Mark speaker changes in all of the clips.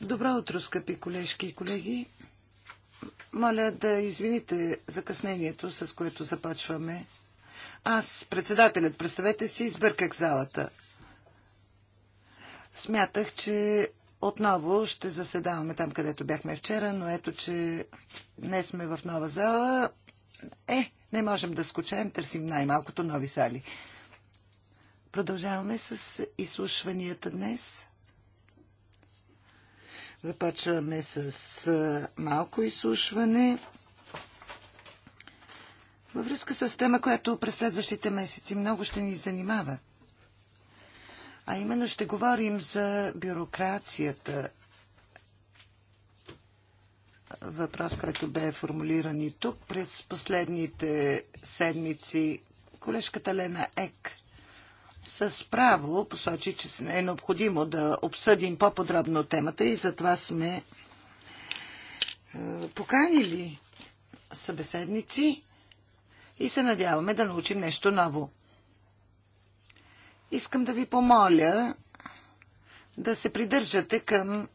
Speaker 1: Добро утро, скъпи колежки и колеги. Моля да извините закъснението, с което започваме. Аз, председателят, представете си, избърках залата. Смятах, че отново ще заседаваме там, където бяхме вчера, но ето, че днес сме в нова зала. Е, не можем да скучаем, търсим най-малкото нови сали. Продължаваме с изслушванията днес. Започваме с малко изслушване във връзка с тема, която през следващите месеци много ще ни занимава. А именно ще говорим за бюрокрацията. Въпрос, който бе формулиран и тук през последните седмици. Колежката Лена Ек с право посочи, че е необходимо да обсъдим по-подробно темата и затова сме е, поканили събеседници и се надяваме да научим нещо ново. Искам да ви помоля да се придържате към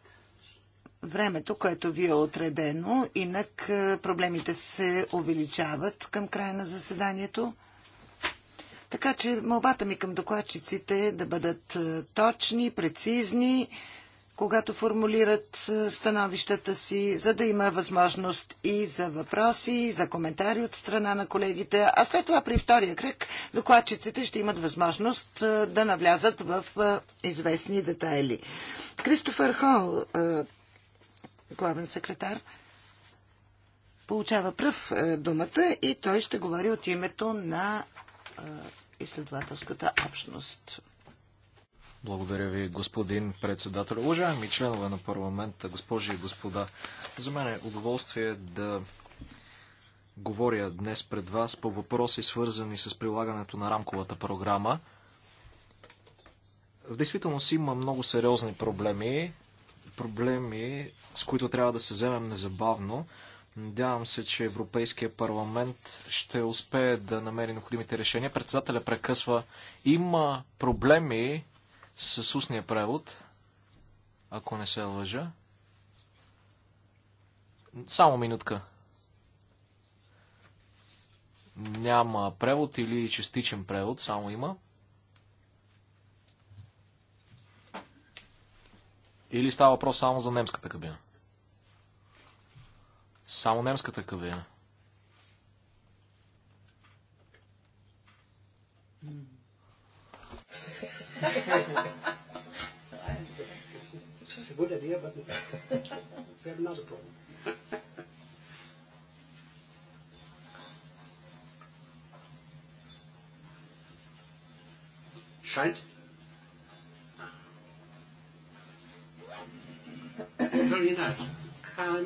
Speaker 1: времето, което ви е отредено, инак е, проблемите се увеличават към края на заседанието. Така че мълбата ми към докладчиците е да бъдат е, точни, прецизни, когато формулират е, становищата си, за да има възможност и за въпроси, и за коментари от страна на колегите. А след това при втория кръг докладчиците ще имат възможност е, да навлязат в известни детайли. Кристофър Хол, главен секретар, получава пръв думата и той ще говори от името на изследователската общност.
Speaker 2: Благодаря ви, господин председател. Уважаеми членове на парламента, госпожи и господа, за мен е удоволствие да говоря днес пред вас по въпроси, свързани с прилагането на рамковата програма. В действителност има много сериозни проблеми, проблеми, с които трябва да се вземем незабавно. Надявам се, че Европейския парламент ще успее да намери необходимите решения. Председателя прекъсва. Има проблеми с устния превод, ако не се лъжа. Само минутка. Няма превод или частичен превод, само има. Или става въпрос само за немската кабина? Само немската кабина.
Speaker 3: we have another problem. Scheint. Very nice. Calm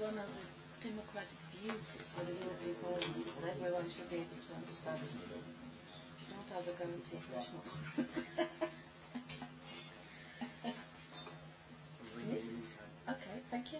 Speaker 3: one of the democratic beauties of the European Parliament that everyone should be able to understand. You don't have a guarantee. okay, thank you.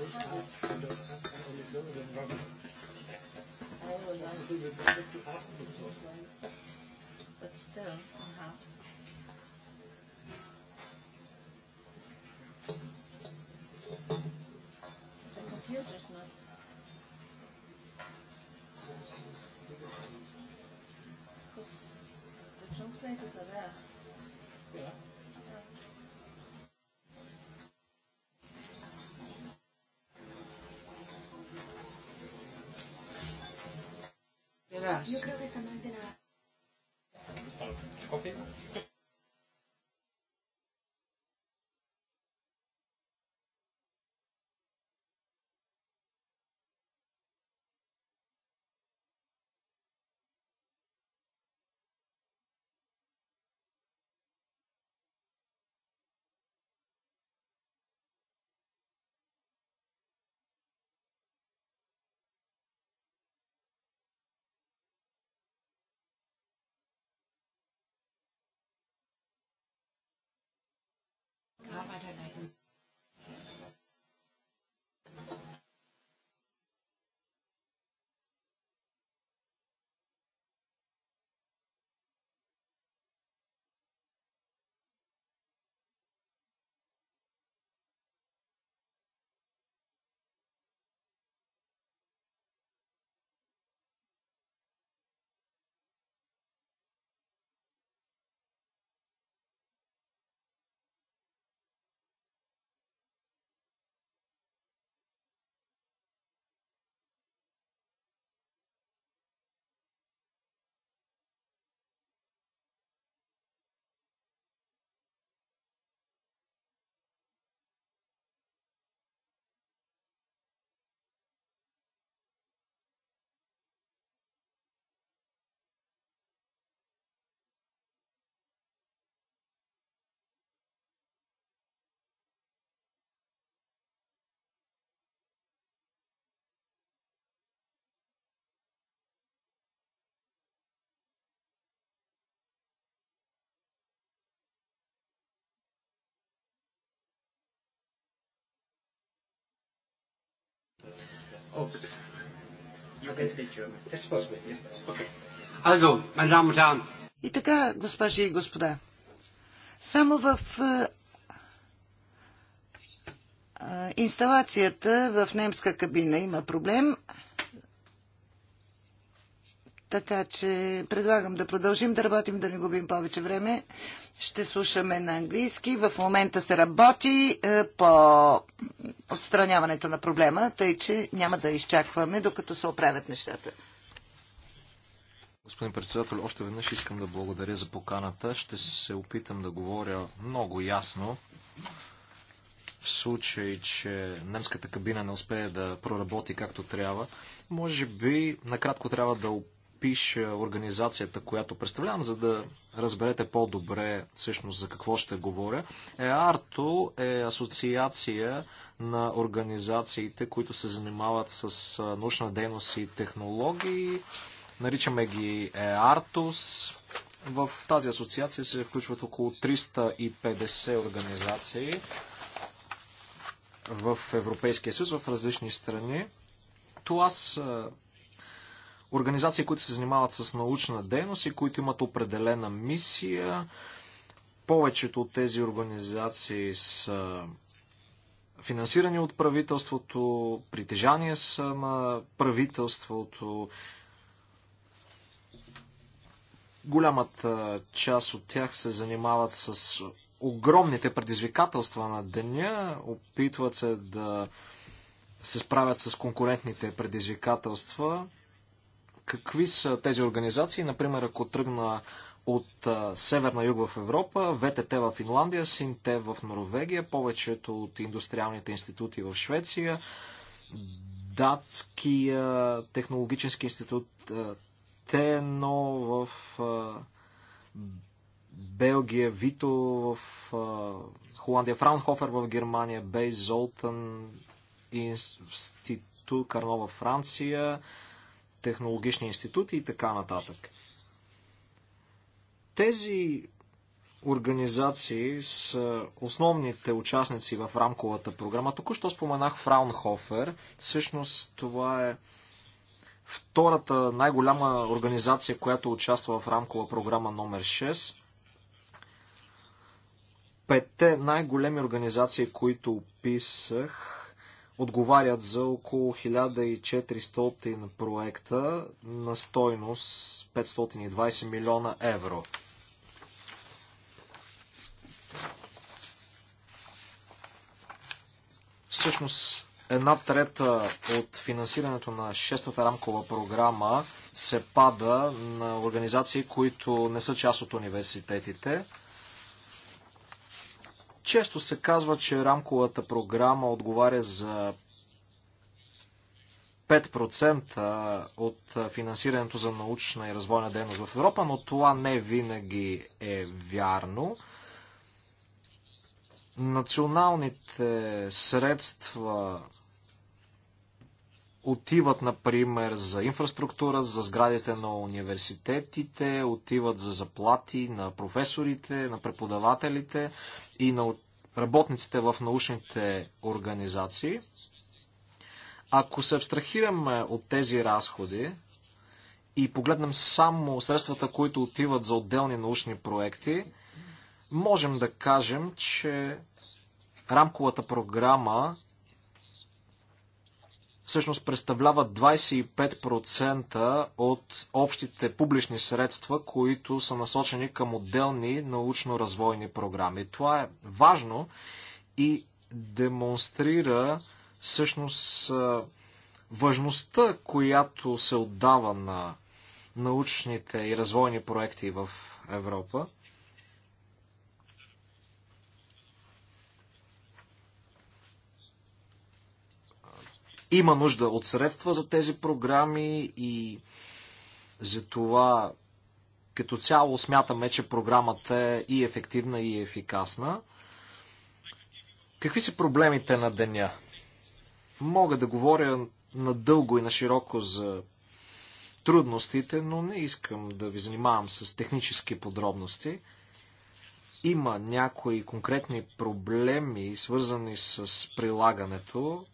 Speaker 3: But still, uh-huh. The computer's not because the translators are there. atrás. Yo creo que estamos
Speaker 1: и така, госпожи и господа, само в е, е, инсталацията в немска кабина има проблем. Така че предлагам да продължим да работим, да не губим повече време. Ще слушаме на английски. В момента се работи е, по отстраняването на проблема, тъй че няма да изчакваме, докато се оправят нещата.
Speaker 2: Господин председател, още веднъж искам да благодаря за поканата. Ще се опитам да говоря много ясно. В случай, че немската кабина не успее да проработи както трябва, може би накратко трябва да опиша организацията, която представлявам, за да разберете по-добре всъщност за какво ще говоря. ЕАРТО е асоциация на организациите, които се занимават с научна дейност и технологии. Наричаме ги ЕАРТОС. В тази асоциация се включват около 350 организации в Европейския съюз, в различни страни. Това са организации, които се занимават с научна дейност и които имат определена мисия. Повечето от тези организации са финансирани от правителството, притежание са на правителството. Голямата част от тях се занимават с огромните предизвикателства на деня, опитват се да се справят с конкурентните предизвикателства какви са тези организации. Например, ако тръгна от север на юг в Европа, ВТТ в Финландия, Синте в Норвегия, повечето от индустриалните институти в Швеция, Датския технологически институт Тено в Белгия, Вито в Холандия, Фраунхофер в Германия, Бейзолтън институт Карно във Франция, технологични институти и така нататък. Тези организации с основните участници в рамковата програма. Току-що споменах Фраунхофер. Всъщност това е втората най-голяма организация, която участва в рамкова програма номер 6. Петте най-големи организации, които описах, отговарят за около 1400 проекта на стойност 520 милиона евро. Всъщност, една трета от финансирането на шестата рамкова програма се пада на организации, които не са част от университетите. Често се казва, че рамковата програма отговаря за 5% от финансирането за научна и развойна дейност в Европа, но това не винаги е вярно. Националните средства отиват, например, за инфраструктура, за сградите на университетите, отиват за заплати на професорите, на преподавателите и на работниците в научните организации. Ако се абстрахираме от тези разходи и погледнем само средствата, които отиват за отделни научни проекти, можем да кажем, че рамковата програма всъщност представляват 25% от общите публични средства, които са насочени към отделни научно-развойни програми. Това е важно и демонстрира всъщност важността, която се отдава на научните и развойни проекти в Европа. Има нужда от средства за тези програми и за това като цяло смятаме, че програмата е и ефективна, и ефикасна. Какви са проблемите на деня? Мога да говоря надълго и на широко за трудностите, но не искам да ви занимавам с технически подробности. Има някои конкретни проблеми, свързани с прилагането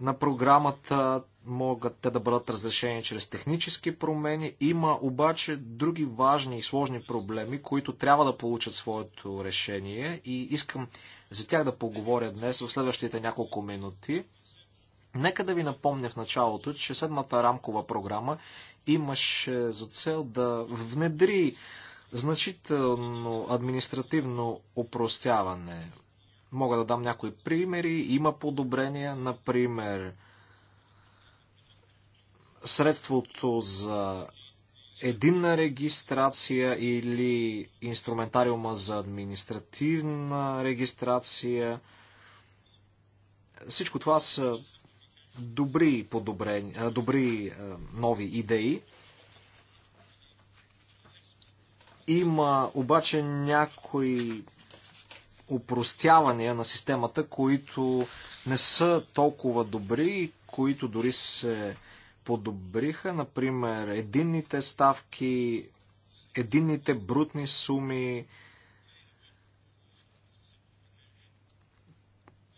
Speaker 2: на програмата, могат те да бъдат разрешени чрез технически промени. Има обаче други важни и сложни проблеми, които трябва да получат своето решение и искам за тях да поговоря днес в следващите няколко минути. Нека да ви напомня в началото, че седмата рамкова програма имаше за цел да внедри значително административно упростяване Мога да дам някои примери. Има подобрения, например, средството за единна регистрация или инструментариума за административна регистрация. Всичко това са добри, добри нови идеи. Има обаче някои упростявания на системата, които не са толкова добри и които дори се подобриха. Например, единните ставки, единните брутни суми.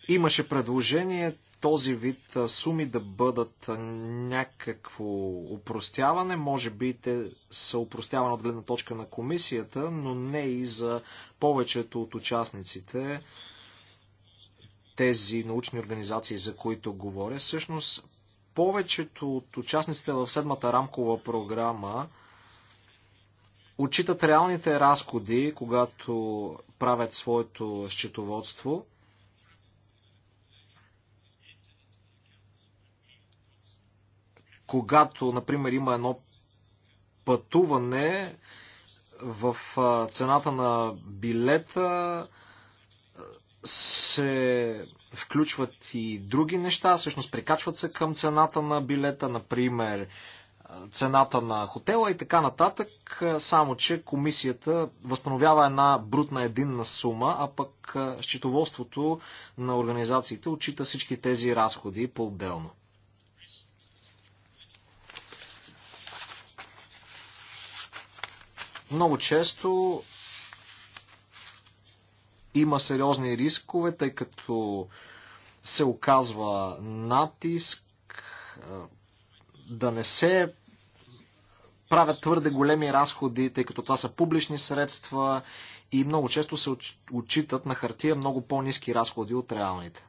Speaker 2: Имаше предложение този вид суми да бъдат някакво упростяване. Може би те са упростяване от гледна точка на комисията, но не и за повечето от участниците тези научни организации, за които говоря. Всъщност, повечето от участниците в седмата рамкова програма отчитат реалните разходи, когато правят своето счетоводство – когато, например, има едно пътуване в цената на билета, се включват и други неща, всъщност прикачват се към цената на билета, например цената на хотела и така нататък, само че комисията възстановява една брутна единна сума, а пък счетоводството на организациите отчита всички тези разходи по-отделно. Много често има сериозни рискове, тъй като се оказва натиск да не се правят твърде големи разходи, тъй като това са публични средства и много често се отчитат на хартия много по-низки разходи от реалните.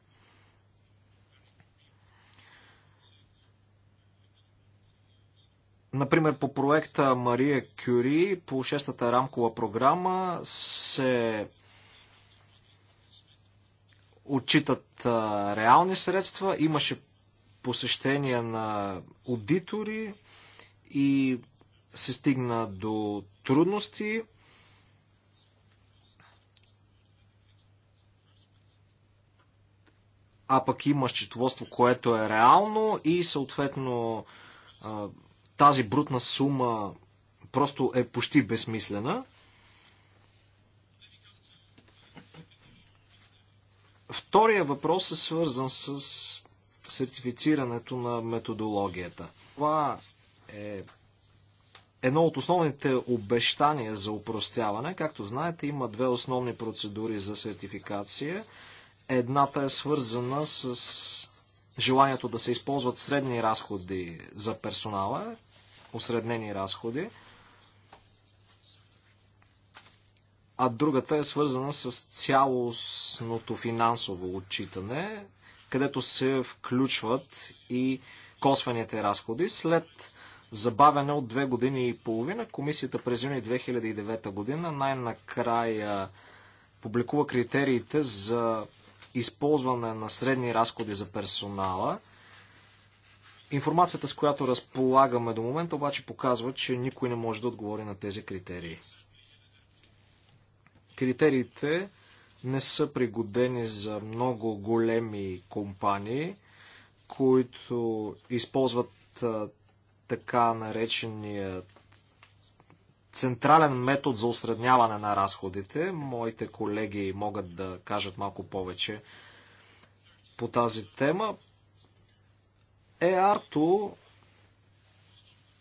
Speaker 2: Например, по проекта Мария Кюри по шестата рамкова програма се отчитат реални средства, имаше посещения на аудитори и се стигна до трудности. А пък има счетоводство, което е реално и съответно тази брутна сума просто е почти безсмислена. Втория въпрос е свързан с сертифицирането на методологията. Това е едно от основните обещания за упростяване. Както знаете, има две основни процедури за сертификация. Едната е свързана с желанието да се използват средни разходи за персонала, осреднени разходи, а другата е свързана с цялостното финансово отчитане, където се включват и косвените разходи. След забавяне от две години и половина, комисията през юни 2009 година най-накрая публикува критериите за използване на средни разходи за персонала. Информацията, с която разполагаме до момента, обаче показва, че никой не може да отговори на тези критерии. Критериите не са пригодени за много големи компании, които използват така наречения централен метод за осредняване на разходите. Моите колеги могат да кажат малко повече по тази тема. ЕАРТО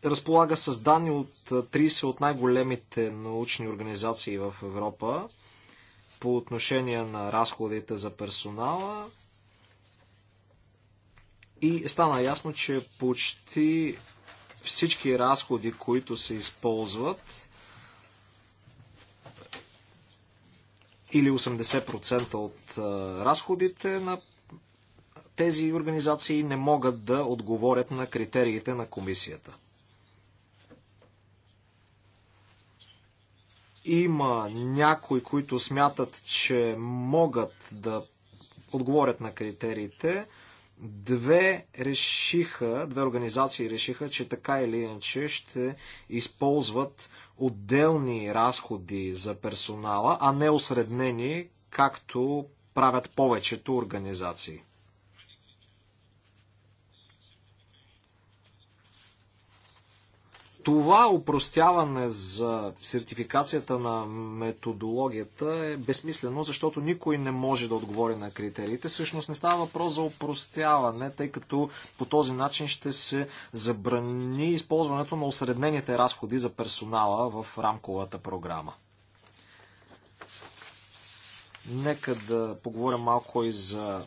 Speaker 2: разполага с данни от 30 от най-големите научни организации в Европа по отношение на разходите за персонала. И стана ясно, че почти всички разходи, които се използват, или 80% от разходите на тези организации не могат да отговорят на критериите на комисията. Има някои, които смятат, че могат да отговорят на критериите. Две решиха, две организации решиха, че така или иначе ще използват отделни разходи за персонала, а не осреднени, както правят повечето организации. това упростяване за сертификацията на методологията е безсмислено, защото никой не може да отговори на критериите. Всъщност не става въпрос за упростяване, тъй като по този начин ще се забрани използването на осреднените разходи за персонала в рамковата програма. Нека да поговорим малко и за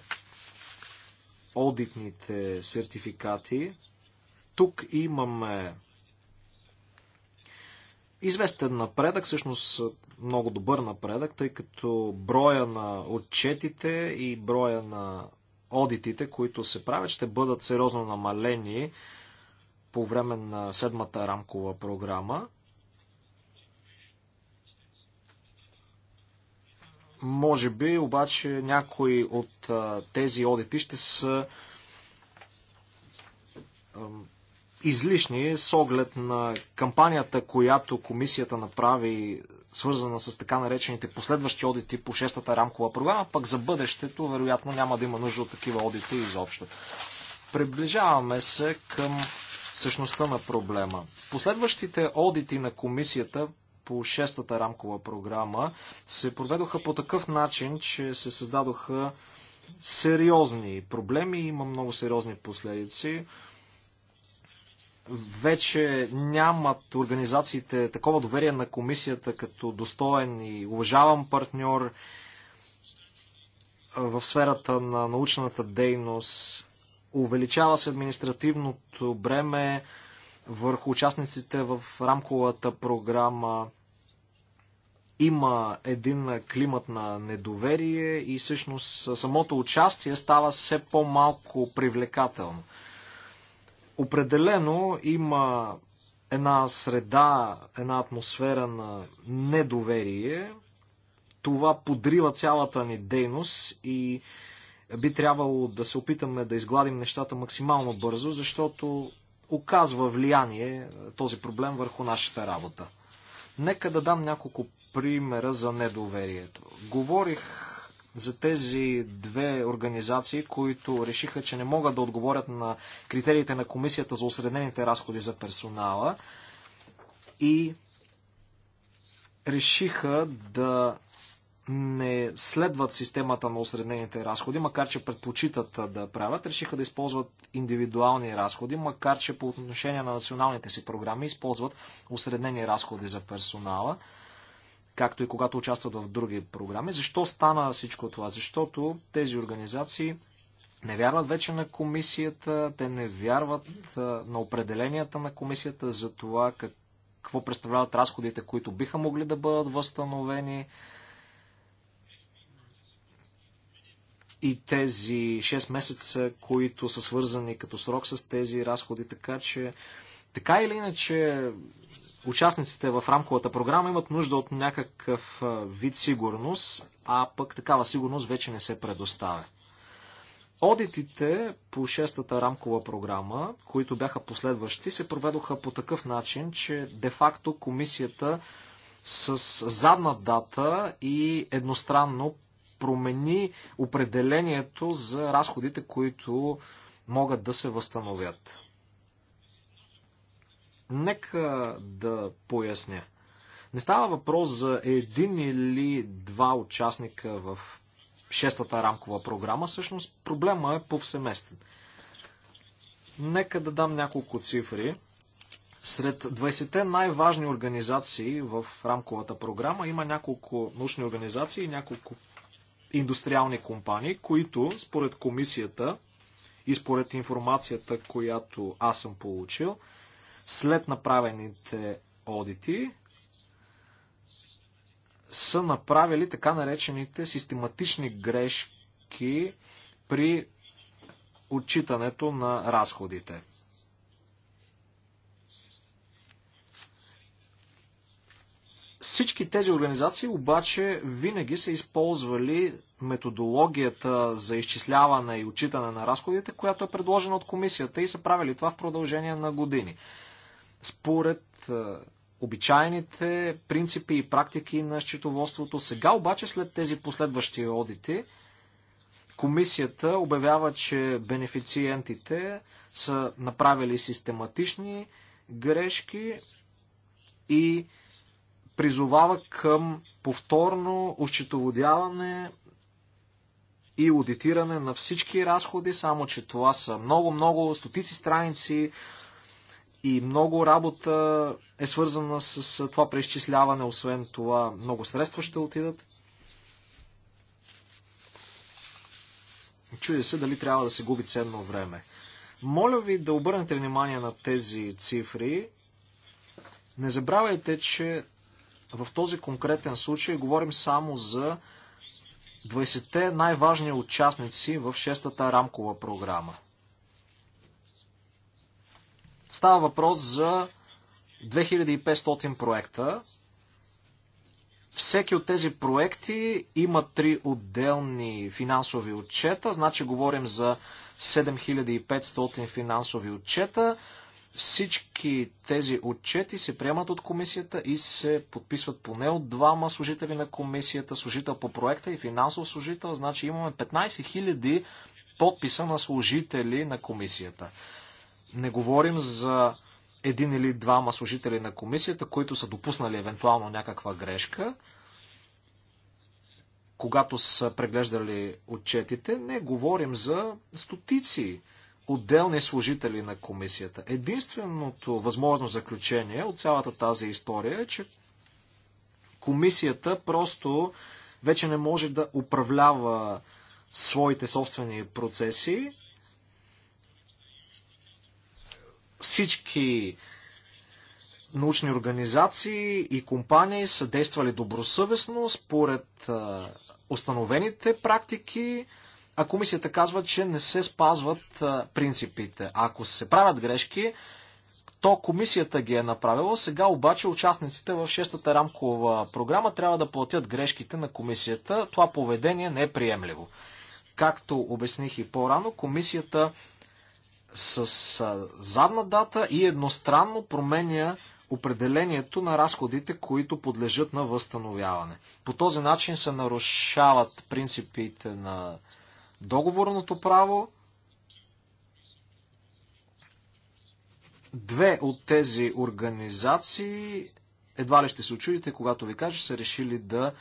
Speaker 2: одитните сертификати. Тук имаме известен напредък, всъщност много добър напредък, тъй като броя на отчетите и броя на одитите, които се правят, ще бъдат сериозно намалени по време на седмата рамкова програма. Може би, обаче, някои от тези одити ще са излишни е с оглед на кампанията, която комисията направи, свързана с така наречените последващи одити по шестата рамкова програма, пък за бъдещето вероятно няма да има нужда от такива одити изобщо. Приближаваме се към същността на проблема. Последващите одити на комисията по шестата рамкова програма се проведоха по такъв начин, че се създадоха сериозни проблеми, има много сериозни последици вече нямат организациите такова доверие на комисията като достоен и уважаван партньор в сферата на научната дейност. Увеличава се административното бреме върху участниците в рамковата програма. Има един климат на недоверие и всъщност самото участие става все по-малко привлекателно. Определено има една среда, една атмосфера на недоверие. Това подрива цялата ни дейност и би трябвало да се опитаме да изгладим нещата максимално бързо, защото оказва влияние този проблем върху нашата работа. Нека да дам няколко примера за недоверието. Говорих за тези две организации, които решиха, че не могат да отговорят на критериите на комисията за осреднените разходи за персонала и решиха да не следват системата на осреднените разходи, макар че предпочитат да правят, решиха да използват индивидуални разходи, макар че по отношение на националните си програми използват осреднени разходи за персонала както и когато участват в други програми. Защо стана всичко това? Защото тези организации не вярват вече на комисията, те не вярват на определенията на комисията за това какво представляват разходите, които биха могли да бъдат възстановени. И тези 6 месеца, които са свързани като срок с тези разходи, така че така или иначе участниците в рамковата програма имат нужда от някакъв вид сигурност, а пък такава сигурност вече не се предоставя. Одитите по шестата рамкова програма, които бяха последващи, се проведоха по такъв начин, че де-факто комисията с задна дата и едностранно промени определението за разходите, които могат да се възстановят. Нека да поясня. Не става въпрос за един или два участника в шестата рамкова програма. Всъщност проблема е повсеместен. Нека да дам няколко цифри. Сред 20-те най-важни организации в рамковата програма има няколко научни организации и няколко индустриални компании, които според комисията и според информацията, която аз съм получил, след направените одити са направили така наречените систематични грешки при отчитането на разходите. Всички тези организации обаче винаги са използвали методологията за изчисляване и отчитане на разходите, която е предложена от комисията и са правили това в продължение на години според обичайните принципи и практики на счетоводството. Сега обаче, след тези последващи одити, комисията обявява, че бенефициентите са направили систематични грешки и призовава към повторно ощетоводяване и аудитиране на всички разходи, само че това са много-много стотици страници и много работа е свързана с това преизчисляване, освен това много средства ще отидат. Чуди се дали трябва да се губи ценно време. Моля ви да обърнете внимание на тези цифри. Не забравяйте, че в този конкретен случай говорим само за 20-те най-важни участници в 6-та рамкова програма. Става въпрос за 2500 проекта. Всеки от тези проекти има три отделни финансови отчета, значи говорим за 7500 финансови отчета. Всички тези отчети се приемат от комисията и се подписват поне от двама служители на комисията, служител по проекта и финансов служител. Значи имаме 15 000 подписа на служители на комисията. Не говорим за един или двама служители на комисията, които са допуснали евентуално някаква грешка, когато са преглеждали отчетите. Не говорим за стотици отделни служители на комисията. Единственото възможно заключение от цялата тази история е, че комисията просто вече не може да управлява своите собствени процеси Всички научни организации и компании са действали добросъвестно според установените практики, а комисията казва, че не се спазват принципите. Ако се правят грешки, то комисията ги е направила. Сега обаче участниците в шестата рамкова програма трябва да платят грешките на комисията. Това поведение не е приемливо. Както обясних и по-рано, комисията с а, задна дата и едностранно променя определението на разходите, които подлежат на възстановяване. По този начин се нарушават принципите на договорното право. Две от тези организации, едва ли ще се очудите, когато ви кажа, са решили да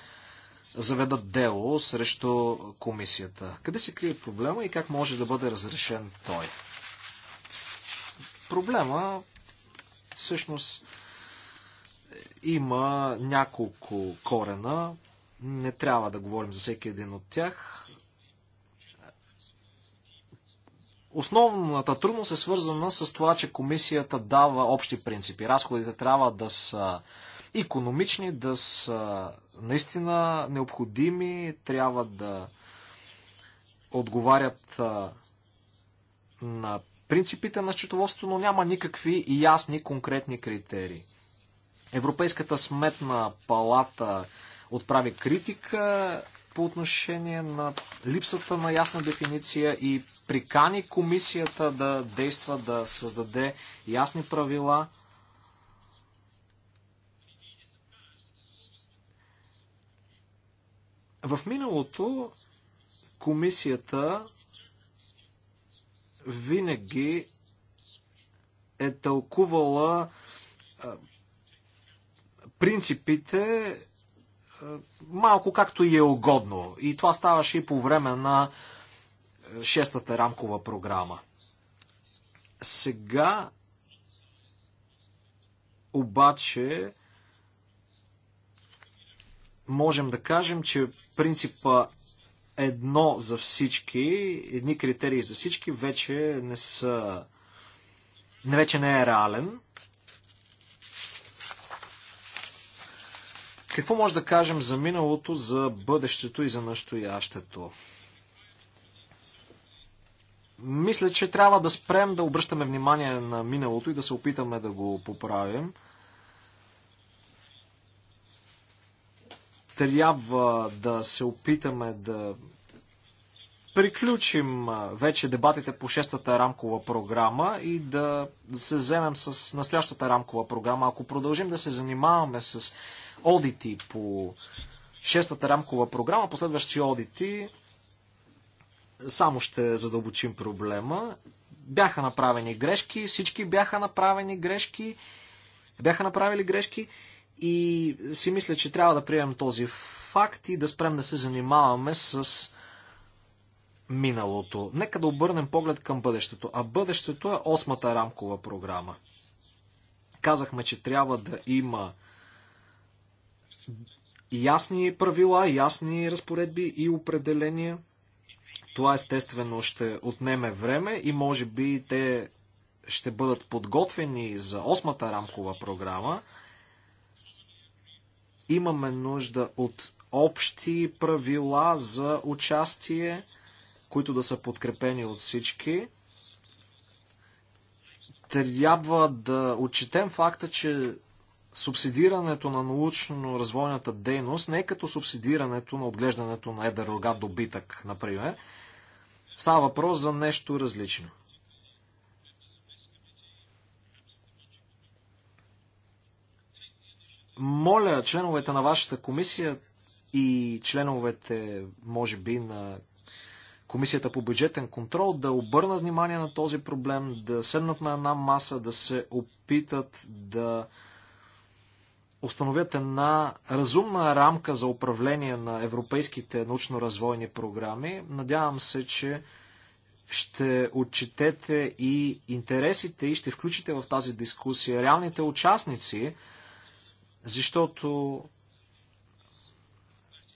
Speaker 2: заведат дело срещу комисията. Къде се крие проблема и как може да бъде разрешен той? Проблема всъщност има няколко корена. Не трябва да говорим за всеки един от тях. Основната трудност е свързана с това, че комисията дава общи принципи. Разходите трябва да са економични, да са наистина необходими, трябва да отговарят на принципите на счетоводството, но няма никакви ясни конкретни критерии. Европейската сметна палата отправи критика по отношение на липсата на ясна дефиниция и прикани комисията да действа, да създаде ясни правила. В миналото комисията винаги е тълкувала принципите малко както и е угодно. И това ставаше и по време на шестата рамкова програма. Сега обаче можем да кажем, че принципа едно за всички, едни критерии за всички, вече не са. Не, вече не е реален. Какво може да кажем за миналото, за бъдещето и за настоящето? Мисля, че трябва да спрем да обръщаме внимание на миналото и да се опитаме да го поправим – трябва да се опитаме да приключим вече дебатите по шестата рамкова програма и да се вземем с настоящата рамкова програма. Ако продължим да се занимаваме с одити по шестата рамкова програма, последващи одити, само ще задълбочим проблема. Бяха направени грешки, всички бяха направени грешки, бяха направили грешки и си мисля, че трябва да приемем този факт и да спрем да се занимаваме с миналото. Нека да обърнем поглед към бъдещето. А бъдещето е осмата рамкова програма. Казахме, че трябва да има ясни правила, ясни разпоредби и определения. Това естествено ще отнеме време и може би те ще бъдат подготвени за осмата рамкова програма. Имаме нужда от общи правила за участие, които да са подкрепени от всички. Трябва да отчетем факта, че субсидирането на научно-развойната дейност не е като субсидирането на отглеждането на едър рога добитък, например. Става въпрос за нещо различно. моля членовете на вашата комисия и членовете, може би, на Комисията по бюджетен контрол да обърнат внимание на този проблем, да седнат на една маса, да се опитат да установят една разумна рамка за управление на европейските научно-развойни програми. Надявам се, че ще отчетете и интересите и ще включите в тази дискусия реалните участници, защото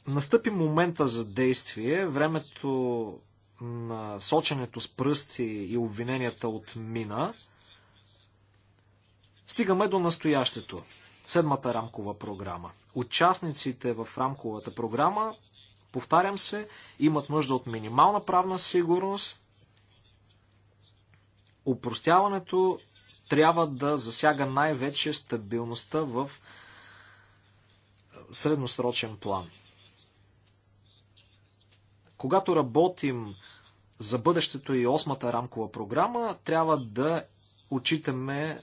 Speaker 2: настъпи момента за действие, времето на соченето с пръсти и обвиненията от мина, стигаме до настоящето. Седмата рамкова програма. Участниците в рамковата програма, повтарям се, имат нужда от минимална правна сигурност. Упростяването трябва да засяга най-вече стабилността в средносрочен план. Когато работим за бъдещето и осмата рамкова програма, трябва да отчитаме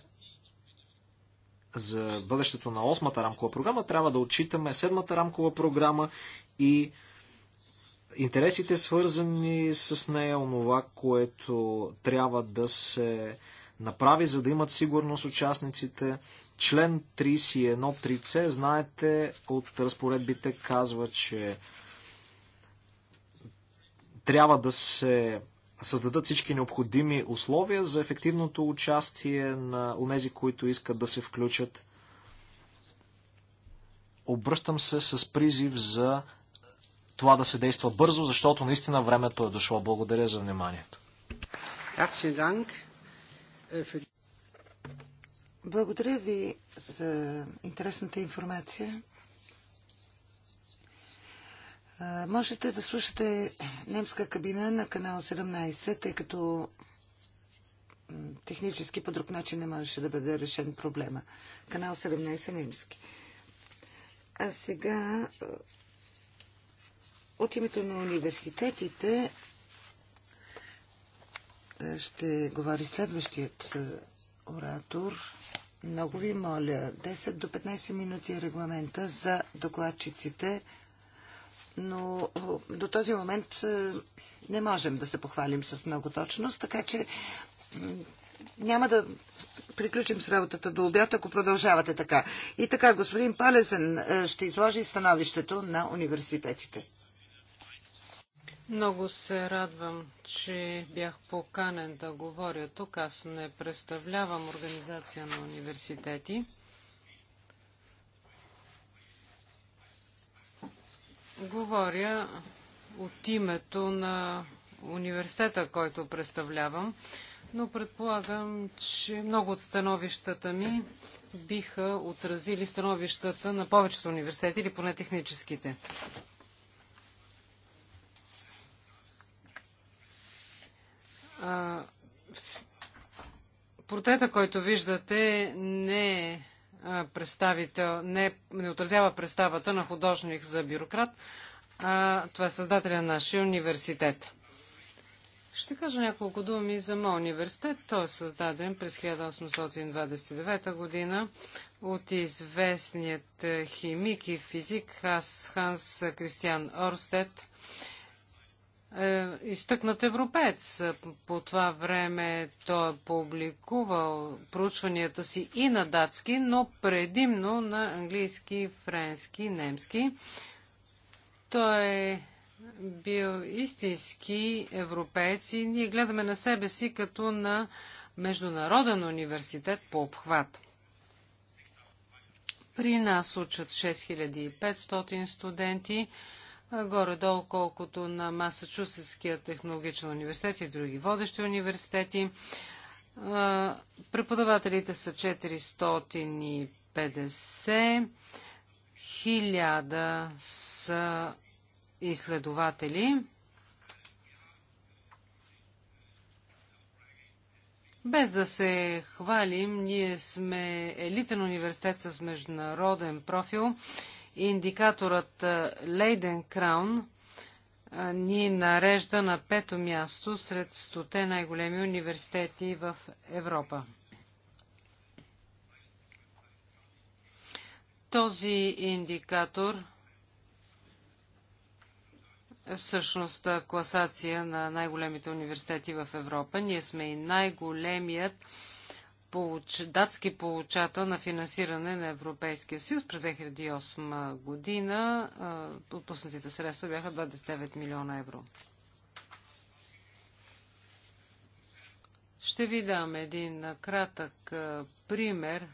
Speaker 2: за бъдещето на осмата рамкова програма, трябва да отчитаме седмата рамкова програма и интересите свързани с нея, онова, което трябва да се направи, за да имат сигурност участниците, Член 31.3c, знаете, от разпоредбите казва, че трябва да се създадат всички необходими условия за ефективното участие на онези, които искат да се включат. Обръщам се с призив за това да се действа бързо, защото наистина времето е дошло. Благодаря за вниманието.
Speaker 1: Благодаря ви за интересната информация. Можете да слушате немска кабина на канал 17, тъй като технически по друг начин не можеше да бъде решен проблема. Канал 17 е немски. А сега от името на университетите ще говори следващият оратор. Много ви моля, 10 до 15 минути е регламента за докладчиците, но до този момент е, не можем да се похвалим с много точност, така че няма да приключим с работата до обяд, ако продължавате така. И така, господин Палезен, е, ще изложи становището на университетите.
Speaker 4: Много се радвам, че бях поканен да говоря тук. Аз не представлявам организация на университети. Говоря от името на университета, който представлявам, но предполагам, че много от становищата ми биха отразили становищата на повечето университети или поне техническите. Портрета, който виждате, не е представител, не, не отразява представата на художник за бюрократ. А, това е създателя на нашия университет. Ще кажа няколко думи за моят университет. Той е създаден през 1829 година от известният химик и физик Ханс Кристиан Орстед е, изтъкнат европеец. По това време той е публикувал проучванията си и на датски, но предимно на английски, френски, немски. Той е бил истински европеец и ние гледаме на себе си като на международен университет по обхват. При нас учат 6500 студенти горе-долу колкото на Масачусетския технологичен университет и други водещи университети. Преподавателите са 450, 1000 са изследователи. Без да се хвалим, ние сме елитен университет с международен профил. Индикаторът Лейден Краун ни нарежда на пето място сред стоте най-големи университети в Европа. Този индикатор всъщност класация на най-големите университети в Европа. Ние сме и най-големият получ... датски получател на финансиране на Европейския съюз през 2008 година. Отпуснатите средства бяха 29 милиона евро. Ще ви дам един кратък пример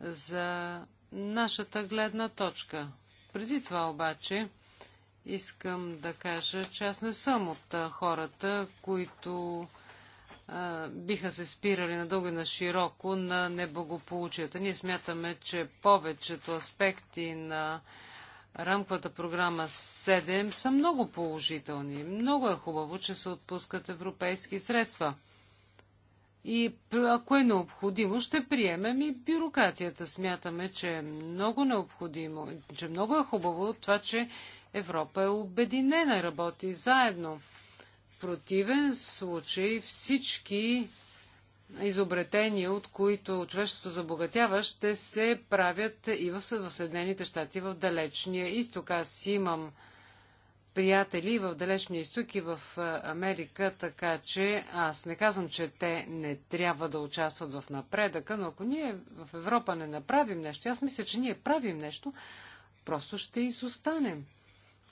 Speaker 4: за нашата гледна точка. Преди това обаче искам да кажа, че аз не съм от хората, които биха се спирали надълго и на широко на неблагополучията. Ние смятаме, че повечето аспекти на рамковата програма 7 са много положителни. Много е хубаво, че се отпускат европейски средства. И ако е необходимо, ще приемем и бюрократията. Смятаме, че е много необходимо, че много е хубаво от това, че Европа е обединена и работи заедно противен случай всички изобретения, от които човечеството забогатява, ще се правят и в Съединените щати, в Далечния изток. Аз имам приятели в Далечния изток и в Америка, така че аз не казвам, че те не трябва да участват в напредъка, но ако ние в Европа не направим нещо, аз мисля, че ние правим нещо, просто ще изостанем.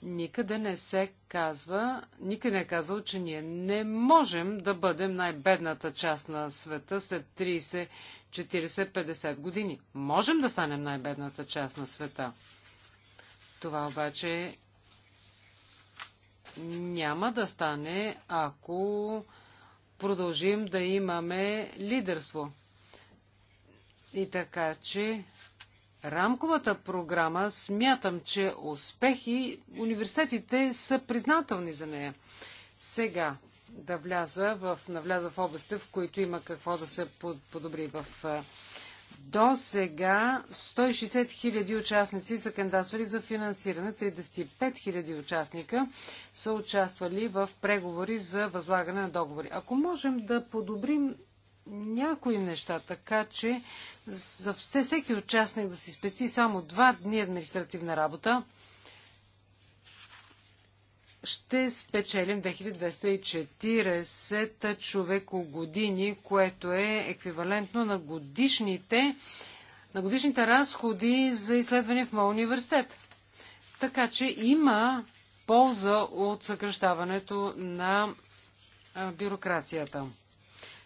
Speaker 4: Никъде не се казва, никъде не е казал, че ние не можем да бъдем най-бедната част на света след 30, 40, 50 години. Можем да станем най-бедната част на света. Това обаче няма да стане, ако продължим да имаме лидерство. И така, че рамковата програма смятам, че успехи университетите са признателни за нея. Сега да вляза в, навляза в областта, в които има какво да се подобри. В, до сега 160 000 участници са кандидатствали за финансиране, 35 000 участника са участвали в преговори за възлагане на договори. Ако можем да подобрим някои неща, така че за все всеки участник да си спести само два дни административна работа, ще спечелим 2240 човеко години, което е еквивалентно на годишните, на годишните разходи за изследване в моя университет. Така че има полза от съкръщаването на бюрокрацията.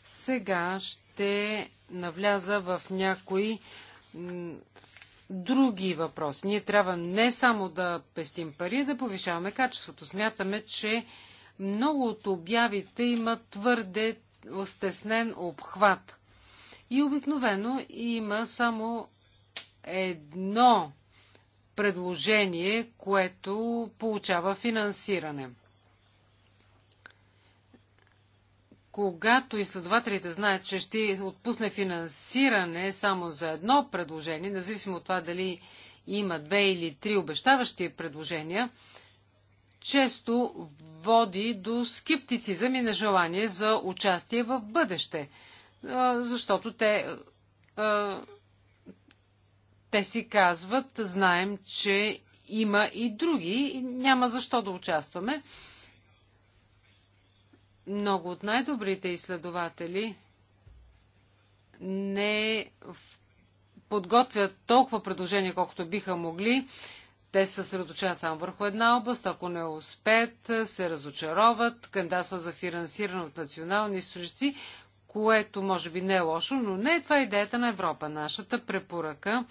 Speaker 4: Сега ще навляза в някои други въпроси. Ние трябва не само да пестим пари, да повишаваме качеството. Смятаме, че много от обявите имат твърде стеснен обхват. И обикновено има само едно предложение, което получава финансиране – когато изследователите знаят, че ще отпусне финансиране само за едно предложение, независимо от това дали има две или три обещаващи предложения, често води до скептицизъм и нежелание за участие в бъдеще, защото те, те си казват, знаем, че има и други, и няма защо да участваме много от най-добрите изследователи не подготвят толкова предложения, колкото биха могли. Те се съсредоточават само върху една област. Ако не успеят, се разочароват, кандидатства за финансиране от национални източници, което може би не е лошо, но не е това идеята на Европа. Нашата препоръка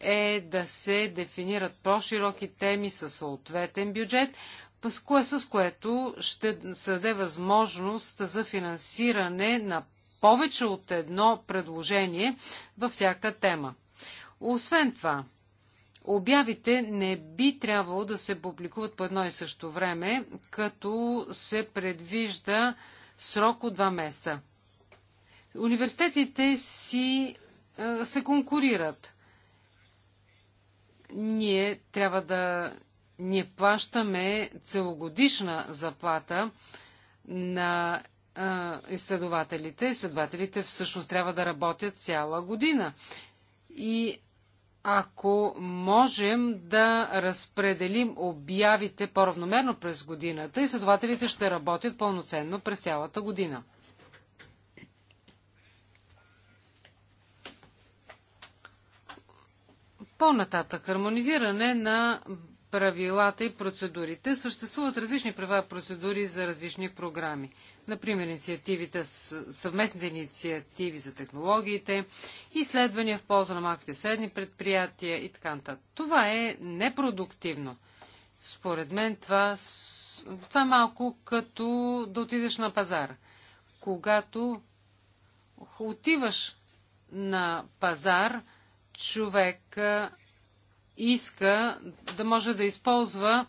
Speaker 4: е да се дефинират по-широки теми със съответен бюджет, с което ще се даде възможност за финансиране на повече от едно предложение във всяка тема. Освен това, обявите не би трябвало да се публикуват по едно и също време, като се предвижда срок от два месеца. Университетите си е, се конкурират. Ние трябва да ние плащаме целогодишна заплата на изследователите. Изследователите всъщност трябва да работят цяла година. И ако можем да разпределим обявите по-равномерно през годината, изследователите ще работят пълноценно през цялата година. По-нататък хармонизиране на правилата и процедурите. Съществуват различни права процедури за различни програми. Например, инициативите, съвместните инициативи за технологиите, изследвания в полза на малките средни предприятия и така нататък. Това е непродуктивно. Според мен това, това е малко като да отидеш на пазар. Когато отиваш на пазар, човек иска да може да използва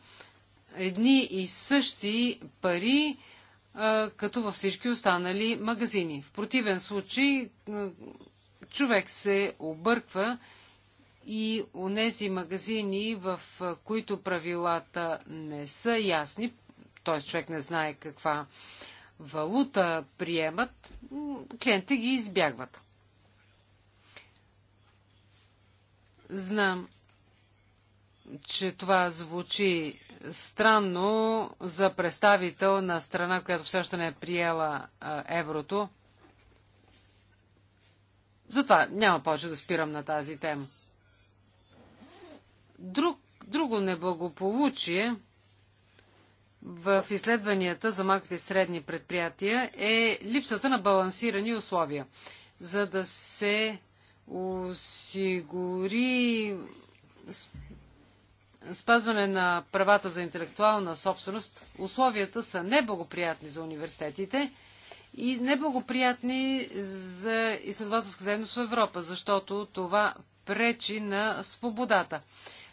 Speaker 4: едни и същи пари, като във всички останали магазини. В противен случай човек се обърква и у нези магазини, в които правилата не са ясни, т.е. човек не знае каква валута приемат, клиентите ги избягват. Знам, че това звучи странно за представител на страна, която все още не е приела еврото. Затова няма повече да спирам на тази тема. Друг, друго неблагополучие в изследванията за малките и средни предприятия е липсата на балансирани условия. За да се осигури спазване на правата за интелектуална собственост, условията са неблагоприятни за университетите и неблагоприятни за изследователска дейност в Европа, защото това пречи на свободата.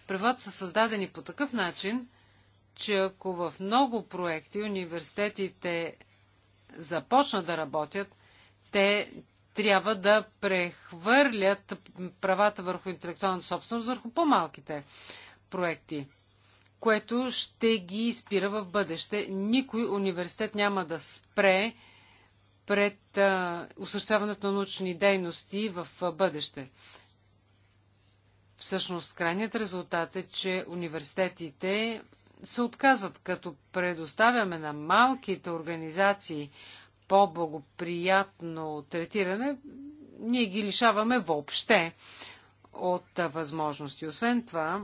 Speaker 4: Правата са създадени по такъв начин, че ако в много проекти университетите започнат да работят, те трябва да прехвърлят правата върху интелектуална собственост върху по-малките проекти, което ще ги спира в бъдеще. Никой университет няма да спре пред а, осъществяването на научни дейности в а, бъдеще. Всъщност, крайният резултат е, че университетите се отказват, като предоставяме на малките организации по-благоприятно третиране, ние ги лишаваме въобще от възможности. Освен това,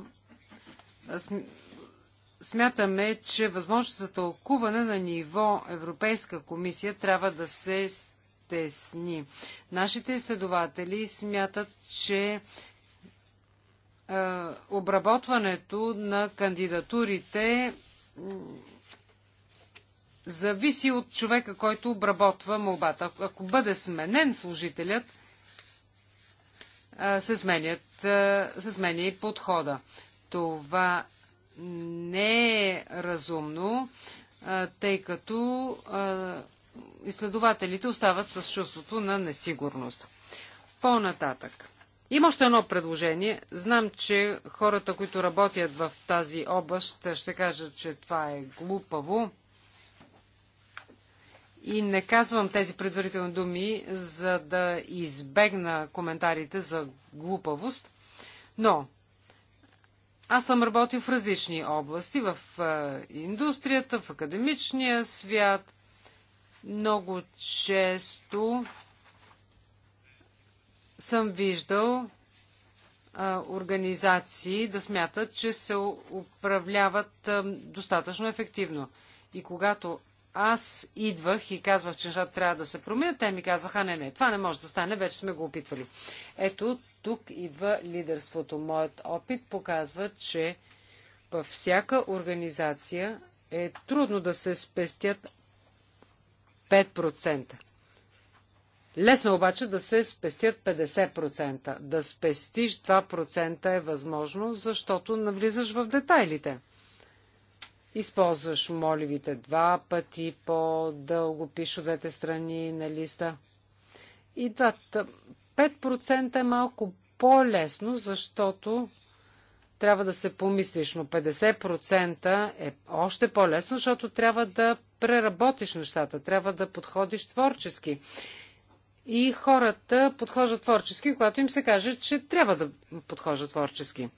Speaker 4: Смятаме, че възможност за тълкуване на ниво Европейска комисия трябва да се стесни. Нашите изследователи смятат, че обработването на кандидатурите зависи от човека, който обработва молбата. Ако бъде сменен служителят, се, сменят, се сменя и подхода. Това не е разумно, тъй като изследователите остават с чувството на несигурност. По-нататък. Има още едно предложение. Знам, че хората, които работят в тази област, ще кажат, че това е глупаво. И не казвам тези предварителни думи, за да избегна коментарите за глупавост. Но аз съм работил в различни области, в индустрията, в академичния свят. Много често съм виждал организации да смятат, че се управляват достатъчно ефективно. И когато аз идвах и казвах, че нещата трябва да се променят, те ми казваха, не, не, това не може да стане, вече сме го опитвали. Ето, тук идва лидерството. Моят опит показва, че във всяка организация е трудно да се спестят 5%. Лесно е обаче да се спестят 50%. Да спестиш 2% е възможно, защото навлизаш в детайлите. Използваш моливите два пъти по-дълго, пишу двете страни на листа. И двата 5% е малко по-лесно, защото трябва да се помислиш, но 50% е още по-лесно, защото трябва да преработиш нещата, трябва да подходиш творчески. И хората подхождат творчески, когато им се каже, че трябва да подхожат творчески.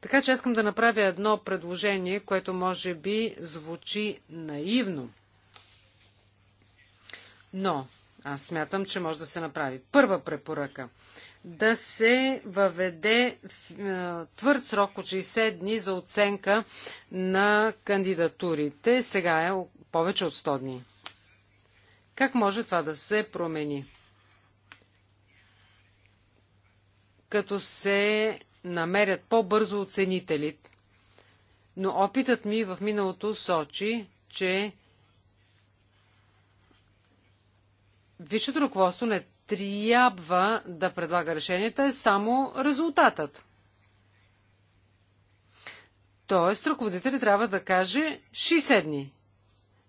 Speaker 4: Така че искам да направя едно предложение, което може би звучи наивно. Но аз смятам, че може да се направи. Първа препоръка да се въведе е, твърд срок от 60 дни за оценка на кандидатурите. Сега е повече от 100 дни. Как може това да се промени? Като се намерят по-бързо оценители. Но опитът ми в миналото сочи, че висшето ръководство не трябва да предлага решенията, е само резултатът. Тоест, ръководителят трябва да каже 60 дни.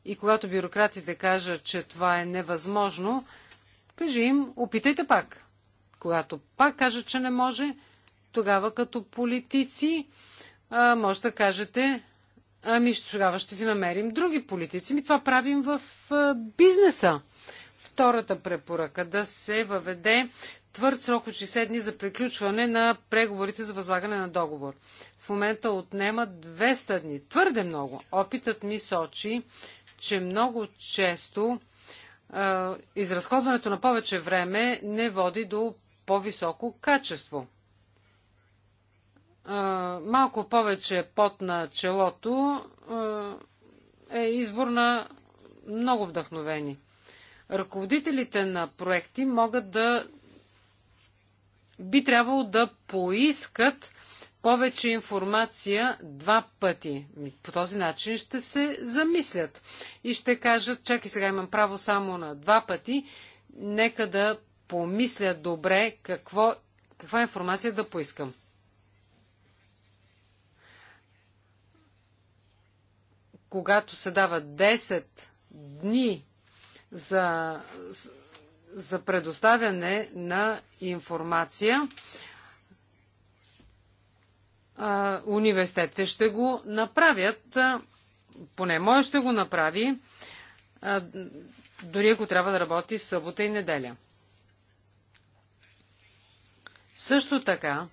Speaker 4: И когато бюрократите кажат, че това е невъзможно, кажи им, опитайте пак. Когато пак кажат, че не може, тогава като политици а, може да кажете, ами тогава ще си намерим други политици. Ми това правим в а, бизнеса. Втората препоръка да се въведе твърд срок от 60 дни за приключване на преговорите за възлагане на договор. В момента отнема 200 дни. Твърде много. Опитът ми сочи, че много често е, изразходването на повече време не води до по-високо качество. Е, малко повече пот на челото е, е извор на много вдъхновени ръководителите на проекти могат да би трябвало да поискат повече информация два пъти. По този начин ще се замислят и ще кажат, чакай сега имам право само на два пъти, нека да помисля добре какво, каква информация да поискам. Когато се дават 10 дни за, за предоставяне на информация. университетите ще го направят, поне мое ще го направи, дори ако трябва да работи събота и неделя. Също така,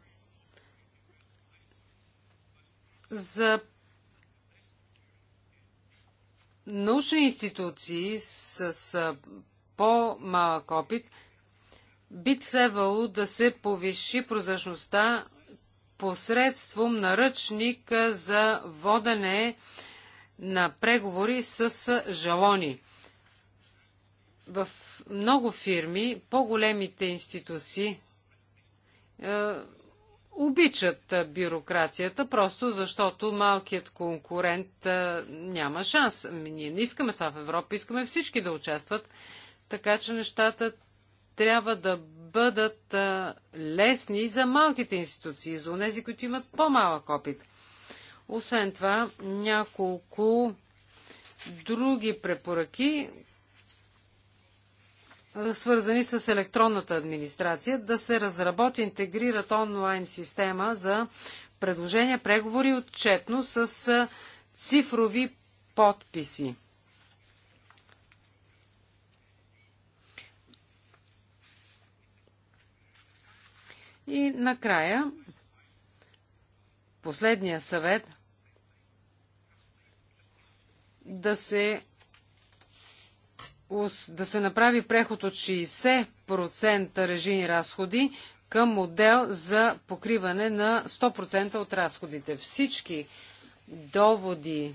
Speaker 4: за научни институции с по-малък опит би следвало да се повиши прозрачността посредством наръчник за водене на преговори с жалони. В много фирми, по-големите институции, обичат бюрокрацията, просто защото малкият конкурент няма шанс. Ами, ние не искаме това в Европа, искаме всички да участват, така че нещата трябва да бъдат лесни за малките институции, за тези, които имат по-малък опит. Освен това, няколко други препоръки, свързани с електронната администрация, да се разработи, интегрират онлайн система за предложения, преговори и отчетно с цифрови подписи. И накрая, последния съвет да се да се направи преход от 60% режими разходи към модел за покриване на 100% от разходите. Всички доводи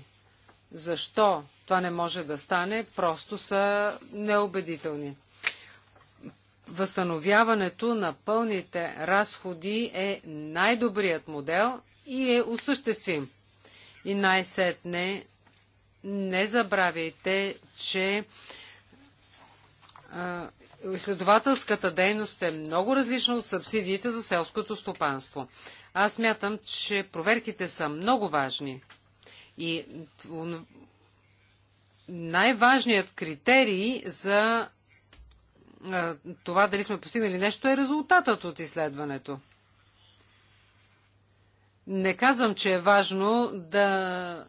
Speaker 4: защо това не може да стане просто са неубедителни. Възстановяването на пълните разходи е най-добрият модел и е осъществим. И най-сетне не забравяйте, че изследователската дейност е много различна от субсидиите за селското стопанство. Аз мятам, че проверките са много важни. И най-важният критерий за това дали сме постигнали нещо е резултатът от изследването. Не казвам, че е важно да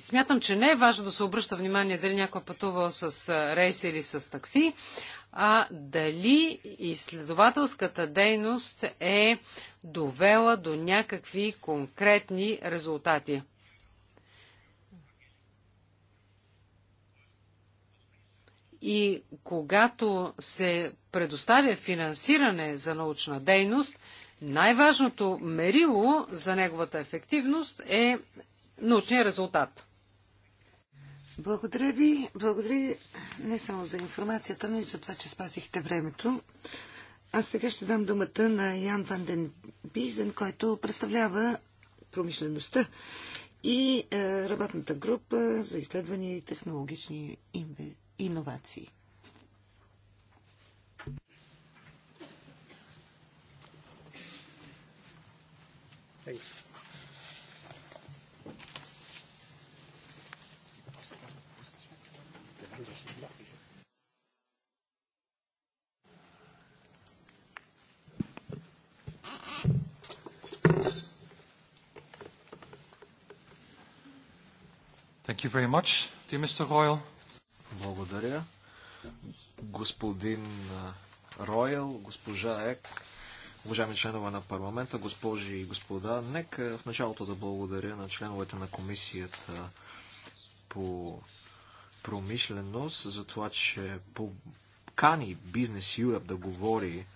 Speaker 4: и смятам, че не е важно да се обръща внимание дали някой пътувал с рейс или с такси, а дали изследователската дейност е довела до някакви конкретни резултати. И когато се предоставя финансиране за научна дейност, най-важното мерило за неговата ефективност е научния резултат.
Speaker 1: Благодаря ви. Благодаря не само за информацията, но и за това, че спасихте времето. Аз сега ще дам думата на Ян Ден Бизен, който представлява промишлеността и е, работната група за изследвания и технологични иновации.
Speaker 3: Thanks.
Speaker 2: Thank you very much, dear Mr. Royal. Благодаря. Господин Роял, госпожа Ек, уважаеми членове на парламента, госпожи и господа, нека в началото да благодаря на членовете на комисията по промишленост за това, че покани Бизнес Юрап да говори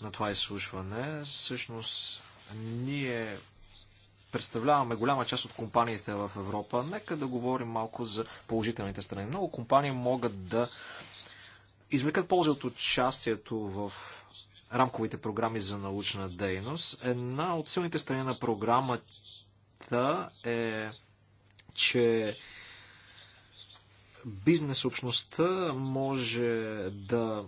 Speaker 2: на това изслушване. Всъщност, ние представляваме голяма част от компаниите в Европа. Нека да говорим малко за положителните страни. Много компании могат да извлекат полза от участието в рамковите програми за научна дейност. Една от силните страни на програмата е, че бизнес общността може да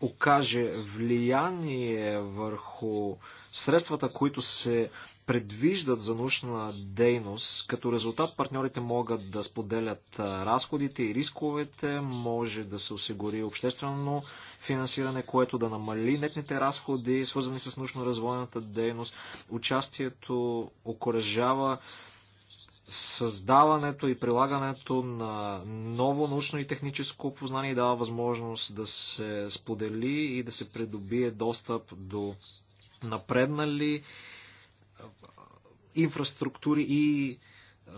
Speaker 2: окаже влияние върху средствата, които се предвиждат за научна дейност. Като резултат партньорите могат да споделят разходите и рисковете, може да се осигури обществено финансиране, което да намали нетните разходи, свързани с научно-развойната дейност. Участието окоръжава създаването и прилагането на ново научно и техническо познание дава възможност да се сподели и да се придобие достъп до напреднали инфраструктури и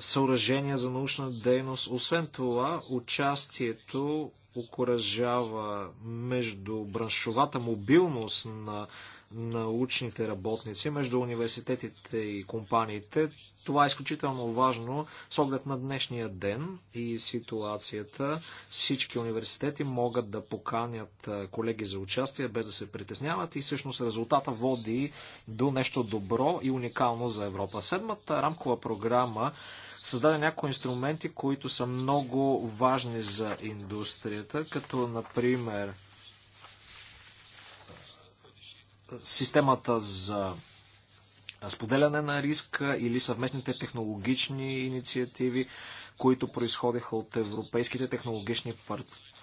Speaker 2: съоръжения за научна дейност. Освен това, участието окоръжава между браншовата мобилност на научните работници, между университетите и компаниите. Това е изключително важно с оглед на днешния ден и ситуацията. Всички университети могат да поканят колеги за участие без да се притесняват и всъщност резултата води до нещо добро и уникално за Европа. Седмата рамкова програма създаде някои инструменти, които са много важни за индустрията, като например системата за споделяне на риска или съвместните технологични инициативи, които произходиха от европейските технологични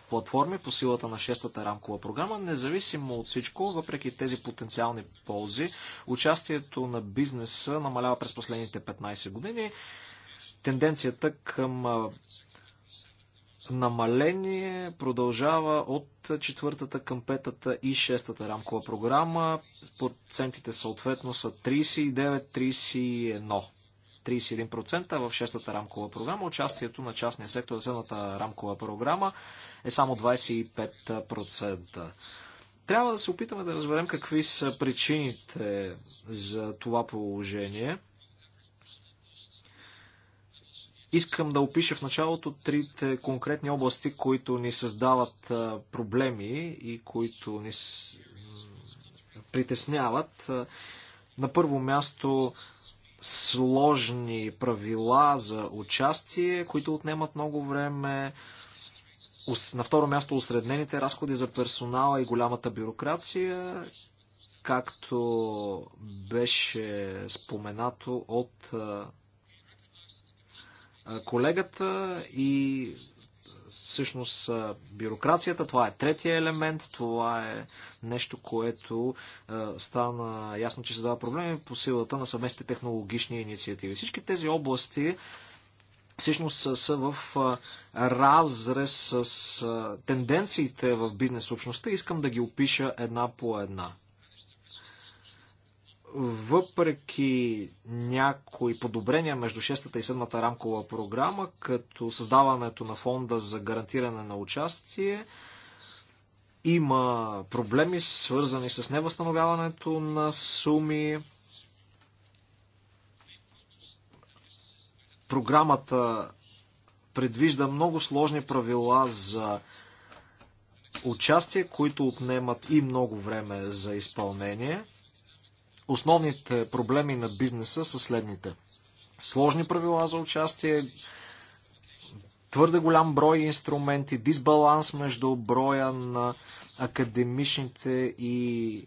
Speaker 2: платформи по силата на шестата рамкова програма. Независимо от всичко, въпреки тези потенциални ползи, участието на бизнеса намалява през последните 15 години. Тенденцията към намаление продължава от четвъртата към петата и шестата рамкова програма. Процентите съответно са 39-31. 31% в шестата рамкова програма. Участието на частния сектор в седмата рамкова програма е само 25%. Трябва да се опитаме да разберем какви са причините за това положение – Искам да опиша в началото трите конкретни области, които ни създават проблеми и които ни притесняват. На първо място сложни правила за участие, които отнемат много време. На второ място осреднените разходи за персонала и голямата бюрокрация, както беше споменато от колегата и всъщност бюрокрацията, това е третия елемент, това е нещо, което е, стана ясно, че се дава проблеми по силата на съвместни технологични инициативи. Всички тези области всъщност са, са в разрез с тенденциите в бизнес общността. Искам да ги опиша една по една въпреки някои подобрения между 6-та и 7-та рамкова програма, като създаването на фонда за гарантиране на участие, има проблеми свързани с невъзстановяването на суми. Програмата предвижда много сложни правила за участие, които отнемат и много време за изпълнение – Основните проблеми на бизнеса са следните. Сложни правила за участие, твърде голям брой инструменти, дисбаланс между броя на академичните и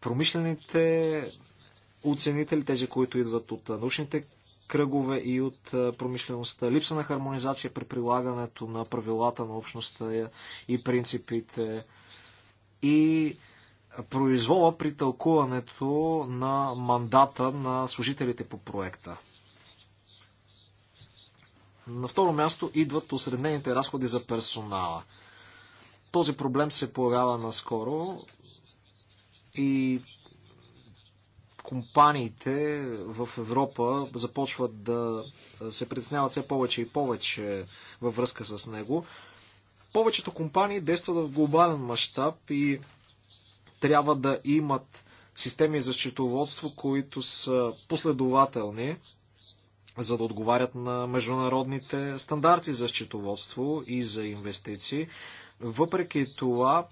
Speaker 2: промишлените оценители, тези, които идват от научните кръгове и от промишлеността, липса на хармонизация при прилагането на правилата на общността и принципите и произвола при тълкуването на мандата на служителите по проекта. На второ място идват осреднените разходи за персонала. Този проблем се появява наскоро и компаниите в Европа започват да се притесняват все повече и повече във връзка с него. Повечето компании действат в глобален мащаб и трябва да имат системи за счетоводство, които са последователни, за да отговарят на международните стандарти за счетоводство и за инвестиции. Въпреки това,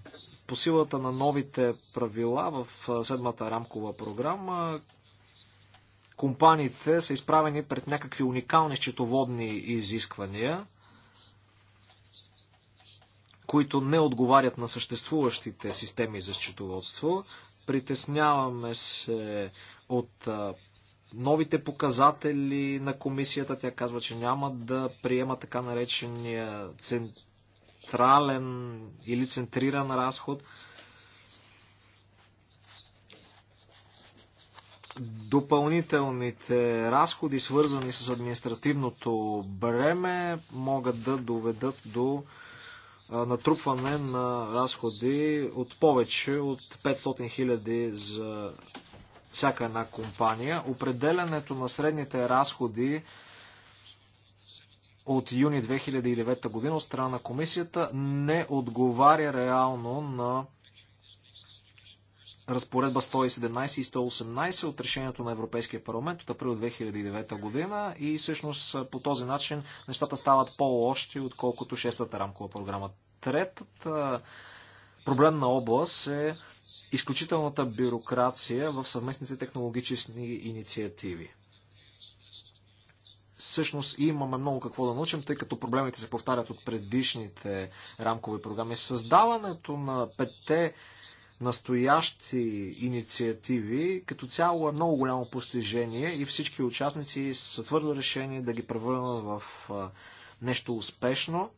Speaker 2: по силата на новите правила в седмата рамкова програма, компаниите са изправени пред някакви уникални счетоводни изисквания които не отговарят на съществуващите системи за счетоводство. Притесняваме се от новите показатели на комисията. Тя казва, че няма да приема така наречения централен или центриран разход. допълнителните разходи, свързани с административното бреме, могат да доведат до натрупване на разходи от повече от 500 хиляди за всяка една компания. Определянето на средните разходи от юни 2009 година от страна на комисията не отговаря реално на разпоредба 117 и 118 от решението на Европейския парламент от април 2009 година и всъщност по този начин нещата стават по-лоши, отколкото шестата рамкова програма. Третата проблемна област е изключителната бюрокрация в съвместните технологични инициативи. Всъщност имаме много какво да научим, тъй като проблемите се повтарят от предишните рамкови програми. Създаването на петте настоящи инициативи, като цяло е много голямо постижение и всички участници са твърдо решени да ги превърнат в нещо успешно.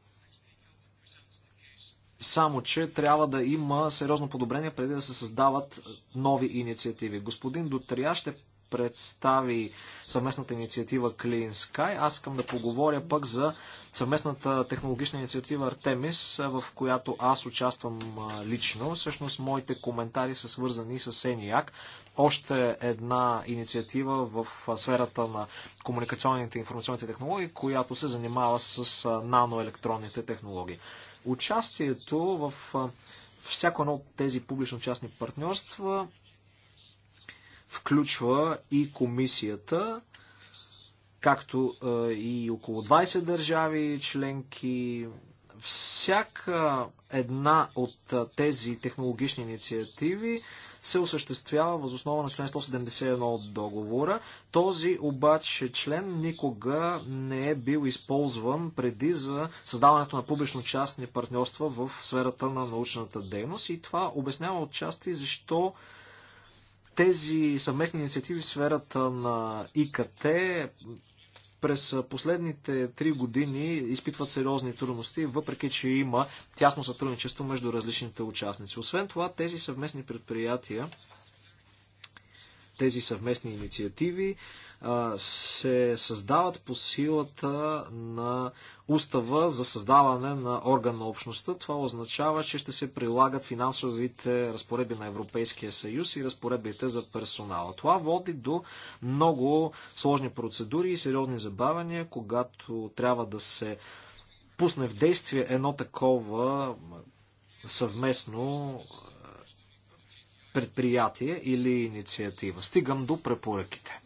Speaker 2: Само, че трябва да има сериозно подобрение преди да се създават нови инициативи. Господин Дотрия ще представи съвместната инициатива Clean Sky. Аз искам да поговоря пък за съвместната технологична инициатива Артемис, в която аз участвам лично. Всъщност моите коментари са свързани с ЕНИАК. Още една инициатива в сферата на комуникационните и информационните технологии, която се занимава с наноелектронните технологии. Участието в всяко едно от тези публично-частни партньорства включва и комисията, както и около 20 държави членки. Всяка една от тези технологични инициативи се осъществява въз основа на член 171 от договора. Този обаче член никога не е бил използван преди за създаването на публично-частни партньорства в сферата на научната дейност и това обяснява отчасти защо тези съвместни инициативи в сферата на ИКТ през последните три години изпитват сериозни трудности, въпреки че има тясно сътрудничество между различните участници. Освен това, тези съвместни предприятия, тези съвместни инициативи се създават по силата на устава за създаване на орган на общността. Това означава, че ще се прилагат финансовите разпоредби на Европейския съюз и разпоредбите за персонала. Това води до много сложни процедури и сериозни забавяния, когато трябва да се пусне в действие едно такова съвместно предприятие или инициатива. Стигам до препоръките.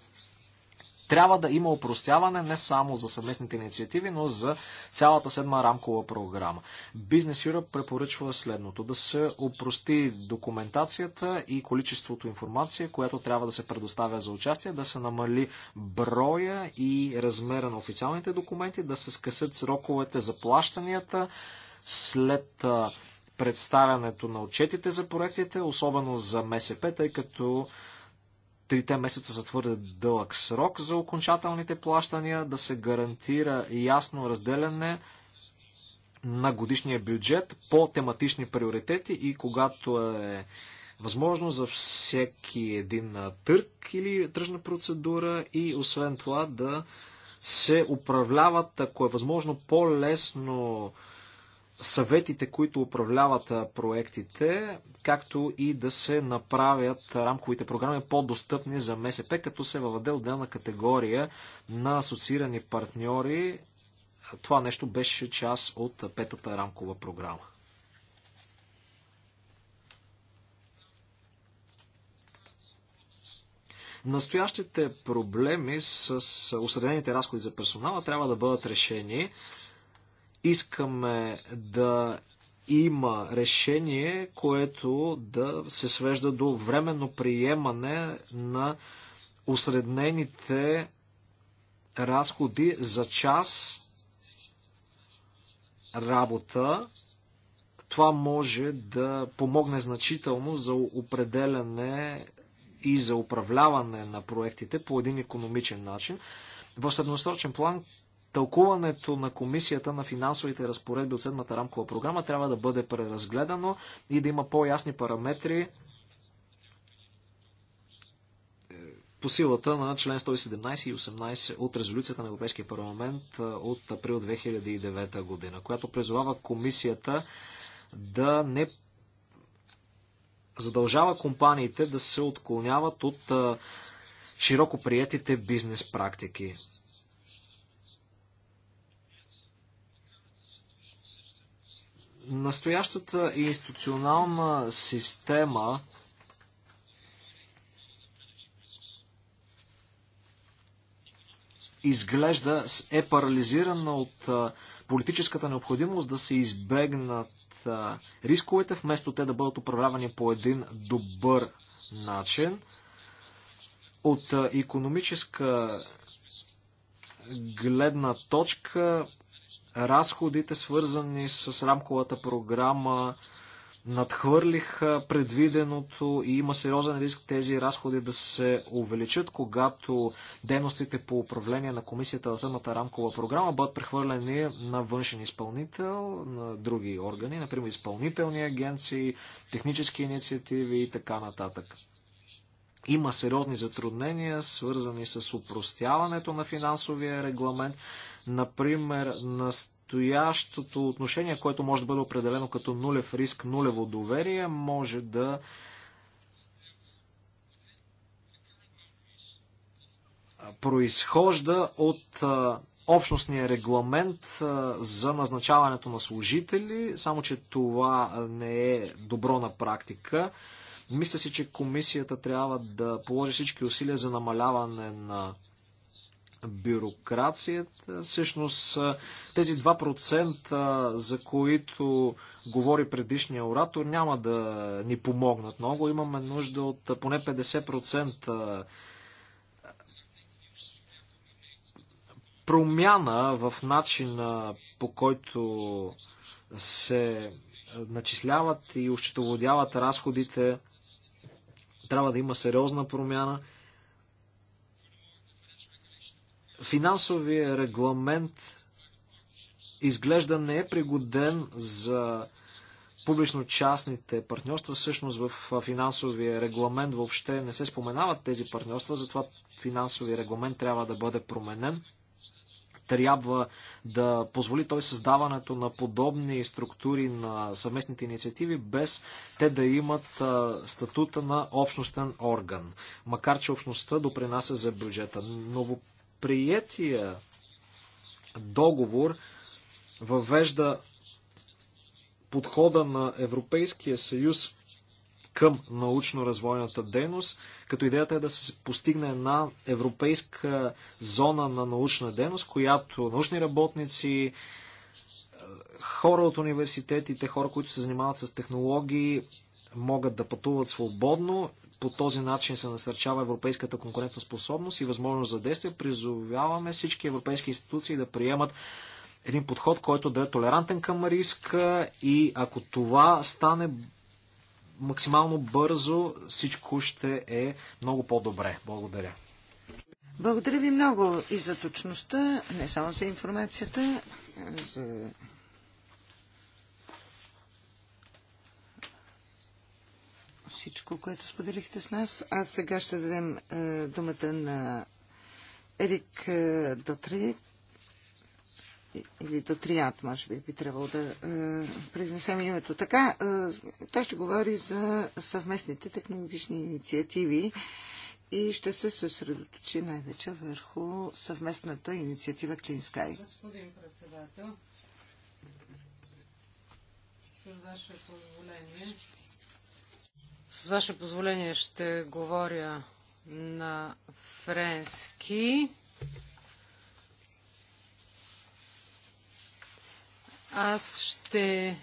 Speaker 2: Трябва да има опростяване не само за съвместните инициативи, но за цялата седма рамкова програма. Бизнес Europe препоръчва следното. Да се опрости документацията и количеството информация, която трябва да се предоставя за участие, да се намали броя и размера на официалните документи, да се скъсят сроковете за плащанията след представянето на отчетите за проектите, особено за МСП, тъй като Трите месеца са твърде дълъг срок за окончателните плащания, да се гарантира ясно разделяне на годишния бюджет по тематични приоритети и когато е възможно за всеки един търг или тръжна процедура и освен това да се управляват, ако е възможно, по-лесно съветите, които управляват проектите, както и да се направят рамковите програми по-достъпни за МСП, като се въведе отделна категория на асоциирани партньори. Това нещо беше част от петата рамкова програма. Настоящите проблеми с осредените разходи за персонала трябва да бъдат решени Искаме да има решение, което да се свежда до временно приемане на осреднените разходи за час работа. Това може да помогне значително за определяне и за управляване на проектите по един економичен начин. В средносрочен план тълкуването на комисията на финансовите разпоредби от седмата рамкова програма трябва да бъде преразгледано и да има по-ясни параметри е, по силата на член 117 и 18 от резолюцията на Европейския парламент е, от април 2009 година, която призовава комисията да не задължава компаниите да се отклоняват от е, широко приятите бизнес практики. Настоящата институционална система изглежда е парализирана от политическата необходимост да се избегнат рисковете, вместо те да бъдат управлявани по един добър начин. От економическа гледна точка разходите, свързани с рамковата програма, надхвърлиха предвиденото и има сериозен риск тези разходи да се увеличат, когато дейностите по управление на комисията на съдната рамкова програма бъдат прехвърлени на външен изпълнител, на други органи, например изпълнителни агенции, технически инициативи и така нататък. Има сериозни затруднения, свързани с упростяването на финансовия регламент, Например, настоящото отношение, което може да бъде определено като нулев риск, нулево доверие, може да произхожда от общностния регламент за назначаването на служители, само че това не е добро на практика. Мисля си, че комисията трябва да положи всички усилия за намаляване на бюрокрацията. Всъщност тези 2%, за които говори предишния оратор, няма да ни помогнат много. Имаме нужда от поне 50% промяна в начина по който се начисляват и ощетоводяват разходите. Трябва да има сериозна промяна – Финансовия регламент изглежда не е пригоден за публично-частните партньорства. Всъщност в финансовия регламент въобще не се споменават тези партньорства, затова финансовия регламент трябва да бъде променен. Трябва да позволи той създаването на подобни структури на съвместните инициативи, без те да имат статута на общностен орган, макар че общността допринася за бюджета. Ново приятия договор въвежда подхода на Европейския съюз към научно-развойната дейност, като идеята е да се постигне една европейска зона на научна дейност, която научни работници, хора от университетите, хора, които се занимават с технологии, могат да пътуват свободно по този начин се насърчава европейската конкурентоспособност и възможност за действие. Призовяваме всички европейски институции да приемат един подход, който да е толерантен към риска и ако това стане максимално бързо, всичко ще е много по-добре. Благодаря. Благодаря ви много и за точността, не само
Speaker 1: за информацията, за всичко, което споделихте с нас. А сега ще дадем е, думата на Ерик е, Дотри или Дотриат, може би би трябвало да е, произнесем името. Така, е, той ще говори за съвместните технологични инициативи и ще се съсредоточи най-вече върху съвместната инициатива Clean Sky.
Speaker 4: Господин председател, с ваше позволение, с ваше позволение ще говоря на френски. Аз ще е,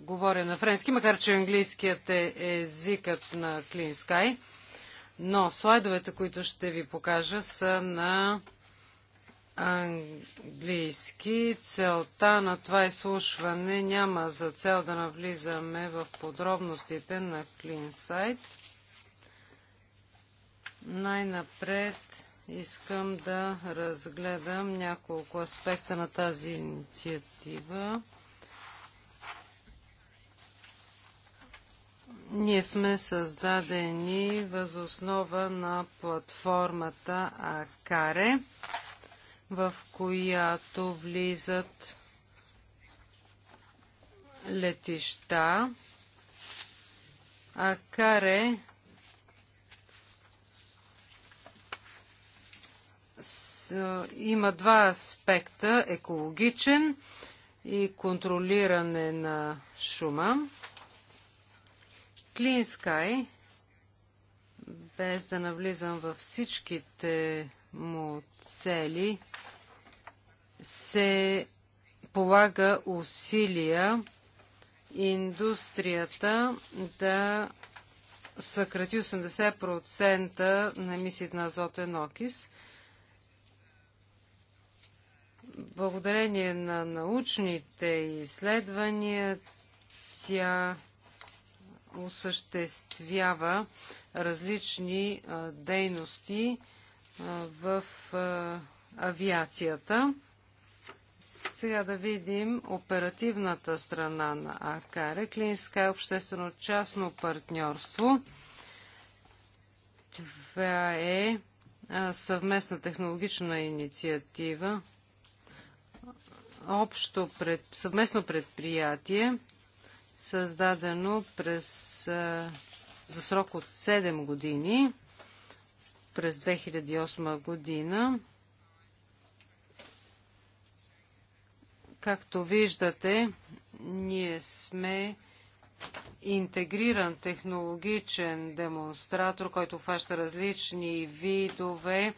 Speaker 4: говоря на френски, макар че английският е езикът на Clean Sky, но слайдовете, които ще ви покажа, са на английски. Целта на това изслушване няма за цел да навлизаме в подробностите на Клинсайт. Най-напред искам да разгледам няколко аспекта на тази инициатива. Ние сме създадени възоснова на платформата АКАРЕ в която влизат летища, а каре има два аспекта екологичен и контролиране на шума. Clean Sky, без да навлизам във всичките му цели се полага усилия индустрията да съкрати 80% на емисиите на азотен окис. Благодарение на научните изследвания тя осъществява различни дейности, в авиацията. Сега да видим оперативната страна на АКАРЕ, клинска е обществено-частно партньорство. Това е съвместна технологична инициатива, общо пред, съвместно предприятие, създадено през, за срок от 7 години през 2008 година. Както виждате, ние сме интегриран технологичен демонстратор, който фаща различни видове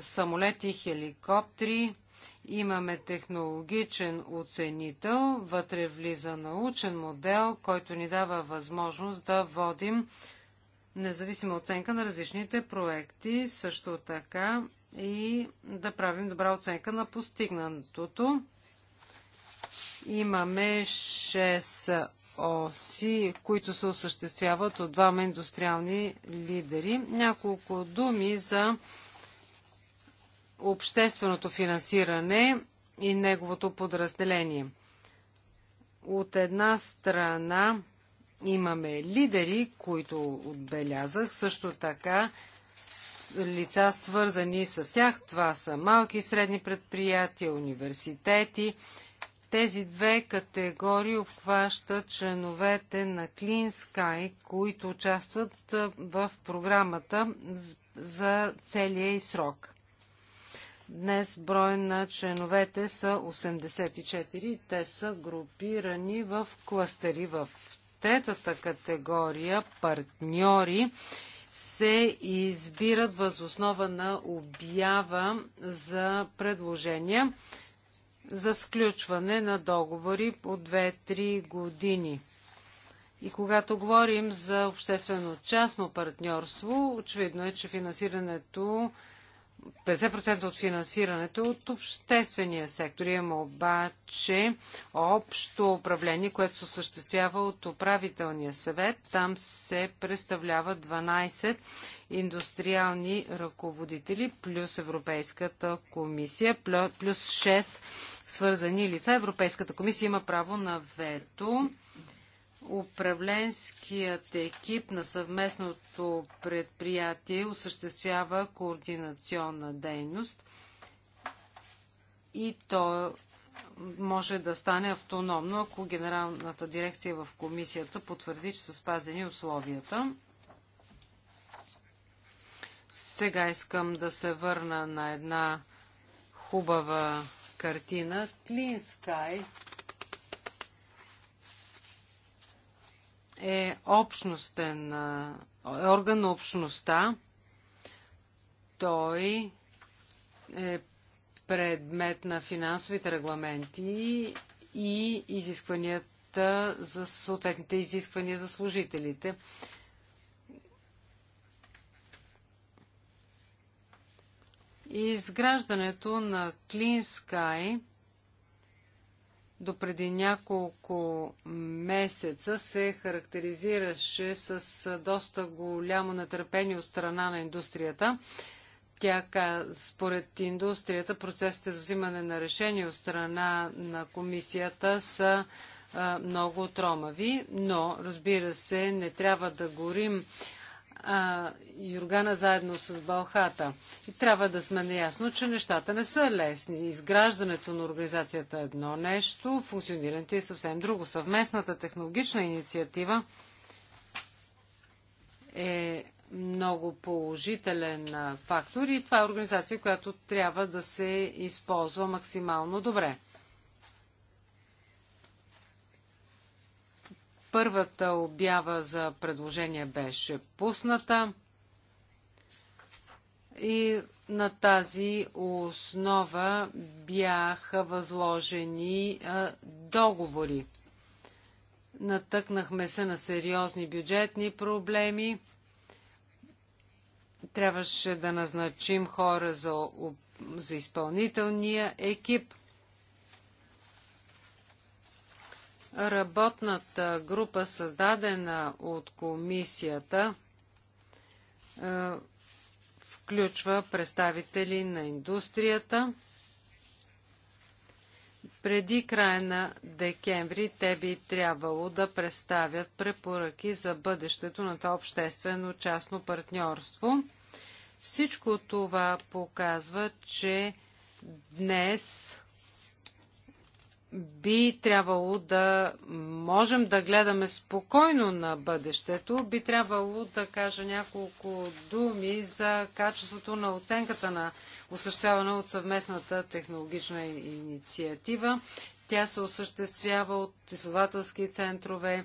Speaker 4: самолети, хеликоптери. Имаме технологичен оценител, вътре влиза научен модел, който ни дава възможност да водим независима оценка на различните проекти, също така и да правим добра оценка на постигнатото. Имаме 6 оси, които се осъществяват от двама индустриални лидери. Няколко думи за общественото финансиране и неговото подразделение. От една страна Имаме лидери, които отбелязах, също така лица свързани с тях. Това са малки и средни предприятия, университети. Тези две категории обхващат членовете на Clean Sky, които участват в програмата за целия и срок. Днес брой на членовете са 84. Те са групирани в кластери в третата категория партньори се избират възоснова на обява за предложения за сключване на договори по 2-3 години. И когато говорим за обществено-частно партньорство, очевидно е, че финансирането 50% от финансирането от обществения сектор. Имаме обаче общо управление, което се осъществява от управителния съвет. Там се представляват 12 индустриални ръководители, плюс Европейската комисия, плюс 6 свързани лица. Европейската комисия има право на вето. Управленският екип на съвместното предприятие осъществява координационна дейност и то може да стане автономно, ако Генералната дирекция в комисията потвърди, че са спазени условията. Сега искам да се върна на една хубава картина. Clean Sky е общностен е орган на общността. Той е предмет на финансовите регламенти и изискванията за съответните изисквания за служителите. Изграждането на Clean Sky до преди няколко месеца се характеризираше с доста голямо натърпение от страна на индустрията. Тя, според индустрията, процесите за взимане на решение от страна на комисията са много тромави, но, разбира се, не трябва да горим а, Юргана заедно с Балхата. И трябва да сме наясно, че нещата не са лесни. Изграждането на организацията е едно нещо, функционирането е съвсем друго. Съвместната технологична инициатива е много положителен фактор и това е организация, която трябва да се използва максимално добре. Първата обява за предложение беше пусната и на тази основа бяха възложени договори. Натъкнахме се на сериозни бюджетни проблеми. Трябваше да назначим хора за, за изпълнителния екип. Работната група, създадена от комисията, е, включва представители на индустрията. Преди края на декември те би трябвало да представят препоръки за бъдещето на това обществено-частно партньорство. Всичко това показва, че днес би трябвало да можем да гледаме спокойно на бъдещето. Би трябвало да кажа няколко думи за качеството на оценката на осъществявана от съвместната технологична инициатива. Тя се осъществява от изследователски центрове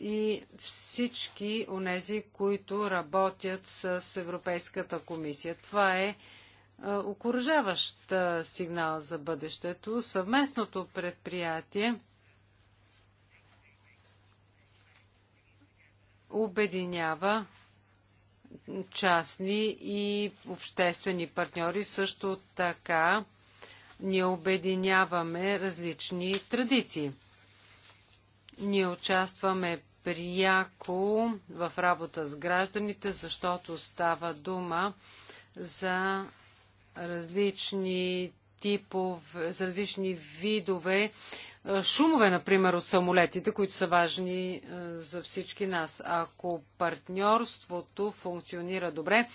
Speaker 4: и всички онези, които работят с Европейската комисия. Това е е, окоръжаващ е, сигнал за бъдещето. Съвместното предприятие обединява частни и обществени партньори. Също така ние обединяваме различни традиции. Ние участваме пряко в работа с гражданите, защото става дума за различни типов, за различни видове е, шумове, например, от самолетите, които са важни е, за всички нас. Ако партньорството функционира добре,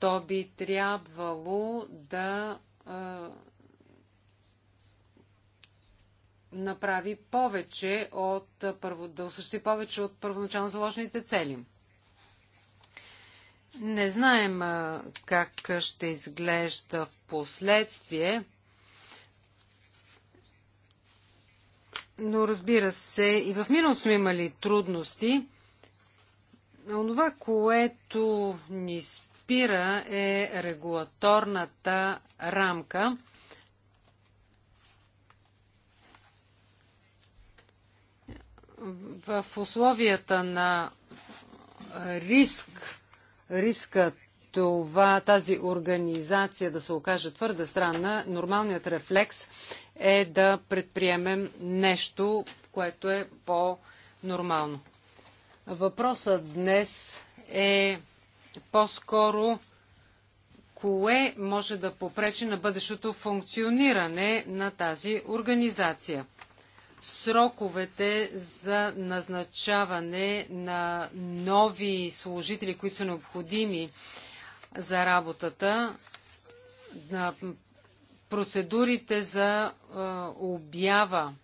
Speaker 4: то би трябвало да е, направи повече от, да осъществи повече от първоначално заложените цели. Не знаем как ще изглежда в последствие, но разбира се, и в миналото сме имали трудности. Онова, което ни спира е регулаторната рамка. В условията на риск риска това, тази организация да се окаже твърде странна, нормалният рефлекс е да предприемем нещо, което е по-нормално. Въпросът днес е по-скоро кое може да попречи на бъдещото функциониране на тази организация сроковете за назначаване на нови служители, които са необходими за работата, на процедурите за обява,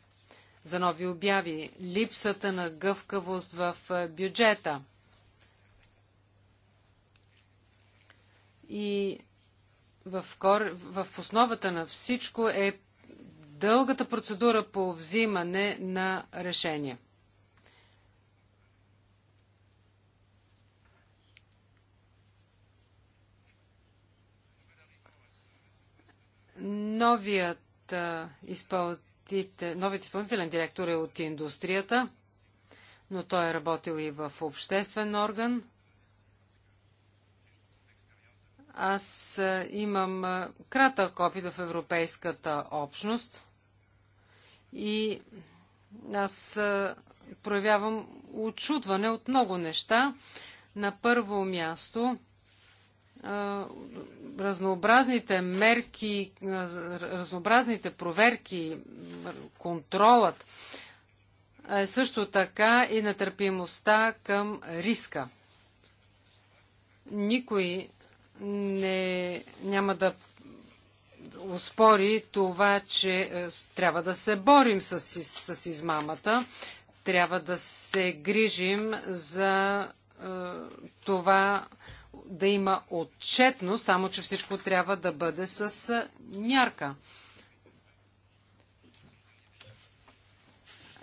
Speaker 4: за нови обяви, липсата на гъвкавост в бюджета и в, кор... в основата на всичко е дългата процедура по взимане на решения. Новият изпълнител, новият изпълнителен директор е от индустрията, но той е работил и в обществен орган. Аз имам кратък опит в Европейската общност. И аз проявявам очудване от много неща. На първо място, разнообразните мерки, разнообразните проверки, контролът, е също така и натърпимостта към риска. Никой не, няма да успори това, че е, трябва да се борим с, с измамата, трябва да се грижим за е, това да има отчетно, само че всичко трябва да бъде с е, мярка.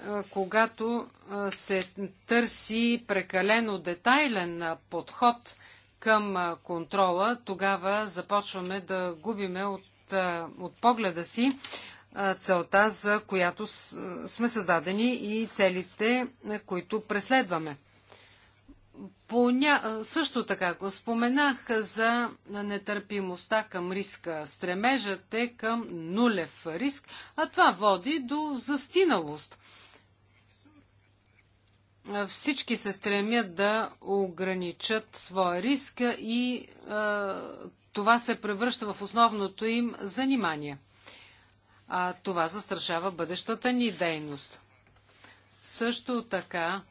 Speaker 4: Е, когато се търси прекалено детайлен подход към контрола, тогава започваме да губиме от от, погледа си целта, за която сме създадени и целите, които преследваме. Поня... Също така го споменах за нетърпимостта към риска. Стремежът е към нулев риск, а това води до застиналост. Всички се стремят да ограничат своя риск и това се превръща в основното им занимание. А това застрашава бъдещата ни дейност. Също така,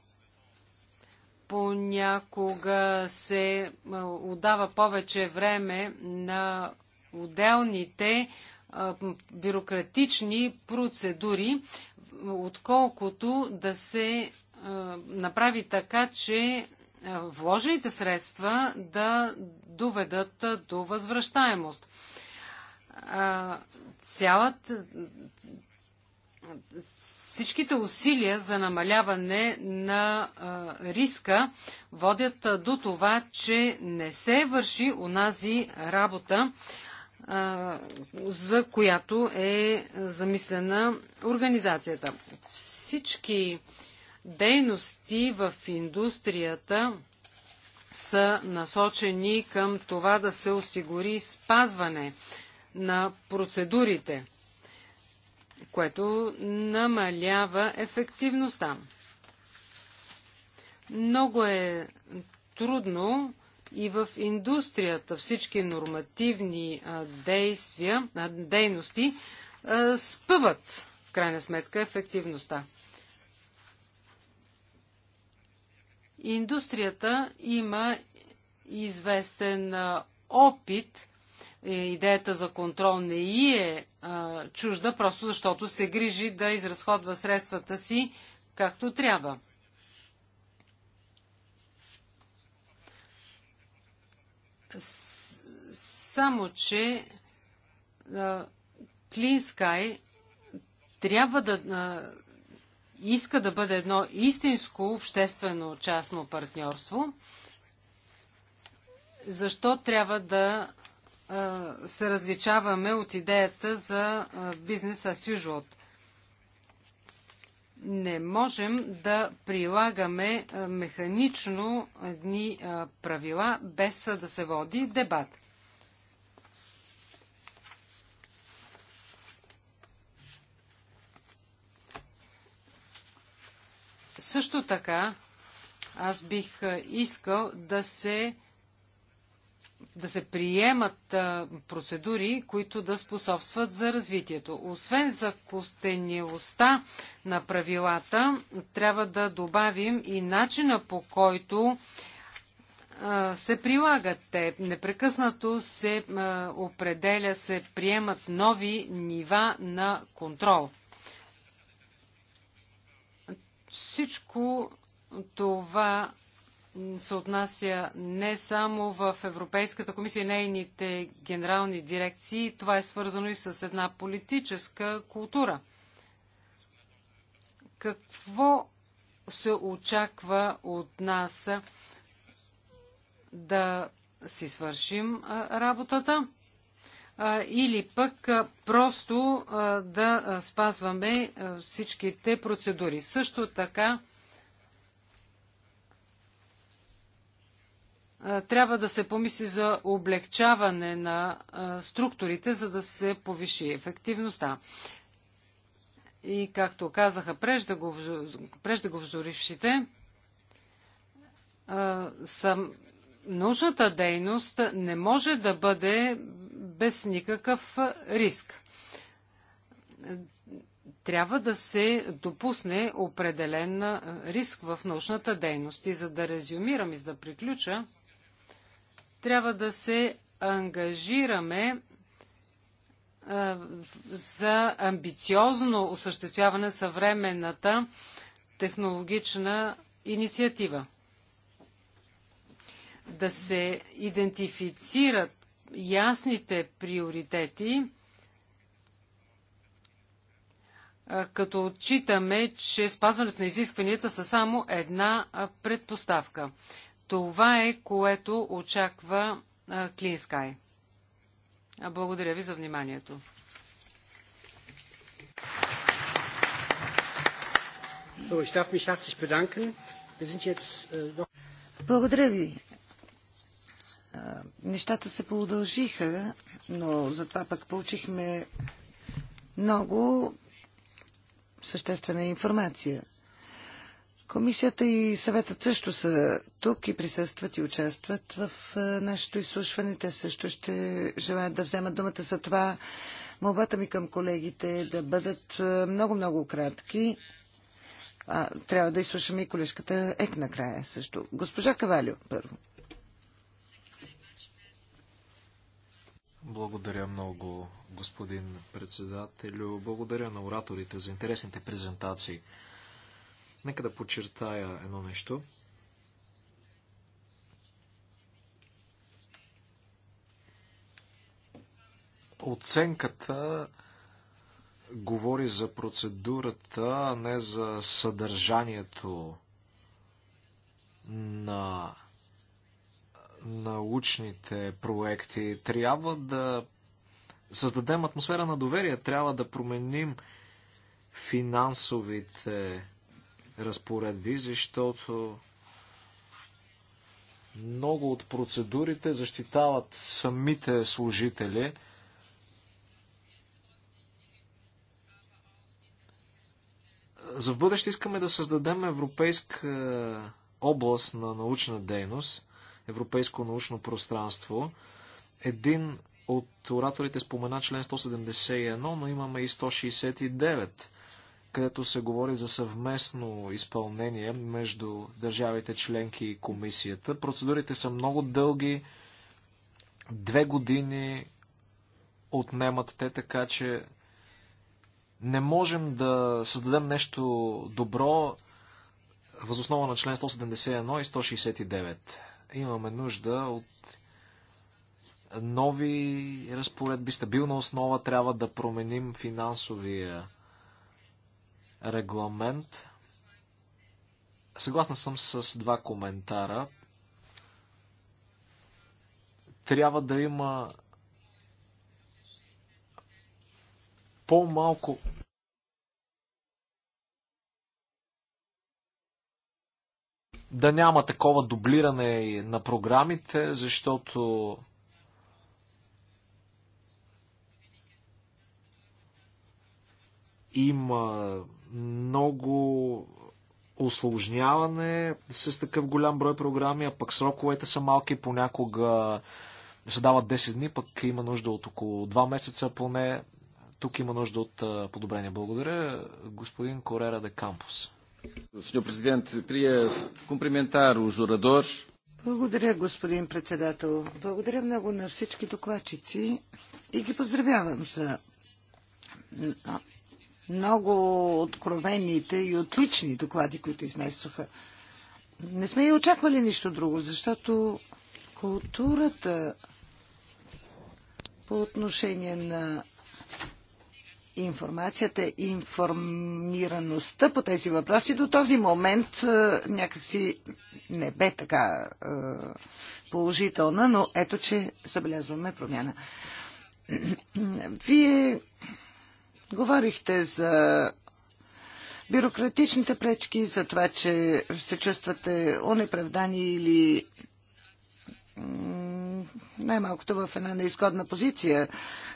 Speaker 4: понякога се отдава повече време на отделните бюрократични процедури, отколкото да се направи така, че е, вложените средства да доведат е, до възвръщаемост. Е, цялът, всичките усилия за намаляване на риска водят до това, че не се върши унази работа, за която е замислена организацията. Всички дейности в индустрията са насочени към това да се осигури спазване на процедурите, което намалява ефективността. Много е трудно и в индустрията всички нормативни действия, дейности спъват, в крайна сметка, ефективността. Индустрията има известен опит. Е, идеята за контрол не и е а, чужда, просто защото се грижи да изразходва средствата си както трябва. Само, че Clean Sky трябва да иска да бъде едно истинско обществено-частно партньорство, защо трябва да се различаваме от идеята за бизнес as usual? Не можем да прилагаме механично едни правила, без да се води дебат. Също така, аз бих искал да се да се приемат процедури, които да способстват за развитието. Освен за костенилостта на правилата, трябва да добавим и начина по който се прилагат те. Непрекъснато се определя, се приемат нови нива на контрол. Всичко това се отнася не само в Европейската комисия и нейните генерални дирекции, това е свързано и с една политическа култура. Какво се очаква от нас да си свършим работата? или пък просто да спазваме всичките процедури. Също така трябва да се помисли за облегчаване на структурите, за да се повиши ефективността. И както казаха го взорившите, научната дейност не може да бъде без никакъв риск. Трябва да се допусне определен риск в научната дейност. И за да резюмирам и за да приключа, трябва да се ангажираме за амбициозно осъществяване съвременната технологична инициатива. Да се идентифицират ясните приоритети, като отчитаме, че спазването на изискванията са само една предпоставка. Това е, което очаква Clean Sky. Благодаря ви за вниманието.
Speaker 1: Äh, благодаря ви нещата се продължиха, но затова пък получихме много съществена информация. Комисията и съветът също са тук и присъстват и участват в нашето изслушване. Те също ще желаят да вземат думата за това. Молбата ми към колегите е да бъдат много-много кратки. А, трябва да изслушаме и колежката Ек накрая също. Госпожа Кавалио, първо.
Speaker 2: Благодаря много, господин председателю. Благодаря на ораторите за интересните презентации. Нека да подчертая едно нещо. Оценката говори за процедурата, а не за съдържанието на научните проекти. Трябва да създадем атмосфера на доверие, трябва да променим финансовите разпоредби, защото много от процедурите защитават самите служители. За бъдеще искаме да създадем европейска област на научна дейност европейско научно пространство. Един от ораторите спомена член 171, но имаме и 169, където се говори за съвместно изпълнение между държавите членки и комисията. Процедурите са много дълги. Две години отнемат те, така че не можем да създадем нещо добро възоснова на член 171 и 169 имаме нужда от нови разпоредби, стабилна основа, трябва да променим финансовия регламент. Съгласна съм с два коментара. Трябва да има по-малко да няма такова дублиране на програмите, защото има много осложняване с такъв голям брой програми, а пък сроковете са малки, понякога се дават 10 дни, пък има нужда от около 2 месеца поне. Тук има нужда от подобрение. Благодаря, господин Корера де Кампус. Сеньор президент, прия комплиментар орадорс.
Speaker 1: Благодаря, господин председател. Благодаря много на всички докладчици и ги поздравявам за много откровените и отлични доклади, които изнесоха. Не сме и очаквали нищо друго, защото културата по отношение на информацията и информираността по тези въпроси до този момент е, някакси не бе така е, положителна, но ето, че забелязваме промяна. Вие говорихте за бюрократичните пречки, за това, че се чувствате онеправдани или най-малкото в една неизгодна позиция,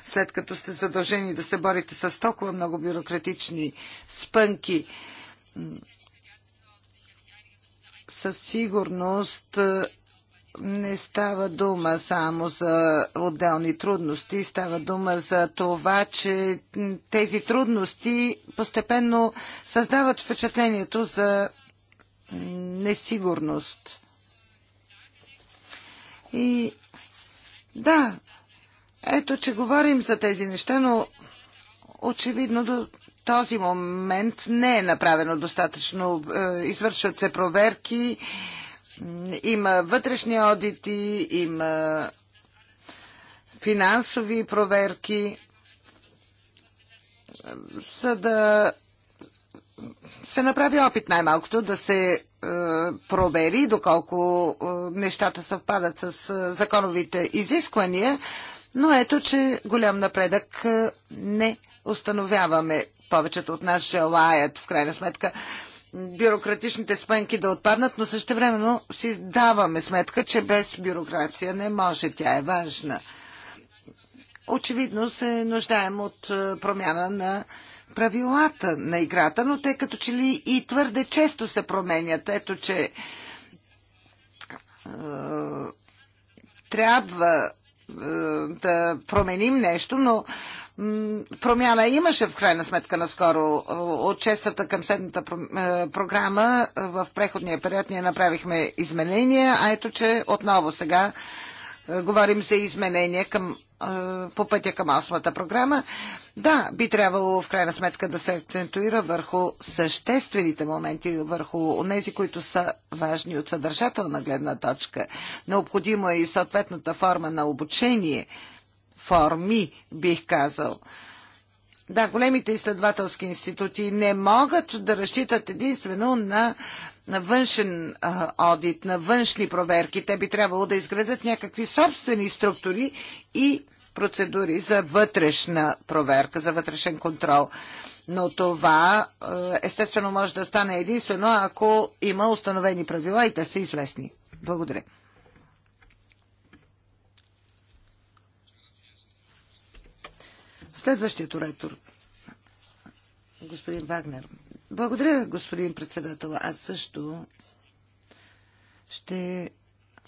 Speaker 1: след като сте задължени да се борите с толкова много бюрократични спънки. Със сигурност е, не става дума само за отделни трудности, става дума за това, че тези трудности постепенно създават впечатлението за несигурност. И да, ето, че говорим за тези неща, но очевидно до този момент не е направено достатъчно. Е, извършват се проверки, има вътрешни одити, има финансови проверки, е, за да се направи опит най-малкото да се е, провери доколко е, нещата съвпадат с е, законовите изисквания, но ето, че голям напредък е, не установяваме. Повечето от нас желаят, в крайна сметка, бюрократичните спънки да отпаднат, но времено си даваме сметка, че без бюрокрация не може, тя е важна. Очевидно се нуждаем от е, промяна на правилата на играта, но те като че ли и твърде често се променят. Ето, че е, трябва е, да променим нещо, но промяна имаше в крайна сметка наскоро. От честата към седмата е, програма в преходния период ние направихме изменения, а ето, че отново сега е, говорим за изменения към, е, по пътя към осмата програма. Да, би трябвало в крайна сметка да се акцентуира върху съществените моменти, върху тези, които са важни от съдържателна гледна точка. Необходимо е и съответната форма на обучение, форми, бих казал. Да, големите изследователски институти не могат да разчитат единствено на на външен а, одит, на външни проверки. Те би трябвало да изградат някакви собствени структури и процедури за вътрешна проверка, за вътрешен контрол. Но това естествено може да стане единствено, ако има установени правила и те са известни. Благодаря. Следващият оратор. Господин Вагнер. Благодаря, господин председател. Аз също ще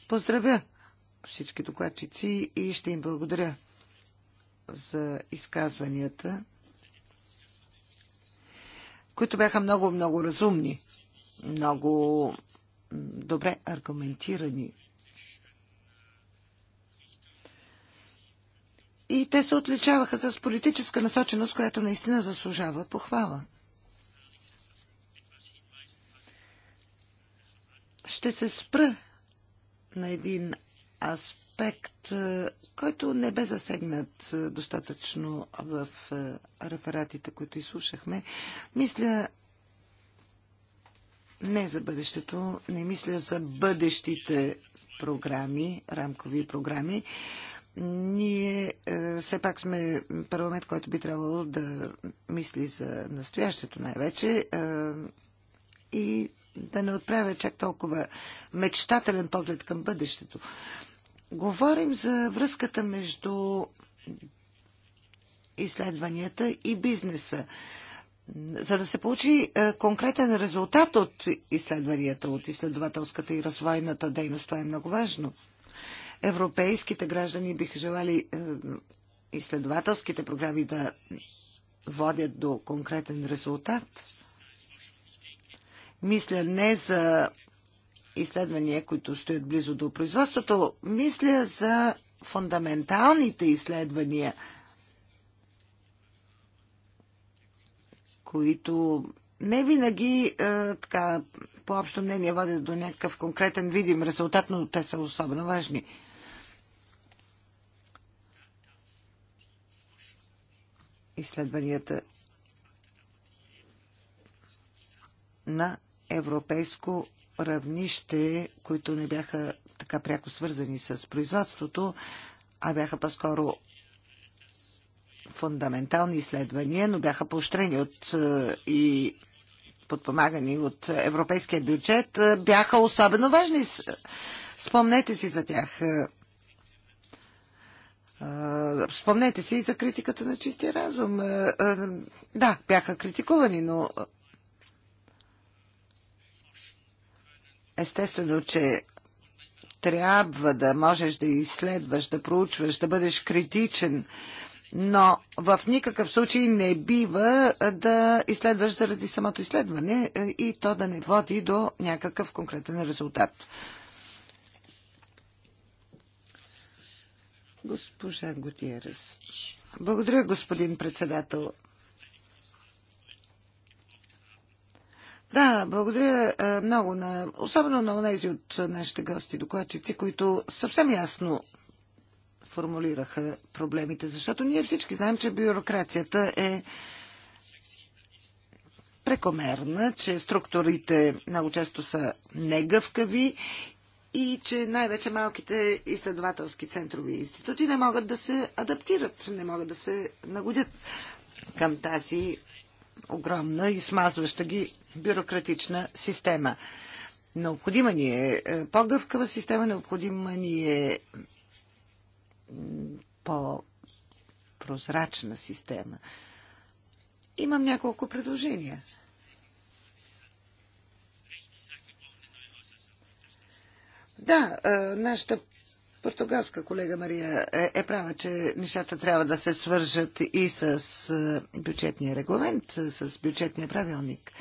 Speaker 1: поздравя всички докладчици и ще им благодаря за изказванията, които бяха много-много разумни, много добре аргументирани. И те се отличаваха с политическа насоченост, която наистина заслужава похвала. Ще се спра на един аспект, е, който не бе засегнат е, достатъчно в е, рефератите, които изслушахме. Мисля не за бъдещето, не мисля за бъдещите програми, рамкови програми. Ние е, все пак сме парламент, който би трябвало да мисли за настоящето най-вече е, и да не отправя чак толкова мечтателен поглед към бъдещето. Говорим за връзката между изследванията и бизнеса. За да се получи е, конкретен резултат от изследванията, от изследователската и развойната дейност, това е много важно. Европейските граждани биха желали е, изследователските програми да водят до конкретен резултат. Мисля не за изследвания, които стоят близо до производството, мисля за фундаменталните изследвания, които не винаги е, така, по общо мнение водят до някакъв конкретен видим резултат, но те са особено важни. Изследванията на европейско равнище, които не бяха така пряко свързани с производството, а бяха по-скоро фундаментални изследвания, но бяха поощрени от е, и подпомагани от европейския бюджет, е, бяха особено важни. Е, спомнете си за тях. Спомнете си и за критиката на чистия разум. Да, бяха критикувани, но Естествено, че трябва да можеш да изследваш, да проучваш, да бъдеш критичен, но в никакъв случай не бива да изследваш заради самото изследване и то да не води до някакъв конкретен резултат. Госпожа Готиерес. Благодаря, господин председател. Да, благодаря е, много, на, особено на тези от нашите гости докладчици, които съвсем ясно формулираха проблемите, защото ние всички знаем, че бюрокрацията е прекомерна, че структурите много често са негъвкави и че най-вече малките изследователски центрови институти не могат да се адаптират, не могат да се нагодят към тази огромна и смазваща ги бюрократична система. Необходима ни е, е по-гъвкава система, необходима ни е по-прозрачна система. Имам няколко предложения. Да, е, нашата португалска колега Мария е, е права, че нещата трябва да се свържат и с е, бюджетния регламент, е, с бюджетния правилник.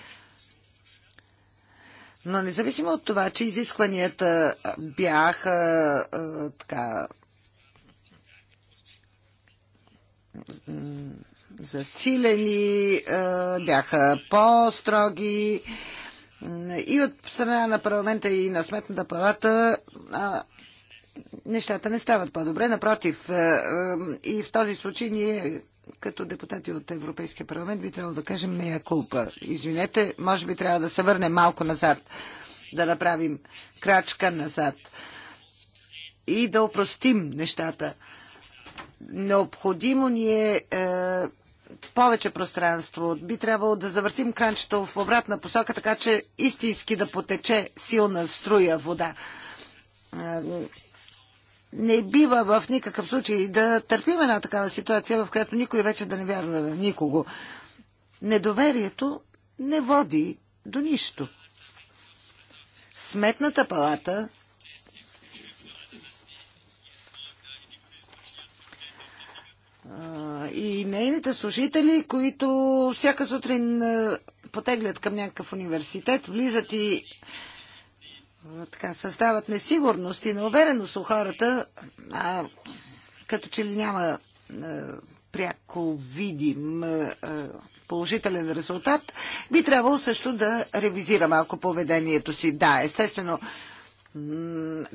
Speaker 1: Но независимо от това, че изискванията бяха е, така засилени, е, бяха по-строги и от страна на парламента и на сметната палата, нещата не стават по-добре. Напротив, е, е, и в този случай ние като депутати от Европейския парламент би трябвало да кажем нея е кулпа. Извинете, може би трябва да се върнем малко назад, да направим крачка назад и да опростим нещата. Необходимо ни е, е повече пространство. Би трябвало да завъртим кранчето в обратна посока, така че истински да потече силна струя вода не бива в никакъв случай да търпим една такава ситуация, в която никой вече да не вярва на никого. Недоверието не води до нищо. Сметната палата и нейните служители, които всяка сутрин потеглят към някакъв университет, влизат и така, създават несигурност и неувереност у хората, а като че ли няма пряко видим положителен резултат, би трябвало също да ревизира малко поведението си. Да, естествено,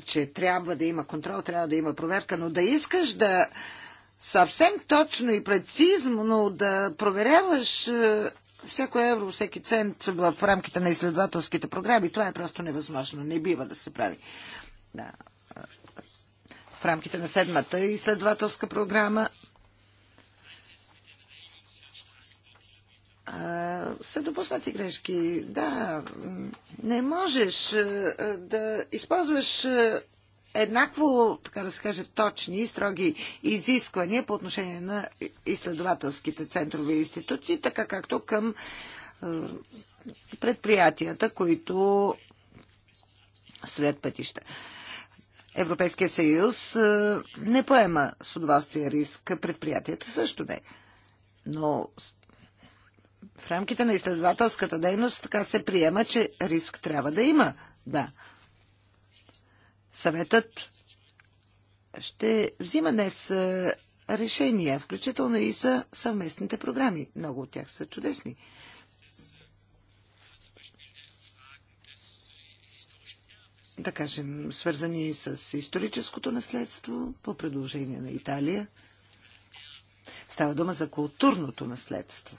Speaker 1: че трябва да има контрол, трябва да има проверка, но да искаш да съвсем точно и прецизно да проверяваш всяко евро, всеки цент в рамките на изследователските програми. Това е просто невъзможно. Не бива да се прави. Да. В рамките на седмата изследователска програма са допуснати грешки. Да, не можеш да използваш еднакво, така да се каже, точни и строги изисквания по отношение на изследователските центрове и институции, така както към е, предприятията, които строят пътища. Европейския съюз е, не поема с удоволствие риск, предприятията също не. Но в рамките на изследователската дейност така се приема, че риск трябва да има. Да. Съветът ще взима днес решения, включително и за съвместните програми. Много от тях са чудесни. Да кажем, свързани с историческото наследство по предложение на Италия. Става дума за културното наследство.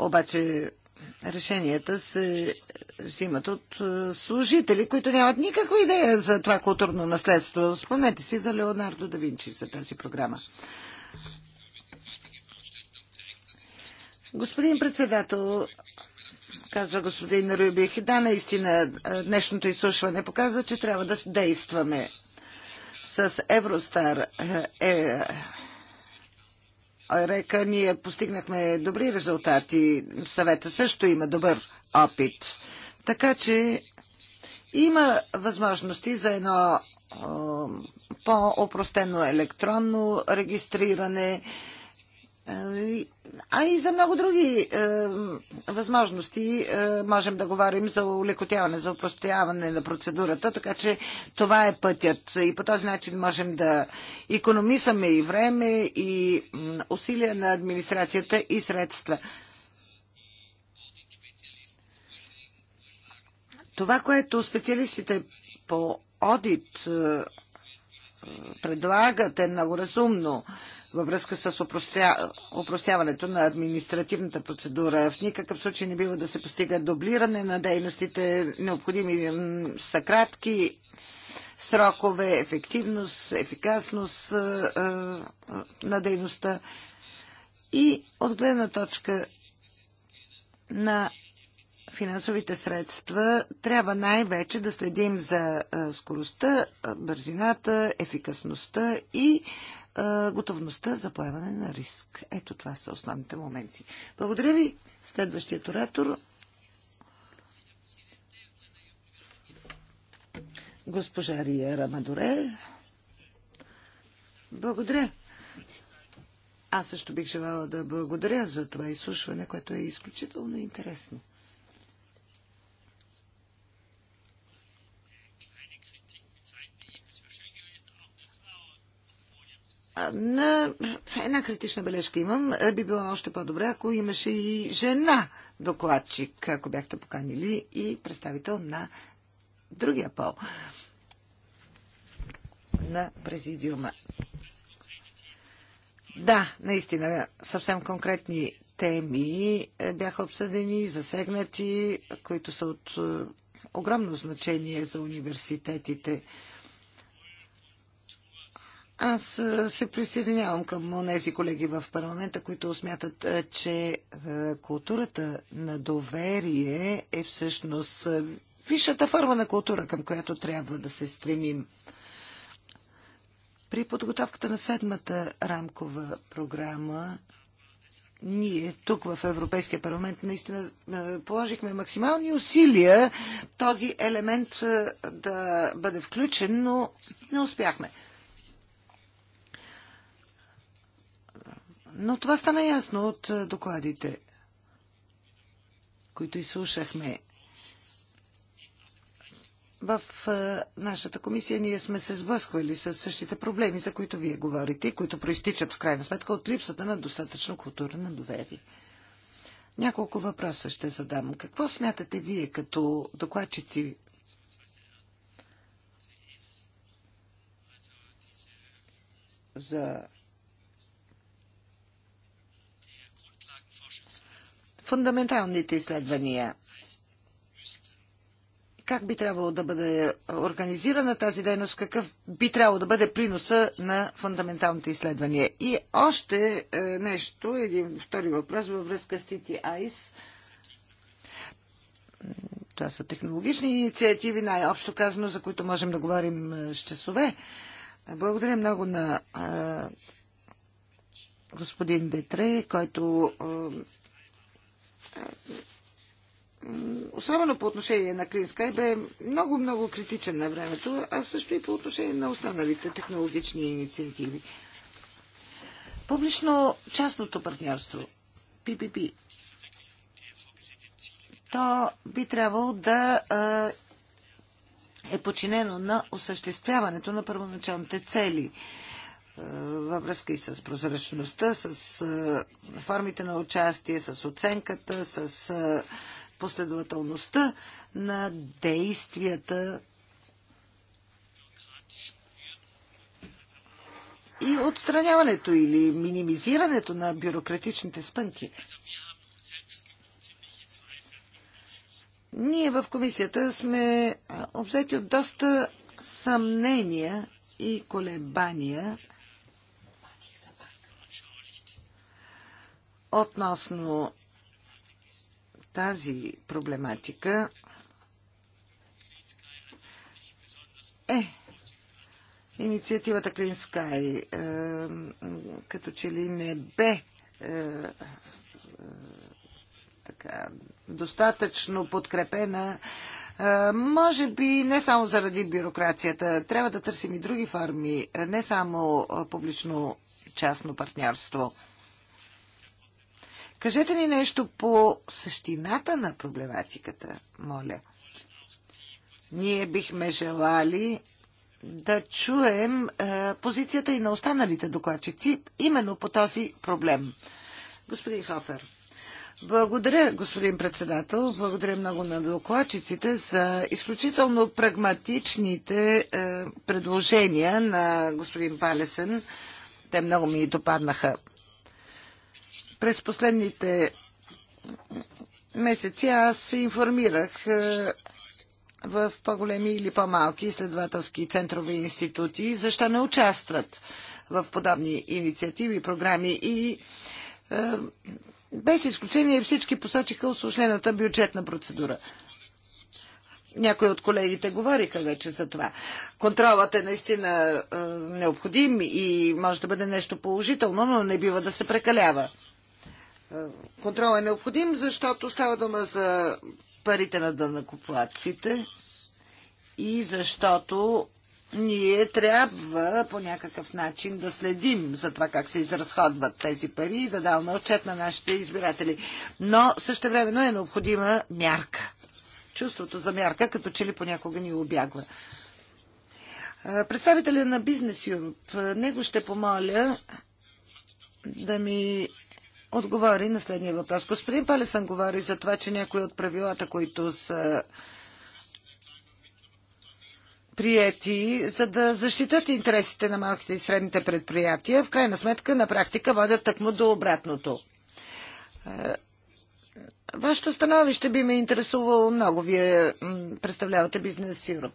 Speaker 1: Обаче решенията се взимат от е, служители, които нямат никаква идея за това културно наследство. Спомнете си за Леонардо да Винчи за тази програма. Господин председател, казва господин Рубих, да, наистина е, днешното изслушване показва, че трябва да действаме с Евростар, е, е река ние постигнахме добри резултати. Съвета също има добър опит. Така че има възможности за едно по-опростено електронно регистриране, а и за много други е, възможности е, можем да говорим за улекотяване, за упростояване на процедурата, така че това е пътят. И по този начин можем да економисаме и време, и усилия на администрацията и средства. Това, което специалистите по одит е, предлагат е много разумно. Е, във връзка с опростя... опростяването на административната процедура. В никакъв случай не бива да се постига дублиране на дейностите. Необходими са кратки срокове, ефективност, ефикасност на дейността и от гледна точка на финансовите средства трябва най-вече да следим за скоростта, бързината, ефикасността и готовността за поемане на риск. Ето това са основните моменти. Благодаря ви. Следващият оратор. Госпожа Рия Рамадоре. Благодаря. Аз също бих желала да благодаря за това изслушване, което е изключително интересно. На една критична бележка имам. Би било още по-добре, ако имаше и жена докладчик, ако бяхте поканили и представител на другия пол на президиума. Да, наистина, съвсем конкретни теми е, бяха обсъдени, засегнати, които са от е, огромно значение за университетите. Аз се присъединявам към тези колеги в парламента, които смятат, че културата на доверие е всъщност висшата форма на култура, към която трябва да се стремим. При подготовката на седмата рамкова програма ние тук в Европейския парламент наистина положихме максимални усилия този елемент да бъде включен, но не успяхме. Но това стана ясно от е, докладите, които изслушахме. В е, нашата комисия ние сме се сблъсквали с същите проблеми, за които вие говорите и които проистичат в крайна сметка от липсата на достатъчно култура на доверие. Няколко въпроса ще задам. Какво смятате вие като докладчици за фундаменталните изследвания. Как би трябвало да бъде организирана тази дейност? Какъв би трябвало да бъде приноса на фундаменталните изследвания? И още е, нещо, един втори въпрос във връзка с TTIs. Това са технологични инициативи, най-общо казано, за които можем да говорим е, с часове. Благодаря много на е, господин Детре, който особено по отношение на Скай бе много-много критичен на времето, а също и по отношение на останалите технологични инициативи. Публично-частното партньорство, PPP, то би трябвало да е подчинено на осъществяването на първоначалните цели – във връзка и с прозрачността, с формите на участие, с оценката, с последователността на действията и отстраняването или минимизирането на бюрократичните спънки. Ние в комисията сме обзети от доста съмнения и колебания Относно тази проблематика е инициативата Clean Sky е, като че ли не бе е, е, така, достатъчно подкрепена може би не само заради бюрокрацията. Трябва да търсим и други форми, не само публично-частно партньорство. Кажете ни нещо по същината на проблематиката, моля. Ние бихме желали да чуем е, позицията и на останалите докладчици именно по този проблем. Господин Хофер. Благодаря, господин председател. Благодаря много на докладчиците за изключително прагматичните е, предложения на господин Палесен. Те много ми допаднаха. През последните месеци аз се информирах е, в по-големи или по-малки изследователски центрове и институти, защо не участват в подобни инициативи, програми и е, без изключение всички посочиха осложнената бюджетна процедура. Някои от колегите говориха вече за това. Контролът е наистина е, необходим и може да бъде нещо положително, но не бива да се прекалява. Е, контрол е необходим, защото става дума за парите на дънакоплаците и защото ние трябва по някакъв начин да следим за това как се изразходват тези пари и да даваме отчет на нашите избиратели. Но също времено е необходима мярка. Чувството за мярка като че ли понякога ни обягва. Е, представителя на Бизнес Юруп, него ще помоля да ми отговори на следния въпрос. Господин Палесън говори за това, че някои от правилата, които са приети, за да защитат интересите на малките и средните предприятия, в крайна сметка на практика водят тъкмо до обратното. Е, вашето становище би ме интересувало много. Вие представлявате Бизнес Юроп.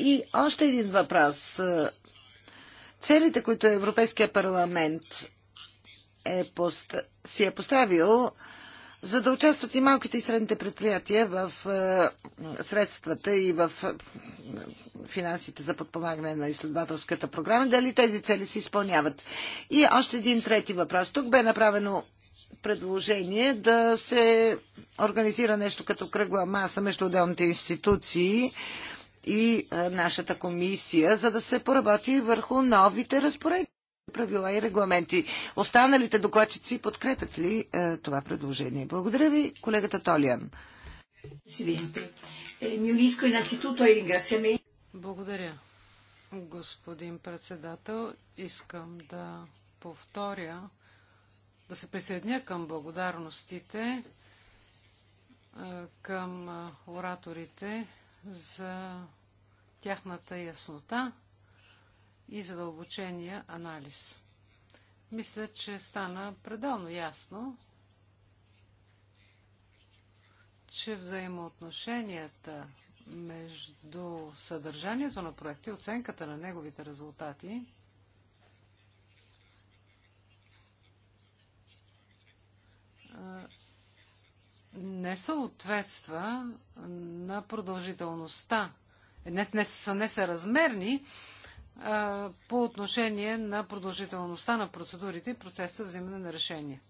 Speaker 1: И още един въпрос. Е, целите, които Европейския парламент е пост... си е поставил, за да участват и малките и средните предприятия в е, средствата и в е, финансите за подпомагане на изследователската програма, дали тези цели се изпълняват. И още един трети въпрос. Тук бе направено предложение да се организира нещо като кръгла маса между отделните институции и е, нашата комисия, за да се поработи върху новите разпоредби правила и регламенти. Останалите докладчици подкрепят ли е, това предложение? Благодаря ви, колегата Толиан.
Speaker 4: Е, Благодаря, господин председател. Искам да повторя, да се присъединя към благодарностите е, към е, ораторите за тяхната яснота и задълбочения анализ. Мисля, че стана пределно ясно, че взаимоотношенията между съдържанието на проекта и оценката на неговите резултати не съответства на продължителността, не, не са несъразмерни по отношение на продължителността на процедурите и процеса взимане на решение.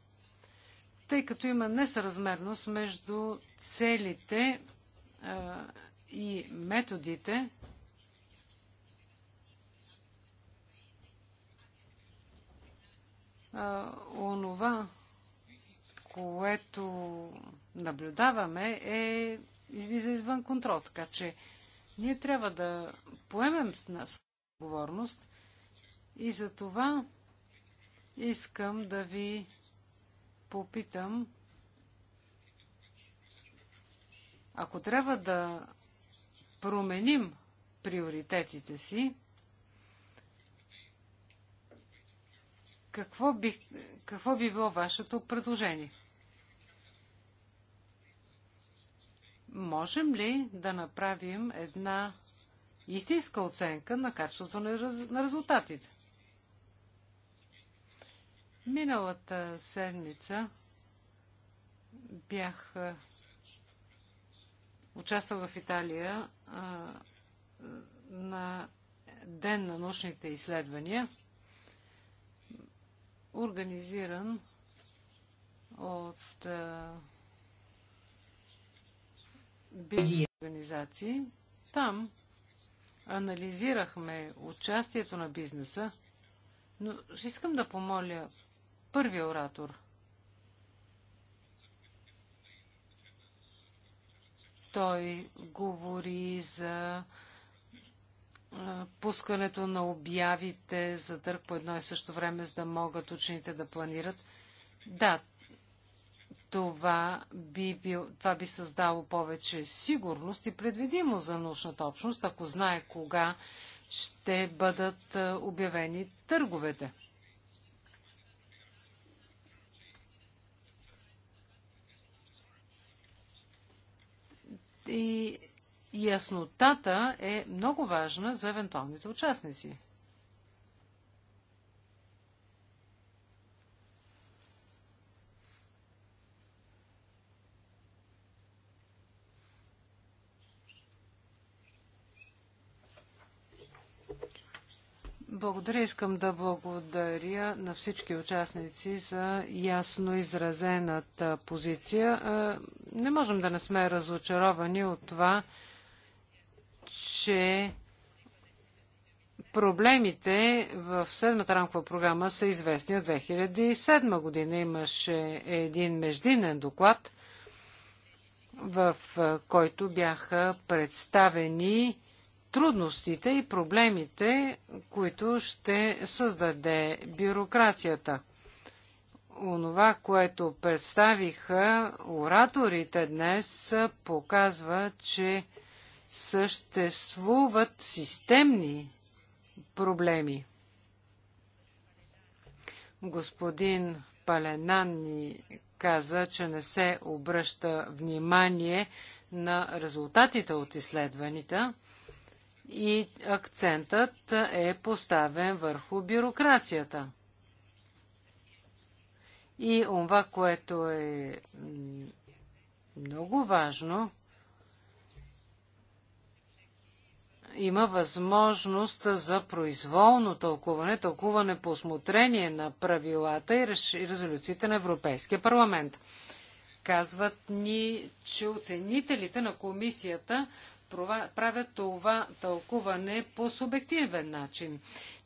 Speaker 4: Тъй като има несъразмерност между целите и методите, онова, което наблюдаваме, е излиза извън контрол. Така че ние трябва да поемем с нас отговорност. И за това искам да ви попитам, ако трябва да променим приоритетите си, какво би, какво би било вашето предложение? Можем ли да направим една истинска оценка на качеството на, на резултатите. Миналата седмица бях участвал в Италия а, на Ден на научните изследвания, организиран от а, организации. Там анализирахме участието на бизнеса, но искам да помоля първия оратор. Той говори за пускането на обявите за търг по едно и също време, за да могат учените да планират. Да, това би, бил, това би създало повече сигурност и предвидимо за научната общност, ако знае кога ще бъдат е, обявени търговете. И яснотата е много важна за евентуалните участници. Благодаря. Искам да благодаря на всички участници за ясно изразената позиция. Е, не можем да не сме разочаровани от това, че проблемите в седмата рамкова програма са известни от 2007 година. Имаше един междинен доклад, в който бяха представени трудностите и проблемите, които ще създаде бюрокрацията. Онова, което представиха ораторите днес, показва, че съществуват системни проблеми. Господин Паленан ни каза, че не се обръща внимание на резултатите от изследванията и акцентът е поставен върху бюрокрацията. И това, което е много важно, има възможност за произволно тълкуване, тълкуване по осмотрение на правилата и резолюциите на Европейския парламент. Казват ни, че оценителите на комисията правят това тълкуване по субективен начин.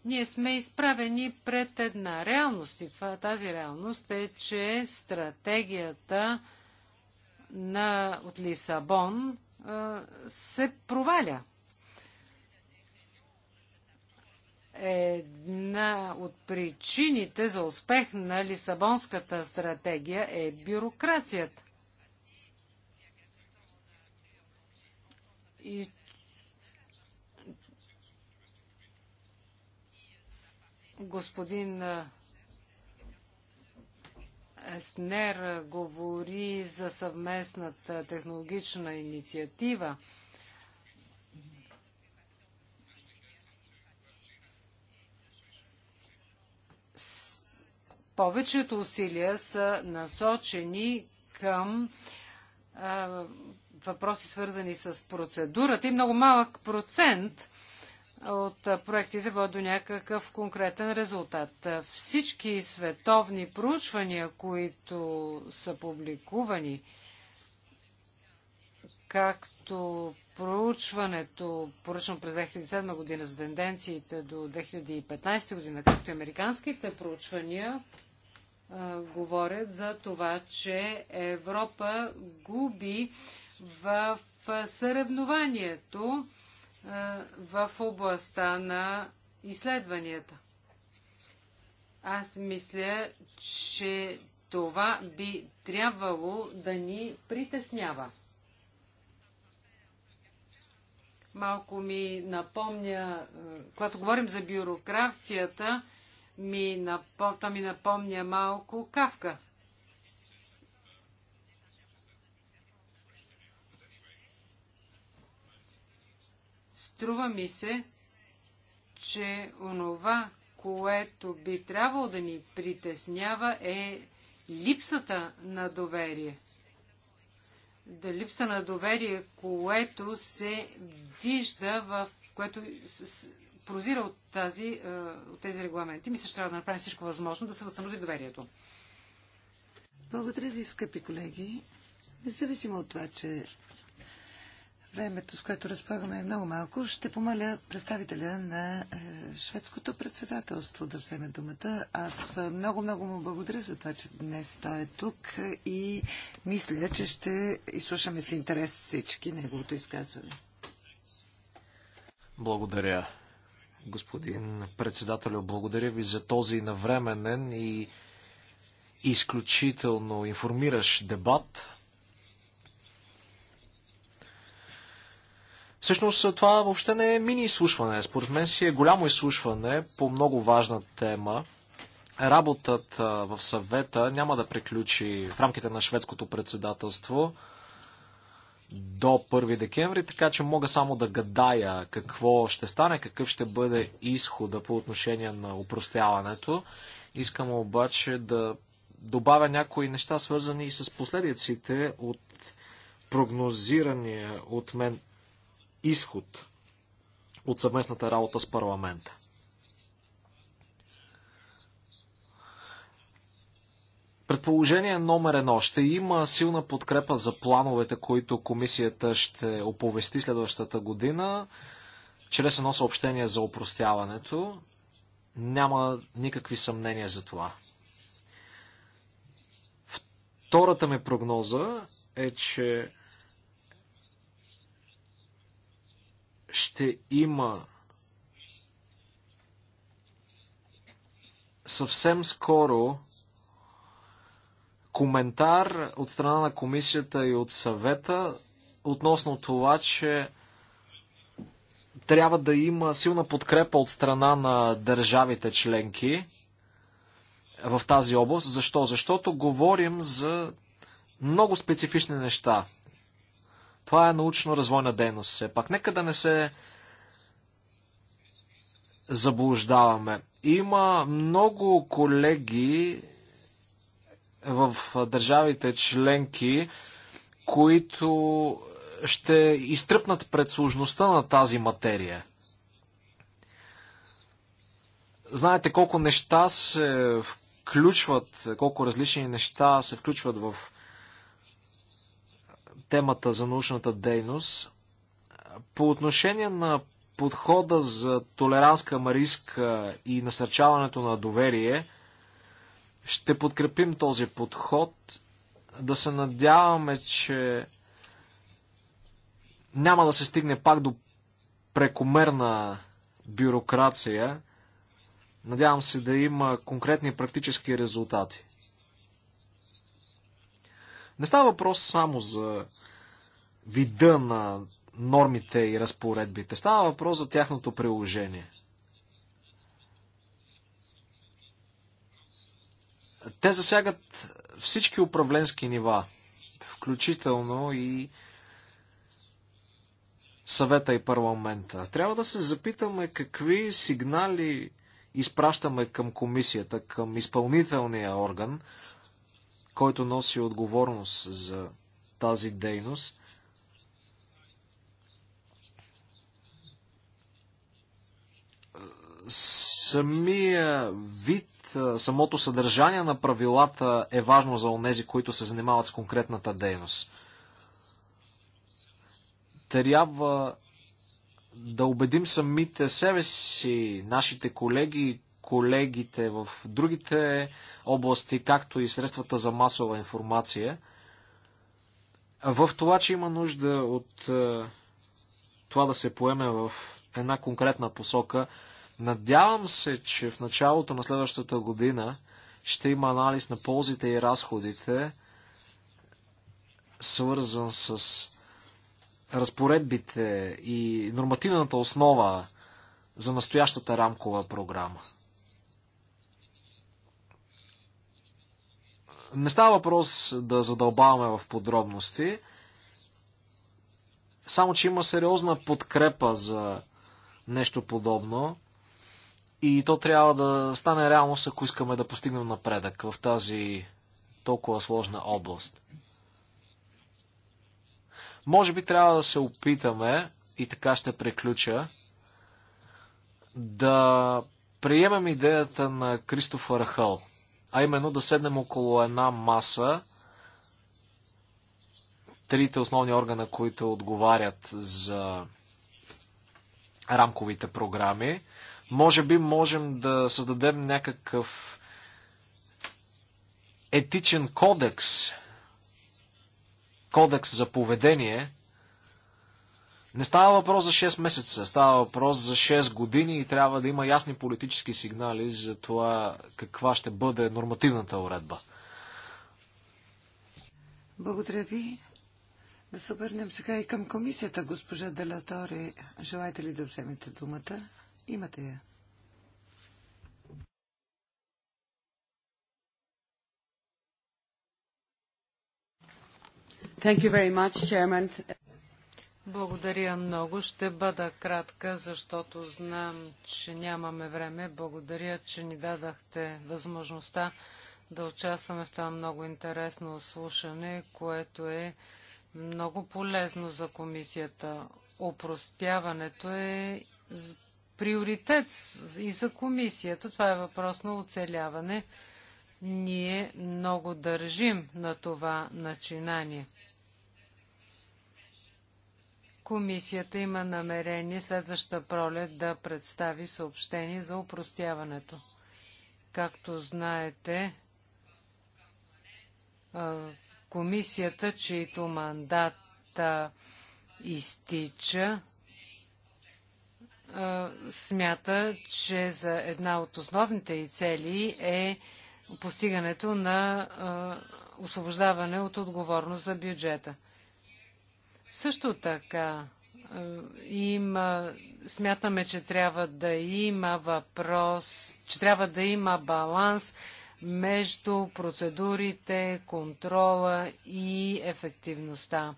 Speaker 4: Ние сме изправени пред една реалност и това, тази реалност е, че стратегията на, от Лисабон се проваля. Една от причините за успех на Лисабонската стратегия е бюрокрацията. и господин Еснер говори за съвместната технологична инициатива. Повечето усилия са насочени към а, въпроси, свързани с процедурата и много малък процент от проектите водят до някакъв конкретен резултат. Всички световни проучвания, които са публикувани, както проучването, поръчно през 2007 година за тенденциите до 2015 година, както и американските проучвания, говорят за това, че Европа губи в съревнованието е, в областта на изследванията. Аз мисля, че това би трябвало да ни притеснява. Малко ми напомня, е, когато говорим за бюрокрацията, ми напом... ми напомня малко кавка – Струва ми се, че онова, което би трябвало да ни притеснява е липсата на доверие. Да липса на доверие, което се вижда в... което прозира от, тази, от тези регламенти. Мисля, че трябва да направим всичко възможно да се възстанови доверието. Благодаря ви, скъпи колеги. Независимо от това, че
Speaker 1: Времето, с което разполагаме е много малко. Ще помоля представителя на е, шведското председателство да вземе думата. Аз много-много е, му благодаря за това, че днес той е тук е, и мисля, че ще изслушаме с интерес всички неговото изказване.
Speaker 2: Благодаря, господин председател, Благодаря ви за този навременен и изключително информиращ дебат. Всъщност това въобще не е мини изслушване. Според мен си е голямо изслушване по много важна тема. Работата в съвета няма да приключи в рамките на шведското председателство до 1 декември, така че мога само да гадая какво ще стане, какъв ще бъде изхода по отношение на упростяването. Искам обаче да добавя някои неща, свързани и с последиците от прогнозирания от мен изход от съвместната работа с парламента. Предположение номер едно. Ще има силна подкрепа за плановете, които комисията ще оповести следващата година, чрез едно съобщение за опростяването. Няма никакви съмнения за това. Втората ми прогноза е, че ще има съвсем скоро коментар от страна на комисията и от съвета относно това, че трябва да има силна подкрепа от страна на държавите членки в тази област. Защо? Защото говорим за много специфични неща. Това е научно-развойна дейност. Все пак, нека да не се заблуждаваме. Има много колеги в държавите членки, които ще изтръпнат пред сложността на тази материя. Знаете колко неща се включват, колко различни неща се включват в темата за научната дейност. По отношение на подхода за толеранс към риск и насърчаването на доверие, ще подкрепим този подход. Да се надяваме, че няма да се стигне пак до прекомерна бюрокрация. Надявам се да има конкретни практически резултати. Не става въпрос само за вида на нормите и разпоредбите. Става въпрос за тяхното приложение. Те засягат всички управленски нива, включително и съвета и парламента. Трябва да се запитаме какви сигнали изпращаме към комисията, към изпълнителния орган, който носи отговорност за тази дейност. Самия вид, самото съдържание на правилата е важно за онези, които се занимават с конкретната дейност. Трябва да убедим самите себе си, нашите колеги, колегите в другите области, както и средствата за масова информация, в това, че има нужда от е, това да се поеме в една конкретна посока, надявам се, че в началото на следващата година ще има анализ на ползите и разходите, свързан с разпоредбите и нормативната основа за настоящата рамкова програма. Не става въпрос да задълбаваме в подробности, само че има сериозна подкрепа за нещо подобно и то трябва да стане реалност, ако искаме да постигнем напредък в тази толкова сложна област. Може би трябва да се опитаме, и така ще приключа, да приемем идеята на Кристофър Хъл – а именно да седнем около една маса трите основни органа, които отговарят за рамковите програми. Може би можем да създадем някакъв етичен кодекс, кодекс за поведение, не става въпрос за 6 месеца, става въпрос за 6 години и трябва да има ясни политически сигнали за това каква ще бъде нормативната уредба.
Speaker 1: Благодаря ви. Да се обърнем сега и към комисията, госпожа Делаторе. Желаете ли да вземете думата? Имате я.
Speaker 4: Thank you very much, Chairman. Благодаря много. Ще бъда кратка, защото знам, че нямаме време. Благодаря, че ни дадахте възможността да участваме в това много интересно слушане, което е много полезно за комисията. Опростяването е приоритет и за комисията. Това е въпрос на оцеляване. Ние много държим на това начинание. Комисията има намерение следваща пролет да представи съобщение за упростяването. Както знаете, комисията, чието мандат изтича, смята, че за една от основните и цели е постигането на освобождаване от отговорност за бюджета. Също така е, има, смятаме, че трябва да има въпрос, че трябва да има баланс между процедурите, контрола и ефективността.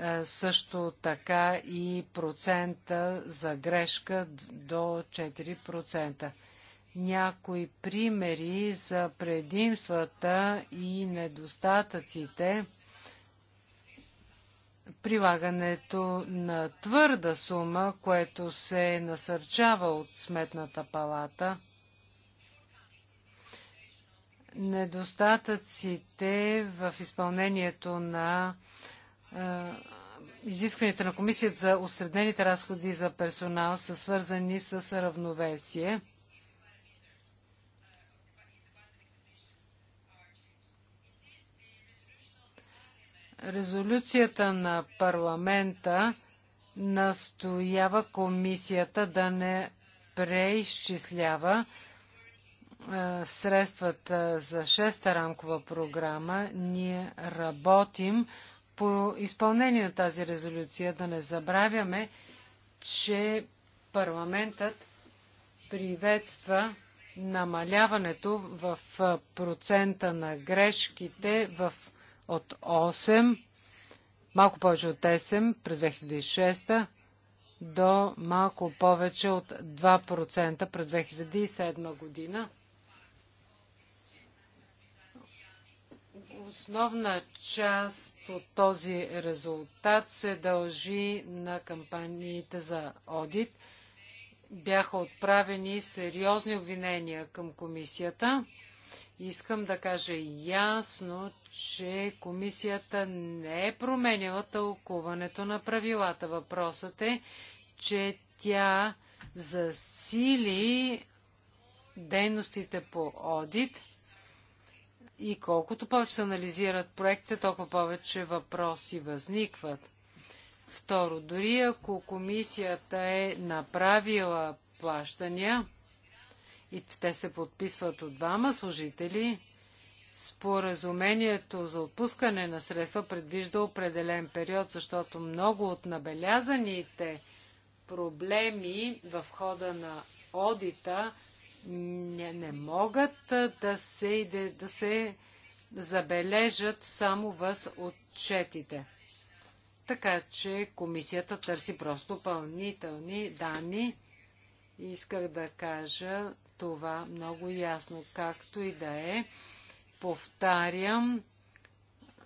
Speaker 4: Е, също така и процента за грешка до 4%. Някои примери за предимствата и недостатъците прилагането на твърда сума, което се насърчава от Сметната палата. Недостатъците в изпълнението на изискванията на комисията за осреднените разходи за персонал са свързани с равновесие. Резолюцията на парламента настоява комисията да не преизчислява е, средствата за шеста рамкова програма. Ние работим по изпълнение на тази резолюция. Да не забравяме, че парламентът приветства намаляването в е, процента на грешките в от 8, малко повече от 8 през 2006 до малко повече от 2% през 2007 година. Основна част от този резултат се дължи на кампаниите за одит. Бяха отправени сериозни обвинения към комисията Искам да кажа ясно, че комисията не е променила тълкуването на правилата. Въпросът е, че тя засили дейностите по одит и колкото повече се анализират проекти, толкова повече въпроси възникват. Второ, дори ако комисията е направила плащания, и те се подписват от двама служители. Споразумението за отпускане на средства предвижда определен период, защото много от набелязаните проблеми в хода на одита не, не могат да се, да се забележат само в отчетите. Така че комисията търси просто допълнителни данни. Исках да кажа това много ясно. Както и да е, повтарям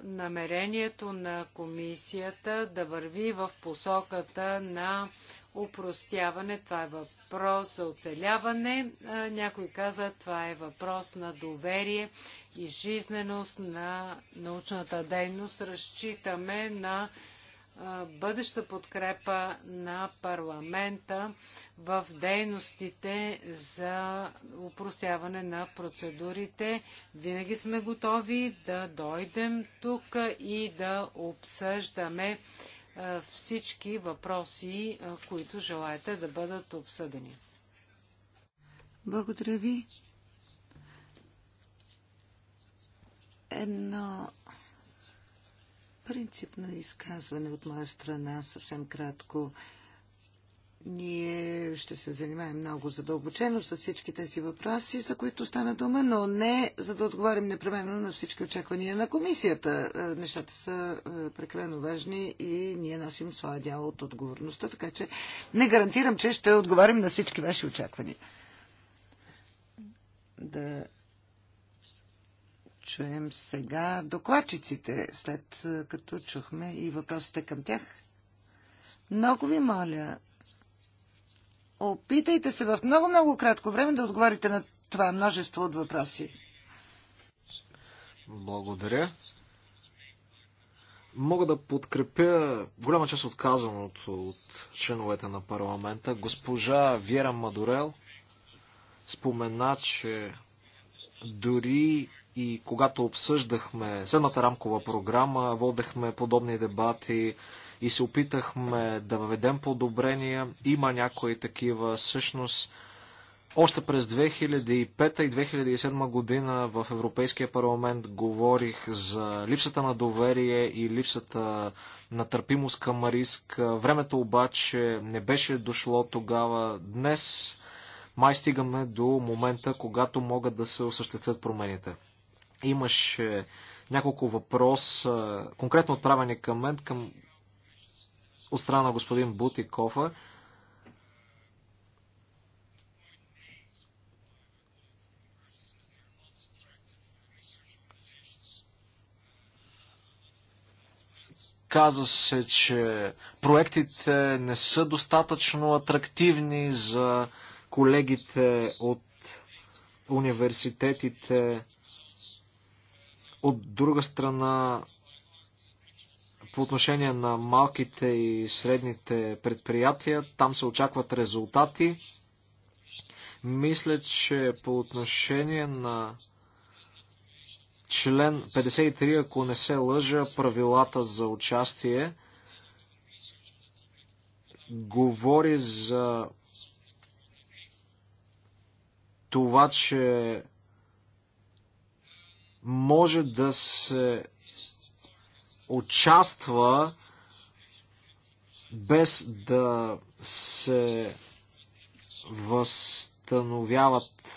Speaker 4: намерението на комисията да върви в посоката на упростяване. Това е въпрос за оцеляване. Някой каза, това е въпрос на доверие и жизненост на научната дейност. Разчитаме на бъдеща подкрепа на парламента в дейностите за упростяване на процедурите. Винаги сме готови да дойдем тук и да обсъждаме всички въпроси, които желаете да бъдат обсъдени.
Speaker 1: Благодаря ви. Едно принципно изказване от моя страна, съвсем кратко. Ние ще се занимаем много задълбочено с всички тези въпроси, за които стана дума, но не за да отговорим непременно на всички очаквания на комисията. Е, нещата са е, прекалено важни и ние носим своя дял от отговорността, така че не гарантирам, че ще отговорим на всички ваши очаквания. Да чуем сега докладчиците, след като чухме и въпросите към тях. Много ви моля, опитайте се в много-много кратко време да отговорите на
Speaker 2: това множество от въпроси. Благодаря. Мога да подкрепя голяма част от казаното от членовете на парламента. Госпожа Вера Мадурел, спомена, че дори и когато обсъждахме седмата рамкова програма, водехме подобни дебати и се опитахме да въведем подобрения. Има някои такива. Всъщност, още през 2005 и 2007 година в Европейския парламент говорих за липсата на доверие и липсата на търпимост към риск. Времето обаче не беше дошло тогава. Днес май стигаме до момента, когато могат да се осъществят промените. Имаш е, няколко въпрос, е, конкретно отправени към мен, към от страна на господин Бутикова. Каза се, че проектите не са достатъчно атрактивни за колегите от университетите. От друга страна, по отношение на малките и средните предприятия, там се очакват резултати. Мисля, че по отношение на член 53, ако не се лъжа, правилата за участие говори за това, че може да се участва без да се възстановяват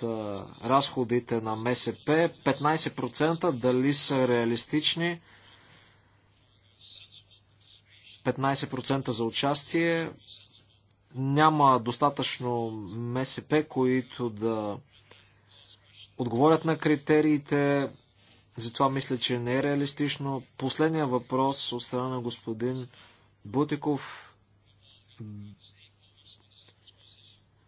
Speaker 2: разходите на МСП. 15% дали са реалистични? 15% за участие. Няма достатъчно МСП, които да отговорят на критериите. Затова мисля, че не е реалистично. Последният въпрос от страна на господин Бутиков.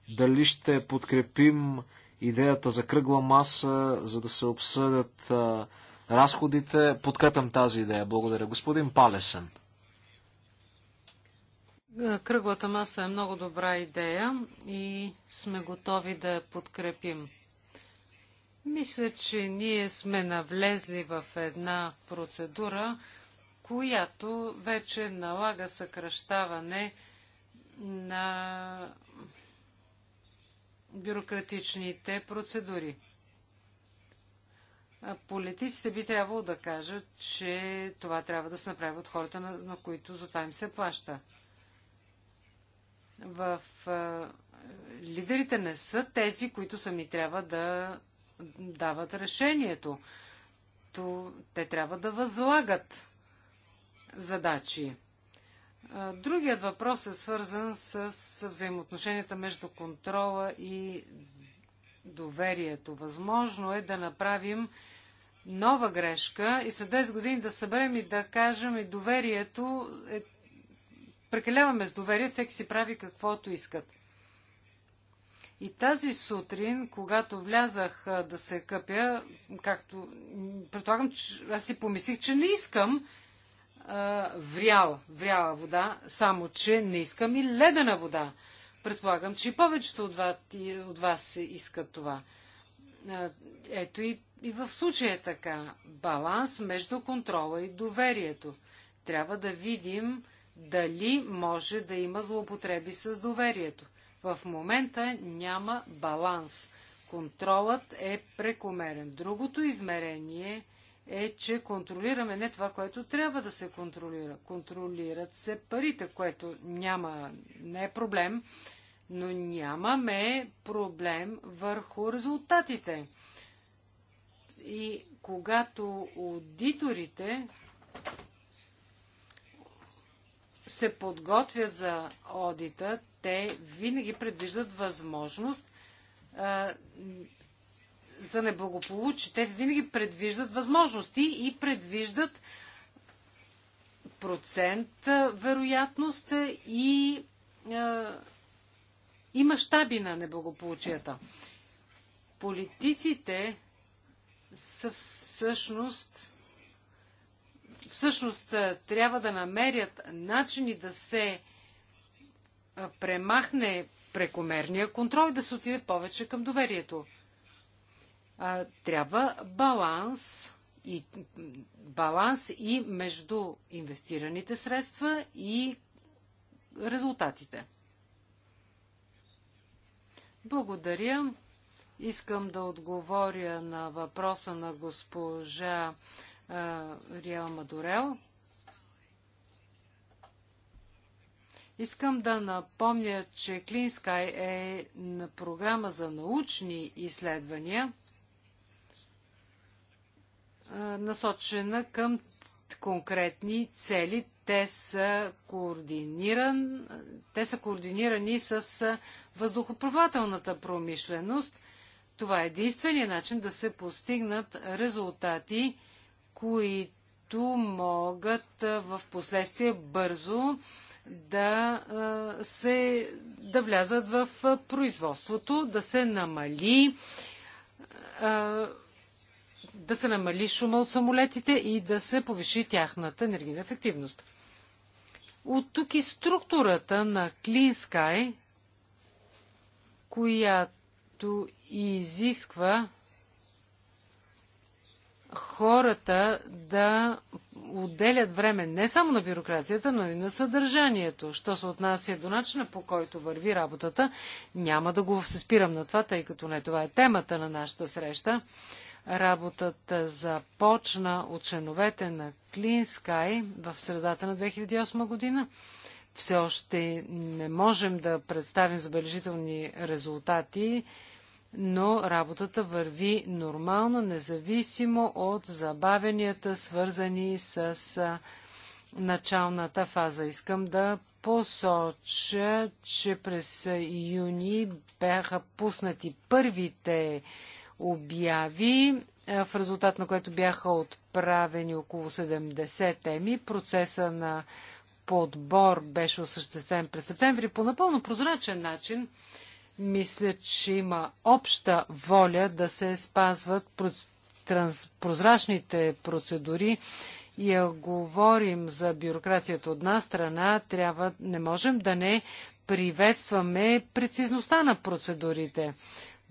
Speaker 2: Дали ще подкрепим идеята за кръгла маса, за да се обсъдят а, разходите? Подкрепям тази идея. Благодаря. Господин Палесен.
Speaker 4: Кръглата маса е много добра идея и сме готови да я подкрепим. Мисля, че ние сме навлезли в една процедура, която вече налага съкръщаване на бюрократичните процедури. Политиците би трябвало да кажат, че това трябва да се направи от хората, на, които за това им се плаща. В лидерите не са тези, които сами трябва да дават решението. То, те трябва да възлагат задачи. Другият въпрос е свързан с взаимоотношенията между контрола и доверието. Възможно е да направим нова грешка и след 10 години да съберем и да кажем и доверието е... Прекаляваме с доверие, всеки си прави каквото искат. И тази сутрин, когато влязах да се къпя, както предполагам, че аз си помислих, че не искам а, вряла, вряла вода, само че не искам и ледена вода. Предполагам, че и повечето от вас, от вас искат това. Ето и, и в случая е така. Баланс между контрола и доверието. Трябва да видим дали може да има злоупотреби с доверието. В момента няма баланс. Контролът е прекомерен. Другото измерение е, че контролираме не това, което трябва да се контролира. Контролират се парите, което няма, не е проблем, но нямаме проблем върху резултатите. И когато аудиторите се подготвят за одитът те винаги предвиждат възможност а, за неблагополучие. Те винаги предвиждат възможности и предвиждат процент вероятност и, а, и мащаби на неблагополучията. Политиците са всъщност всъщност трябва да намерят начини да се премахне прекомерния контрол и да се отиде повече към доверието. А, трябва баланс и, баланс и между инвестираните средства и резултатите. Благодаря. Искам да отговоря на въпроса на госпожа Риал Мадорел. Искам да напомня, че Clean Sky е програма за научни изследвания, насочена към конкретни цели. Те са, координиран, те са координирани с въздухоплавателната промишленост. Това е единствения начин да се постигнат резултати, които могат в последствие бързо да, се, да влязат в производството, да се намали да се намали шума от самолетите и да се повиши тяхната енергийна ефективност. От тук и структурата на Clean Sky, която изисква хората да отделят време не само на бюрокрацията, но и на съдържанието. Що се отнася до начина по който върви работата, няма да го се спирам на това, тъй като не това е темата на нашата среща. Работата започна от членовете на Clean Sky в средата на 2008 година. Все още не можем да представим забележителни резултати но работата върви нормално, независимо от забавенията, свързани с началната фаза. Искам да посоча, че през юни бяха пуснати първите обяви, в резултат на което бяха отправени около 70 теми. Процеса на подбор беше осъществен през септември по напълно прозрачен начин мисля, че има обща воля да се спазват прозрачните процедури и ако говорим за бюрокрацията от една страна, трябва, не можем да не приветстваме прецизността на процедурите.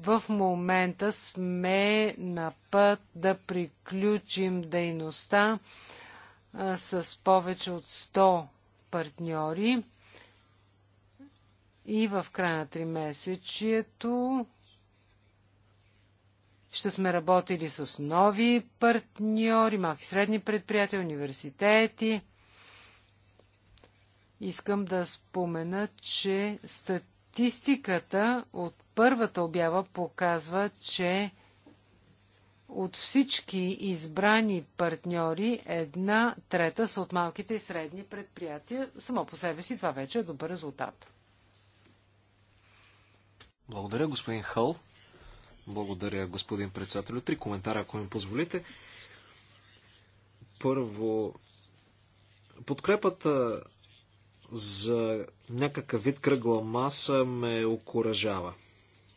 Speaker 4: В момента сме на път да приключим дейността с повече от 100 партньори и в края на месечието ще сме работили с нови партньори, малки средни предприятия, университети. Искам да спомена, че статистиката от първата обява показва, че от всички избрани партньори една трета са от малките и средни предприятия. Само по себе си това вече е добър резултат.
Speaker 2: Благодаря, господин Хъл. Благодаря, господин председател. Три коментара, ако ми позволите. Първо, подкрепата за някакъв вид кръгла маса ме окоръжава.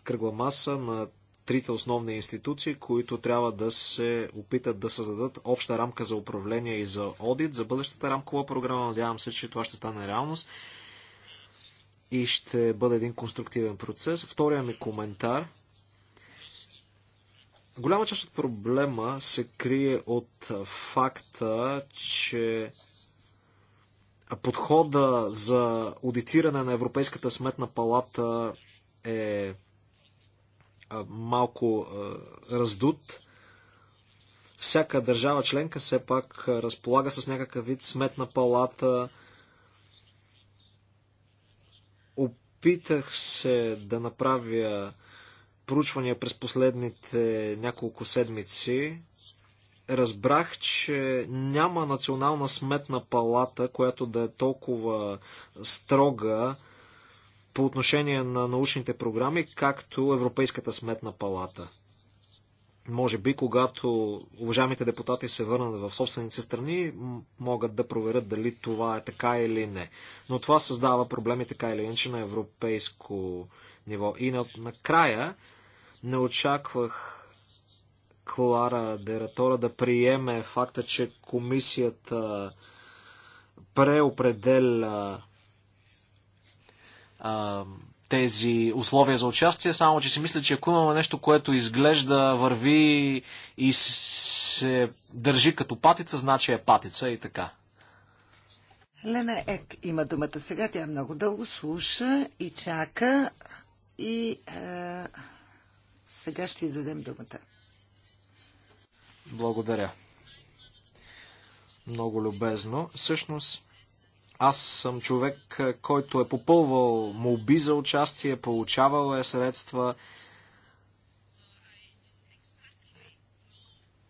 Speaker 2: Кръгла маса на трите основни институции, които трябва да се опитат да създадат обща рамка за управление и за одит за бъдещата рамкова програма. Надявам се, че това ще стане реалност и ще бъде един конструктивен процес. Втория ми коментар. Голяма част от проблема се крие от факта, че подхода за аудитиране на Европейската сметна палата е, е малко е, раздут. Всяка държава членка все пак разполага с някакъв вид сметна палата, опитах се да направя проучвания през последните няколко седмици. Разбрах, че няма национална сметна палата, която да е толкова строга по отношение на научните програми, както Европейската сметна палата. Може би, когато уважаемите депутати се върнат в собствените страни, могат да проверят дали това е така или не. Но това създава проблеми така или иначе на европейско ниво. И на, накрая не очаквах Клара Дератора да приеме факта, че комисията преопределя а, тези условия за участие, само че си мисля, че ако имаме нещо, което изглежда, върви и се държи като патица, значи е патица и така.
Speaker 1: Лена Ек има думата сега. Тя много дълго слуша и чака и е, сега ще й дадем
Speaker 2: думата. Благодаря. Много любезно. Всъщност, аз съм човек, който е попълвал молби за участие, получавал е средства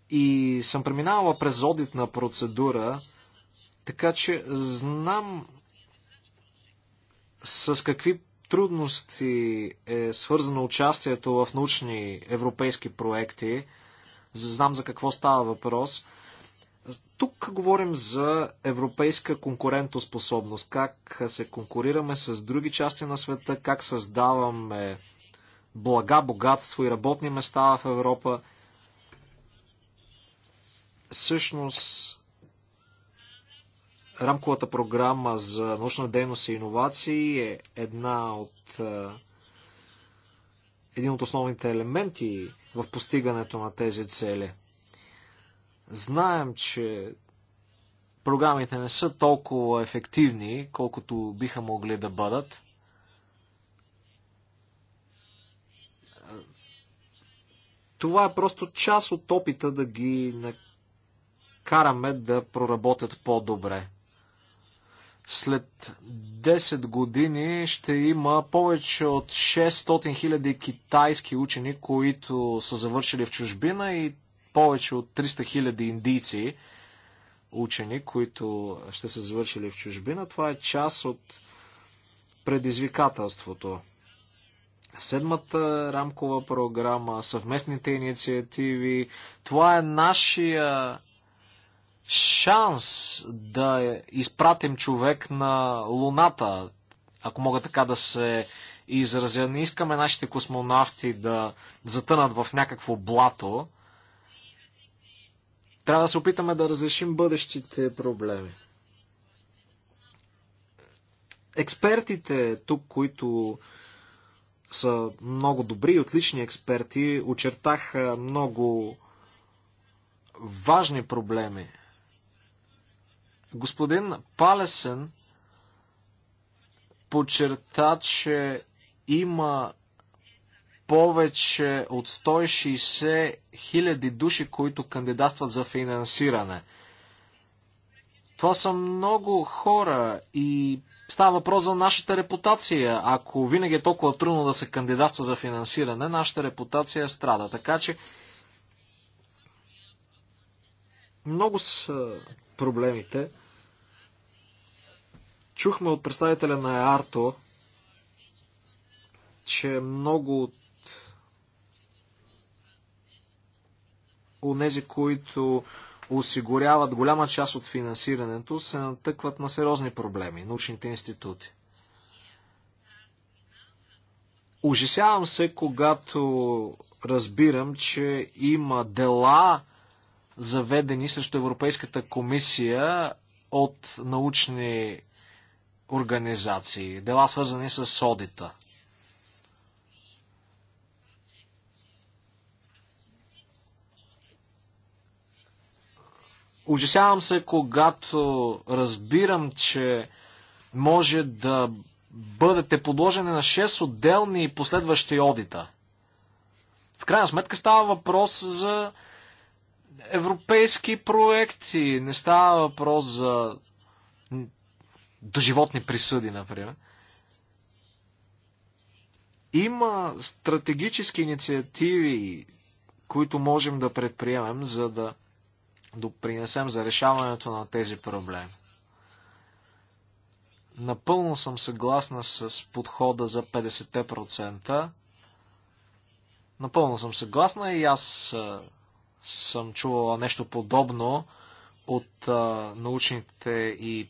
Speaker 2: и съм преминавала през одитна процедура, така че знам с какви трудности е свързано участието в научни европейски проекти. Знам за какво става въпрос. Тук говорим за европейска конкурентоспособност, как се конкурираме с други части на света, как създаваме блага, богатство и работни места в Европа. Всъщност, рамковата програма за научна дейност и иновации е една от е, един от основните елементи в постигането на тези цели – Знаем, че програмите не са толкова ефективни, колкото биха могли да бъдат. Това е просто част от опита да ги накараме да проработят по-добре. След 10 години ще има повече от 600 000 китайски учени, които са завършили в чужбина и повече от 300 000 индийци учени, които ще са завършили в чужбина. Това е част от предизвикателството. Седмата рамкова програма, съвместните инициативи, това е нашия шанс да изпратим човек на Луната, ако мога така да се изразя. Не искаме нашите космонавти да затънат в някакво блато. Трябва да се опитаме да разрешим бъдещите проблеми. Експертите тук, които са много добри и отлични експерти, очертаха много важни проблеми. Господин Палесен подчерта, че има повече от 160 хиляди души, които кандидатстват за финансиране. Това са много хора и става въпрос за нашата репутация. Ако винаги е толкова трудно да се кандидатства за финансиране, нашата репутация е страда. Така че много са проблемите. Чухме от представителя на ЕАРТО, че много от онези, които осигуряват голяма част от финансирането, се натъкват на сериозни проблеми, научните институти. Ужасявам се, когато разбирам, че има дела заведени срещу Европейската комисия от научни организации, дела свързани с одита. Ужасявам се, когато разбирам, че може да бъдете подложени на 6 отделни последващи одита. В крайна сметка става въпрос за европейски проекти, не става въпрос за доживотни присъди, например. Има стратегически инициативи, които можем да предприемем, за да допринесем за решаването на тези проблеми. Напълно съм съгласна с подхода за 50%. Напълно съм съгласна и аз съм чувала нещо подобно от научните и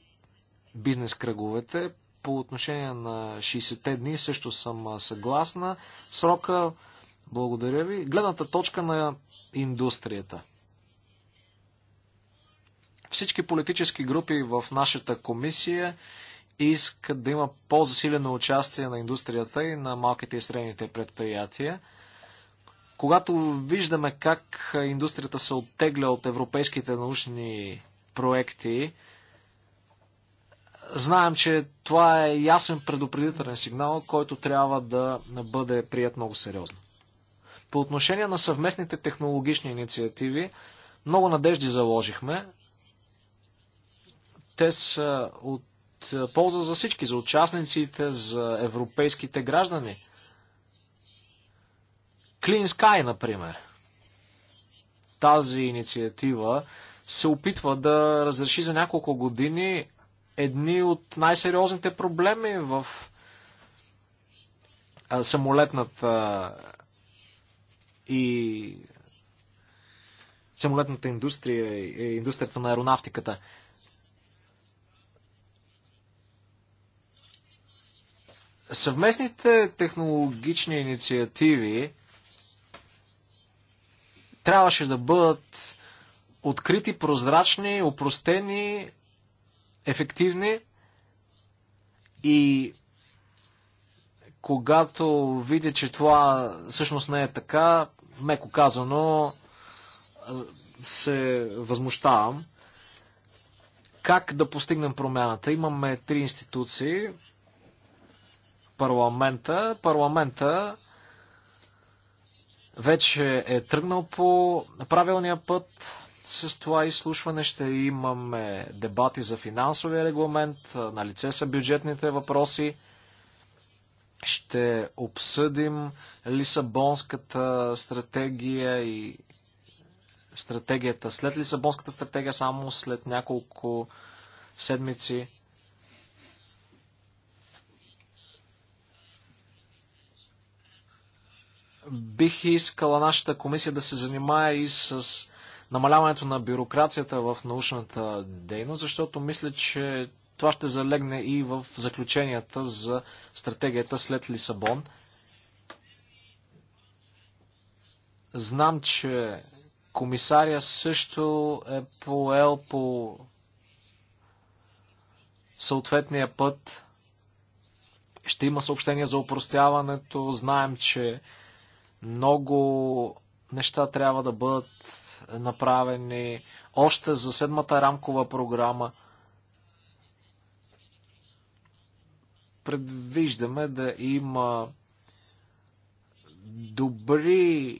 Speaker 2: бизнес кръговете. По отношение на 60-те дни също съм съгласна. Срока, благодаря ви. Гледната точка на индустрията. Всички политически групи в нашата комисия искат да има по-засилено участие на индустрията и на малките и средните предприятия. Когато виждаме как индустрията се оттегля от европейските научни проекти, знаем, че това е ясен предупредителен сигнал, който трябва да бъде прият много сериозно. По отношение на съвместните технологични инициативи, много надежди заложихме. Те са от полза за всички, за участниците, за европейските граждани. Clean Sky, например. Тази инициатива се опитва да разреши за няколко години едни от най-сериозните проблеми в самолетната и самолетната индустрия и индустрията на аеронавтиката. Съвместните технологични инициативи трябваше да бъдат открити, прозрачни, упростени, ефективни и когато видя, че това всъщност не е така, меко казано, се възмущавам. Как да постигнем промяната? Имаме три институции парламента. Парламента вече е тръгнал по правилния път. С това изслушване ще имаме дебати за финансовия регламент, на лице са бюджетните въпроси. Ще обсъдим Лисабонската стратегия и стратегията след Лисабонската стратегия, само след няколко седмици. Бих искала нашата комисия да се занимае и с намаляването на бюрокрацията в научната дейност, защото мисля, че това ще залегне и в заключенията за стратегията след Лисабон. Знам, че комисария също е поел по съответния път. Ще има съобщения за упростяването. Знаем, че много неща трябва да бъдат направени още за седмата рамкова програма. Предвиждаме да има добри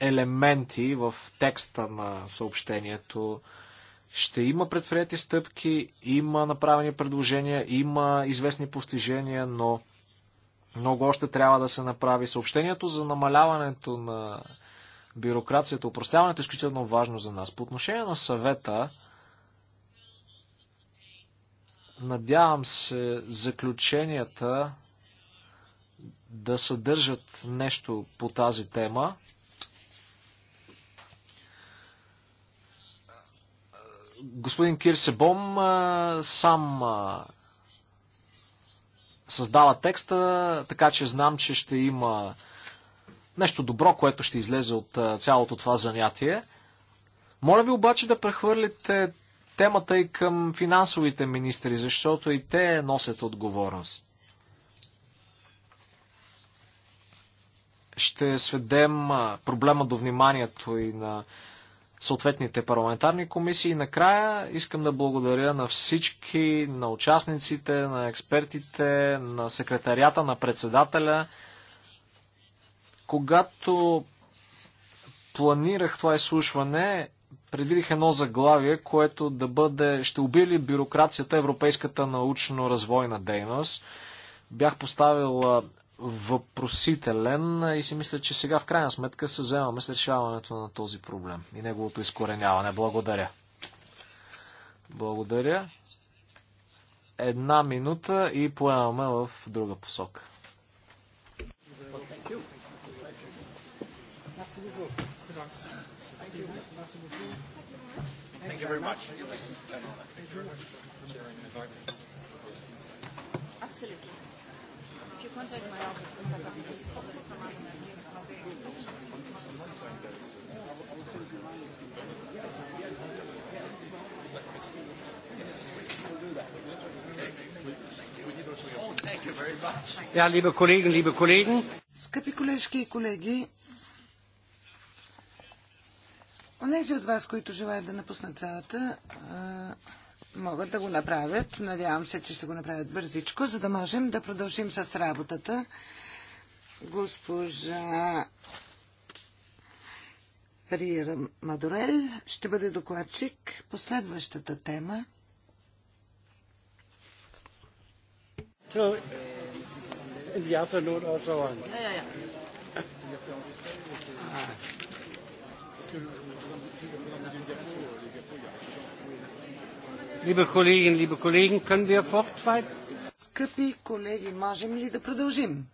Speaker 2: елементи в текста на съобщението. Ще има предприяти стъпки, има направени предложения, има известни постижения, но много още трябва да се направи съобщението за намаляването на бюрокрацията, упростяването е изключително важно за нас. По отношение на съвета, надявам се заключенията да съдържат нещо по тази тема. Господин Кирсебом сам създава текста, така че знам, че ще има нещо добро, което ще излезе от цялото това занятие. Моля ви обаче да прехвърлите темата и към финансовите министри, защото и те носят отговорност. Ще сведем проблема до вниманието и на съответните парламентарни комисии. Накрая искам да благодаря на всички, на участниците, на експертите, на секретарията, на председателя. Когато планирах това изслушване, предвидих едно заглавие, което да бъде «Ще убили бюрокрацията европейската научно-развойна дейност». Бях поставил въпросителен и си мисля, че сега в крайна сметка се вземаме с решаването на този проблем и неговото изкореняване. Благодаря. Благодаря. Една минута и поемаме в друга посока. Thank you very
Speaker 3: much. Thank you very much.
Speaker 4: Ja, liebe Kollegen, liebe Kollegen. Скъпи
Speaker 1: колежки и колеги, онези от вас, които желаят да напуснат залата, могат да го направят. Надявам се, че ще го направят бързичко, за да можем да продължим с работата. Госпожа Риера Мадорел ще бъде докладчик по следващата тема. Yeah,
Speaker 3: yeah, yeah.
Speaker 4: Liebe Kolleginnen, liebe Kollegen, können wir fortfahren?
Speaker 1: Скъпи колеги, можем ли да продължим?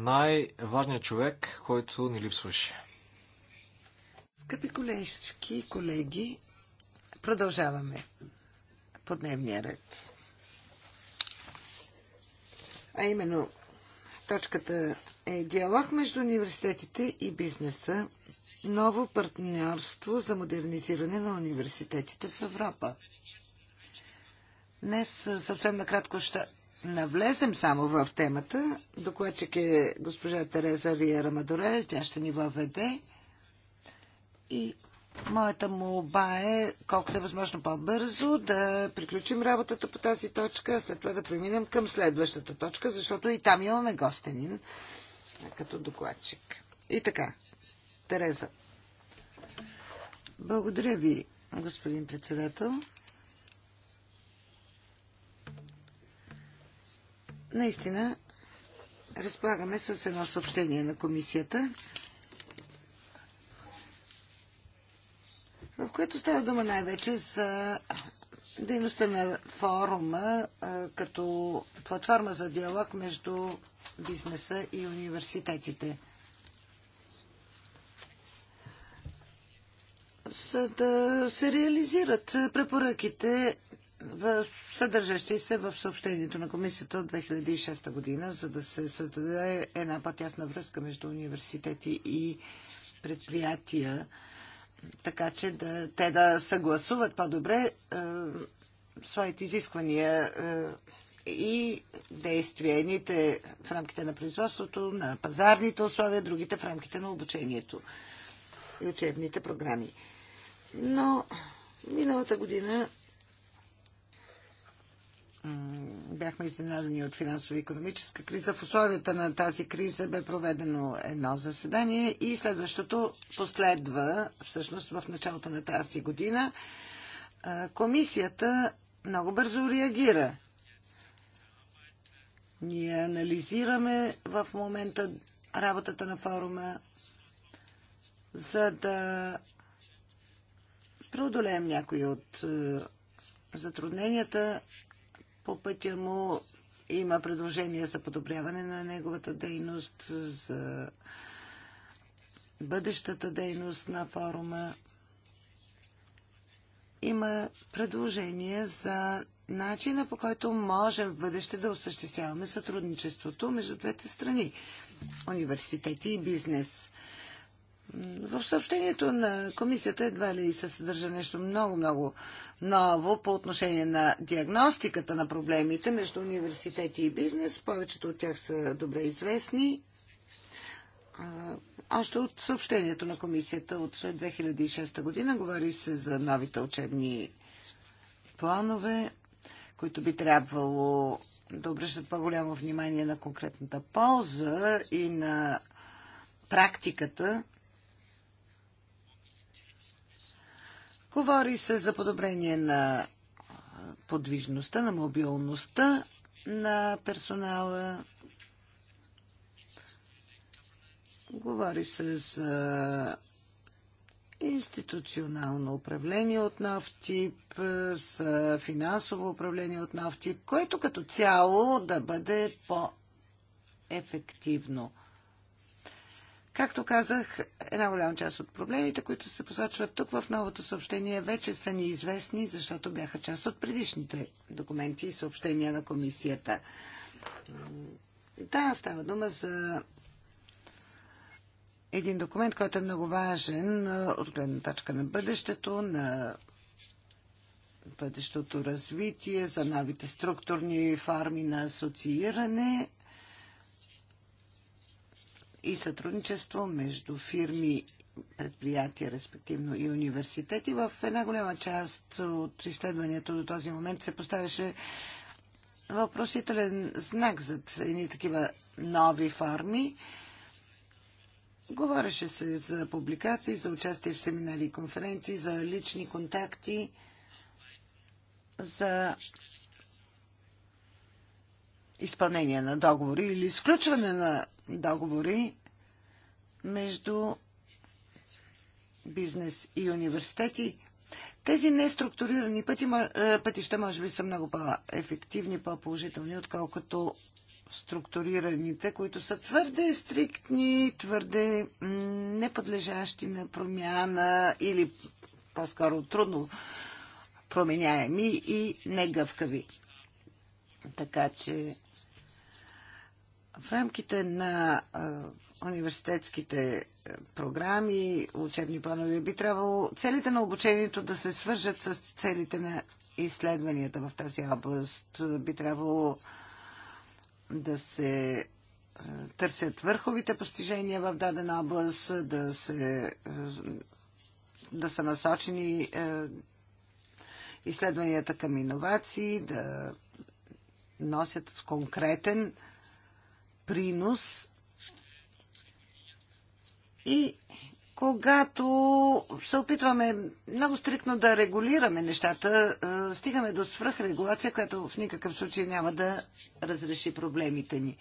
Speaker 2: най-важният човек, който ни липсваше.
Speaker 4: Скъпи колежки
Speaker 1: и колеги, продължаваме по дневния ред. А именно, точката е диалог между университетите и бизнеса. Ново партньорство за модернизиране на университетите в Европа. Днес съвсем накратко ще навлезем само в темата. Докладчик е госпожа Тереза Риера Мадорел. Тя ще ни въведе. И моята молба е, колкото е възможно по-бързо, да приключим работата по тази точка, след това да преминем към следващата точка, защото и там имаме гостенин като докладчик. И така, Тереза. Благодаря ви, господин председател. Наистина, разполагаме с едно съобщение на комисията, в което става дума най-вече за дейността на форума като платформа за диалог между бизнеса и университетите. за да се реализират препоръките съдържащи се в съобщението на комисията от 2006 година, за да се създаде една по-тясна връзка между университети и предприятия, така че да, те да съгласуват по-добре е, своите изисквания е, и действия. Едните в рамките на производството, на пазарните условия, другите в рамките на обучението и учебните програми. Но миналата година бяхме изненадани от финансово-економическа криза. В условията на тази криза бе проведено едно заседание и следващото последва, всъщност в началото на тази година. Комисията много бързо реагира. Ние анализираме в момента работата на форума, за да преодолеем някои от е, затрудненията, по пътя му. Има предложения за подобряване на неговата дейност, за бъдещата дейност на форума. Има предложения за начина по който можем в бъдеще да осъществяваме сътрудничеството между двете страни университети и бизнес. В съобщението на комисията едва ли се съдържа нещо много-много ново по отношение на диагностиката на проблемите между университети и бизнес. Повечето от тях са добре известни. Още от съобщението на комисията от 2006 година говори се за новите учебни планове, които би трябвало да обръщат по-голямо внимание на конкретната полза и на практиката Говори се за подобрение на подвижността, на мобилността на персонала. Говори се за институционално управление от нов тип, с финансово управление от нов тип, което като цяло да бъде по-ефективно. Както казах, една голяма част от проблемите, които се посочват тук в новото съобщение, вече са ни известни, защото бяха част от предишните документи и съобщения на комисията. Да, става дума за един документ, който е много важен от гледна точка на бъдещето, на бъдещото развитие, за новите структурни форми на асоцииране – и сътрудничество между фирми, предприятия, респективно и университети. В една голяма част от изследването до този момент се поставяше въпросителен знак за едни такива нови форми. Говореше се за публикации, за участие в семинари и конференции, за лични контакти, за изпълнение на договори или изключване на договори между бизнес и университети. Тези неструктурирани пъти, е, пътища може би са много по-ефективни, по-положителни, отколкото структурираните, които са твърде стриктни, твърде неподлежащи на промяна или по-скоро трудно променяеми и негъвкави. Така че в рамките на университетските е, програми, учебни планове, би трябвало целите на обучението да се свържат с целите на изследванията в тази област. Би трябвало да се е, търсят върховите постижения в дадена област, да, се, е, да са насочени изследванията към иновации, да носят конкретен принос и когато се опитваме много стрикно да регулираме нещата, е, стигаме до свръхрегулация, която в никакъв случай няма да разреши проблемите ни.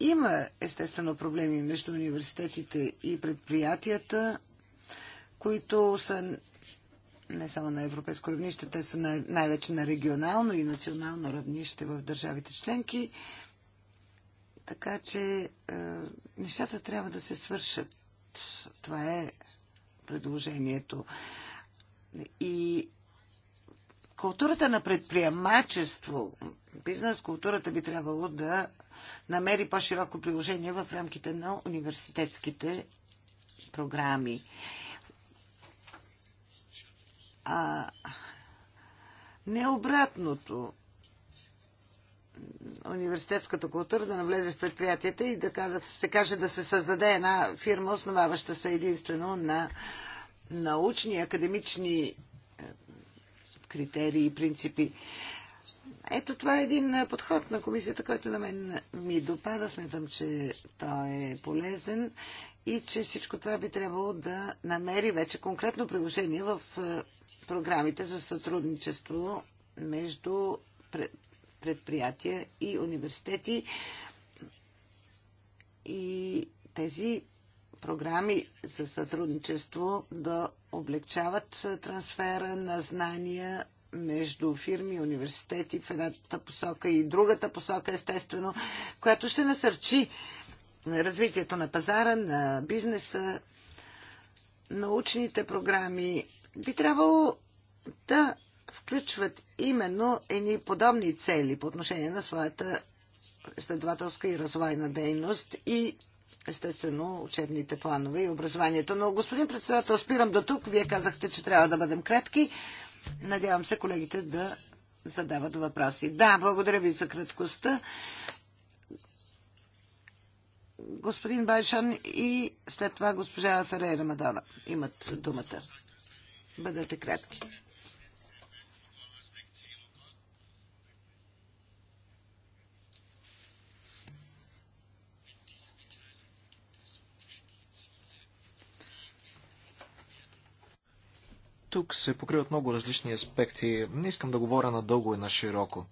Speaker 1: Има естествено проблеми между университетите и предприятията, които са не само на европейско равнище, те са най-вече на регионално и национално равнище в държавите членки. Така че е, нещата трябва да се свършат. Това е предложението. И културата на предприемачество, бизнес културата би трябвало да намери по-широко приложение в рамките на университетските програми. А не обратното университетската култура да навлезе в предприятията и да, се каже да се създаде една фирма, основаваща се единствено на научни, академични е, критерии и принципи. Ето това е един е, подход на комисията, който на мен ми допада. Смятам, че той е полезен и че всичко това би трябвало да намери вече конкретно приложение в е, програмите за сътрудничество между предприятия и университети. И тези програми за сътрудничество да облегчават трансфера на знания между фирми, и университети в едната посока и другата посока, естествено, която ще насърчи развитието на пазара, на бизнеса, научните програми. Би трябвало да включват именно едни подобни цели по отношение на своята изследователска и развойна дейност и естествено учебните планове и образованието. Но, господин председател, спирам до тук. Вие казахте, че трябва да бъдем кратки. Надявам се колегите да задават въпроси. Да, благодаря ви за краткостта. Господин Байшан и след това госпожа Ферера Мадора имат думата. Бъдете кратки.
Speaker 2: Тук се покриват много различни аспекти. Не искам да говоря надълго и на широко.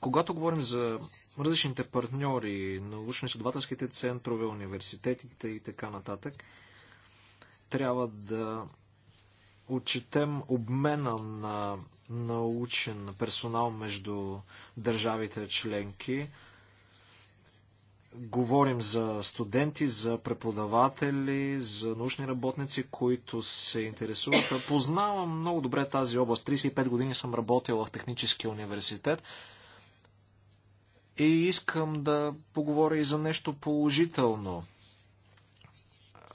Speaker 2: Когато говорим за различните партньори, научно-изследователските центрове, университетите и така нататък, трябва да отчетем обмена на научен персонал между държавите членки. Говорим за студенти, за преподаватели, за научни работници, които се интересуват. Познавам много добре тази област. 35 години съм работил в техническия университет. И искам да поговоря и за нещо положително.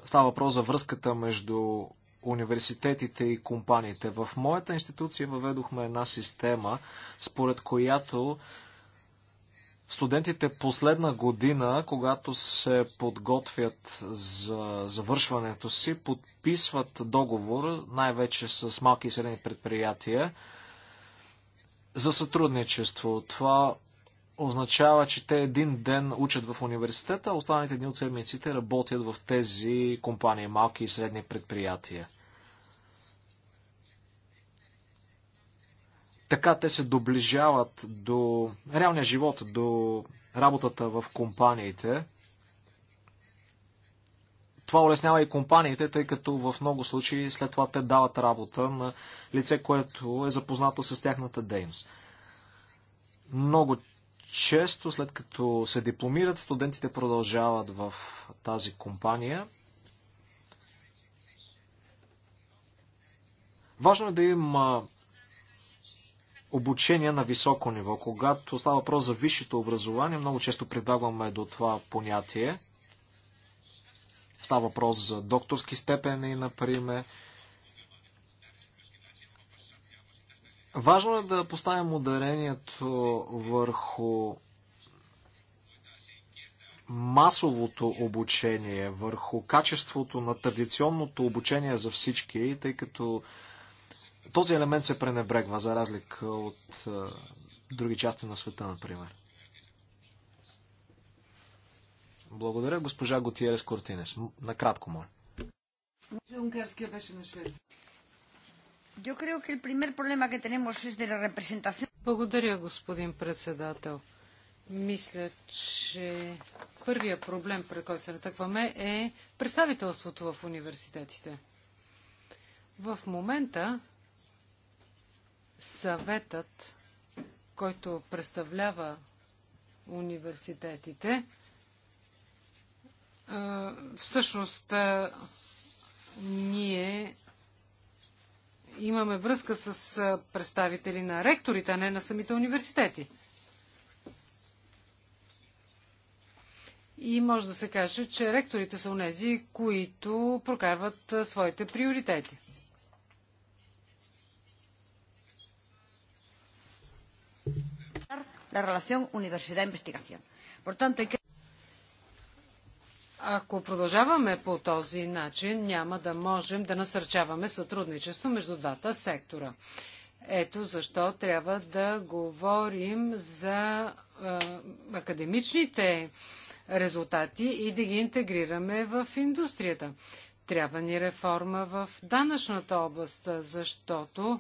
Speaker 2: Става въпрос за връзката между университетите и компаниите. В моята институция въведохме една система, според която студентите последна година, когато се подготвят за завършването си, подписват договор, най-вече с малки и средни предприятия, за сътрудничество. Това означава, че те един ден учат в университета, а останалите дни от седмиците работят в тези компании, малки и средни предприятия. Така те се доближават до реалния живот, до работата в компаниите. Това улеснява и компаниите, тъй като в много случаи след това те дават работа на лице, което е запознато с тяхната дейност. Много често, след като се дипломират, студентите продължават в тази компания. Важно е да има обучение на високо ниво. Когато става въпрос за висшето образование, много често прибягваме до това понятие. Става въпрос за докторски степени, например. Важно е да поставим ударението върху масовото обучение, върху качеството на традиционното обучение за всички, тъй като този елемент се пренебрегва, за разлика от други части на света, например. Благодаря, госпожа Готиерес Кортинес. Накратко, моля.
Speaker 1: Унгарския беше
Speaker 4: на Швеция. Yo creo que el primer problema que tenemos es de la representación. Благодаря, господин председател. Мисля, че първия проблем, пред който се натъкваме, е представителството в университетите. В момента съветът, който представлява университетите, всъщност ние имаме връзка с представители на ректорите, а не на самите университети. И може да се каже, че ректорите са унези, които прокарват своите приоритети.
Speaker 1: la relación universidad-investigación. Por tanto, hay que...
Speaker 4: Ако продължаваме по този начин, няма да можем да насърчаваме сътрудничество между двата сектора. Ето защо трябва да говорим за е, академичните резултати и да ги интегрираме в индустрията. Трябва ни реформа в данъчната област, защото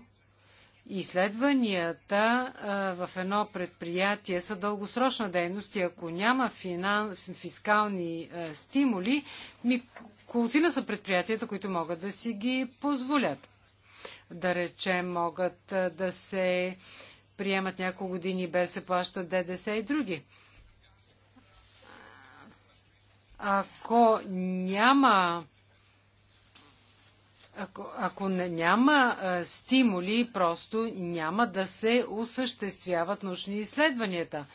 Speaker 4: Изследванията в едно предприятие са дългосрочна дейност и ако няма финан... фискални стимули, ми... колцина са предприятията, които могат да си ги позволят. Да речем, могат да се приемат няколко години без се плащат ДДС и други. Ако няма ако, ако няма а, стимули, просто няма да се осъществяват научни изследванията.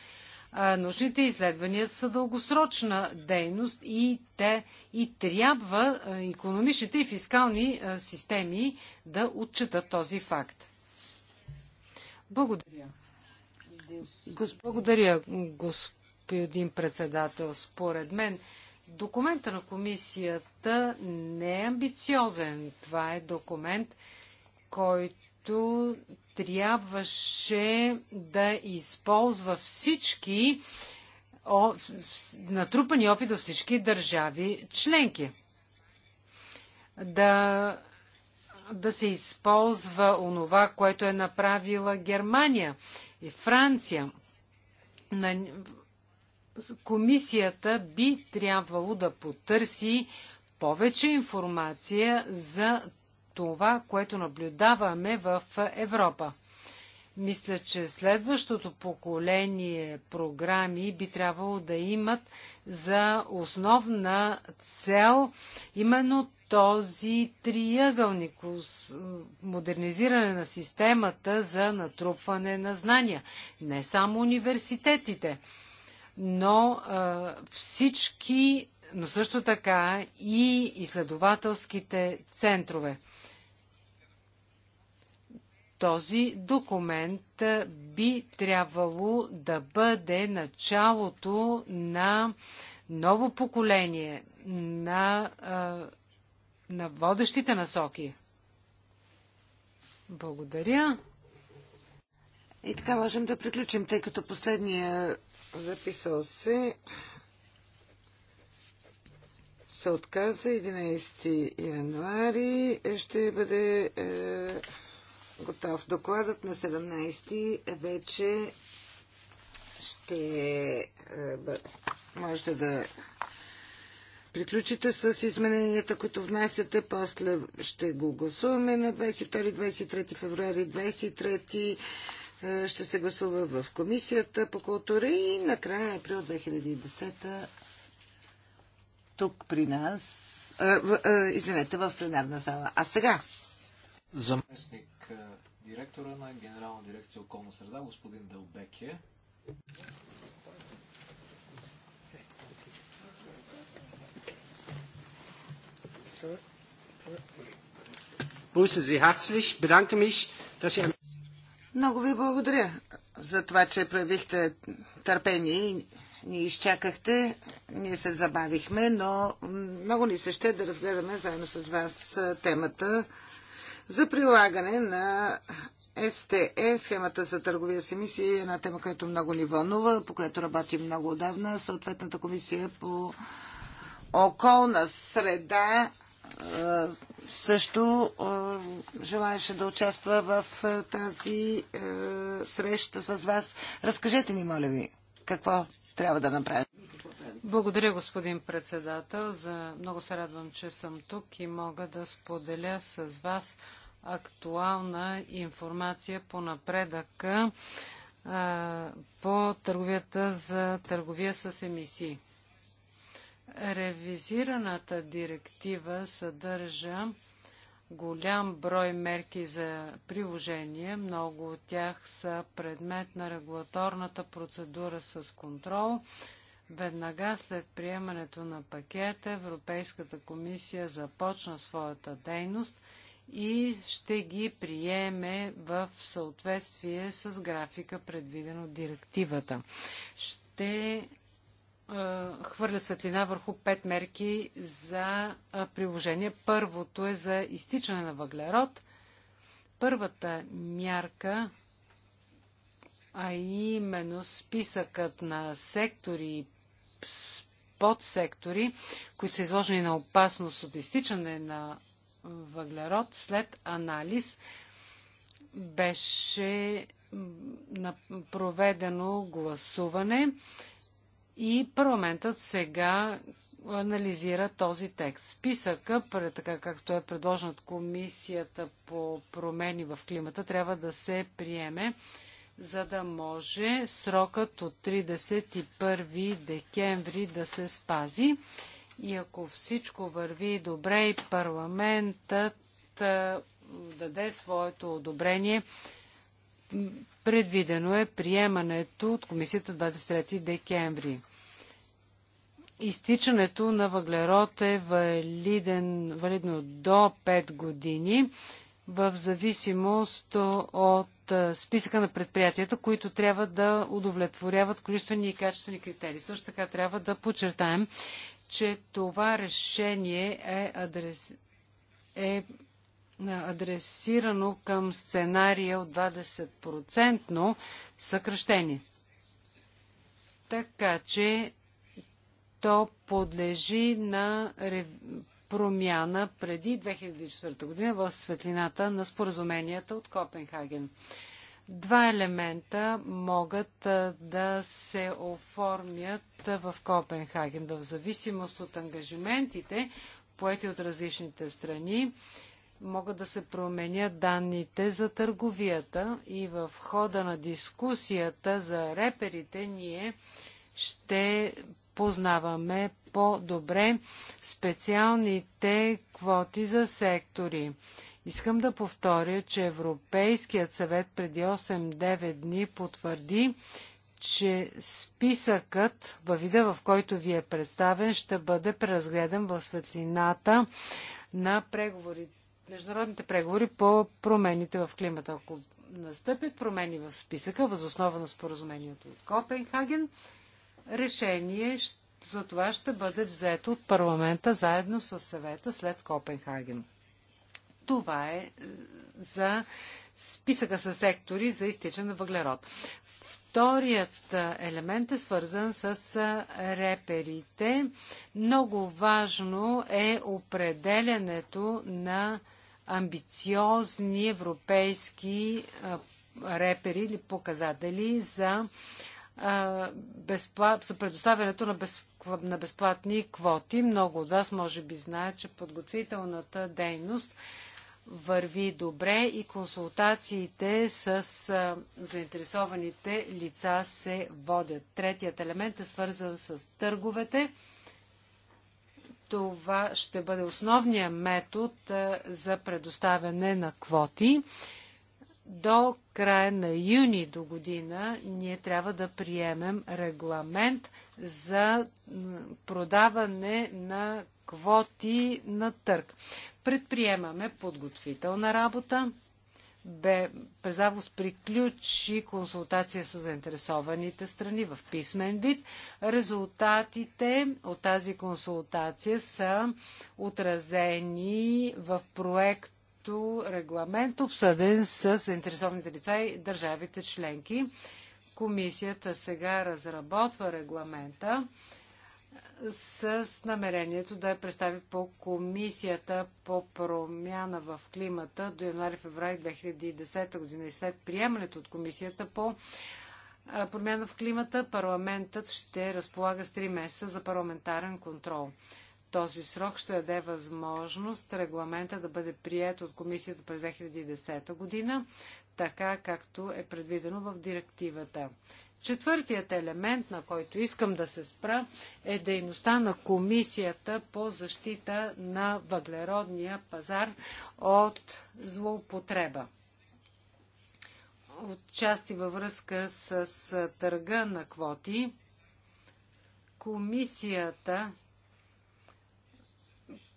Speaker 4: А, научните изследвания са дългосрочна дейност и те и трябва а, економичните и фискални а, системи да отчитат този факт. Благодаря. Благодаря, господин председател. Според мен Документа на комисията не е амбициозен. Това е документ, който трябваше да използва всички натрупани опит във всички държави членки. Да, да се използва онова, което е направила Германия и Франция. На, комисията би трябвало да потърси повече информация за това, което наблюдаваме в Европа. Мисля, че следващото поколение програми би трябвало да имат за основна цел именно този триъгълник модернизиране на системата за натрупване на знания. Не само университетите но всички, но също така и изследователските центрове. Този документ би трябвало да бъде началото на ново поколение на, на водещите насоки. Благодаря. И така можем
Speaker 1: да приключим, тъй като последния записал се се отказа 11 януари. Ще бъде е, готов докладът на 17 вече ще е, можете да приключите с измененията, които внасяте. После ще го гласуваме на 22-23 февруари. 23 е, ще се гласува в Комисията по култура и на края април 2010 тук при нас, а, е, а, е, извинете, в пленарна зала. А сега?
Speaker 2: Заместник директора на Генерална дирекция околна среда, господин Дълбеке.
Speaker 3: Grüße Sie herzlich, bedanke mich, dass Sie
Speaker 1: много ви благодаря за това, че проявихте търпение и ни изчакахте. Ние се забавихме, но много ни се ще да разгледаме заедно с вас темата за прилагане на СТЕ, схемата за търговия с емисии, една тема, която много ни вълнува, по която работим много отдавна. Съответната комисия по околна среда също желаеше да участва в тази среща с вас. Разкажете ни, моля ви, какво трябва да направим.
Speaker 4: Благодаря, господин председател. За... Много се радвам, че съм тук и мога да споделя с вас актуална информация по напредъка по търговията за търговия с емисии. Ревизираната директива съдържа голям брой мерки за приложение. Много от тях са предмет на регулаторната процедура с контрол. Веднага след приемането на пакета Европейската комисия започна своята дейност и ще ги приеме в съответствие с графика, предвиден от директивата. Ще хвърля светлина върху пет мерки за приложение. Първото е за изтичане на въглерод. Първата мярка, а именно списъкът на сектори, и подсектори, които са изложени на опасност от изтичане на въглерод, след анализ беше проведено гласуване и парламентът сега анализира този текст. Списъка, така както е предложен от комисията по промени в климата, трябва да се приеме, за да може срокът от 31 декември да се спази. И ако всичко върви добре и парламентът даде своето одобрение, предвидено е приемането от комисията 23 декември изтичането на въглерод е валиден, валидно до 5 години в зависимост от списъка на предприятията, които трябва да удовлетворяват количествени и качествени критерии. Също така трябва да подчертаем, че това решение е, адрес... е адресирано към сценария от 20% съкръщение. Така че то подлежи на промяна преди 2004 година в светлината на споразуменията от Копенхаген. Два елемента могат да се оформят в Копенхаген в зависимост от ангажиментите, поети от различните страни. Могат да се променят данните за търговията и в хода на дискусията за реперите ние ще познаваме по-добре специалните квоти за сектори. Искам да повторя, че Европейският съвет преди 8-9 дни потвърди, че списъкът, във вида в който ви е представен, ще бъде преразгледан в светлината на преговори, международните преговори по промените в климата. Ако настъпят промени в списъка, възоснова на споразумението от Копенхаген, решение за това ще бъде взето от парламента заедно с съвета след Копенхаген. Това е, е за списъка с сектори за изтичане на въглерод. Вторият е, елемент е свързан с е, реперите. Много важно е определянето на амбициозни европейски репери или показатели за за предоставянето на безплатни квоти. Много от вас може би знаят, че подготвителната дейност върви добре и консултациите с заинтересованите лица се водят. Третият елемент е свързан с търговете. Това ще бъде основният метод за предоставяне на квоти до края на юни до година ние трябва да приемем регламент за продаване на квоти на търг. Предприемаме подготвителна работа. Бе, през август приключи консултация с заинтересованите страни в писмен вид. Резултатите от тази консултация са отразени в проект като регламент, обсъден с заинтересованите лица и държавите членки. Комисията сега разработва регламента с намерението да я представи по комисията по промяна в климата до януари-феврари 2010 година и след приемането от комисията по промяна в климата, парламентът ще разполага с 3 месеца за парламентарен контрол. Този срок ще даде възможност регламента да бъде прият от комисията през 2010 година, така както е предвидено в директивата. Четвъртият елемент, на който искам да се спра, е дейността на Комисията по защита на въглеродния пазар от злоупотреба. Отчасти във връзка с търга на квоти, Комисията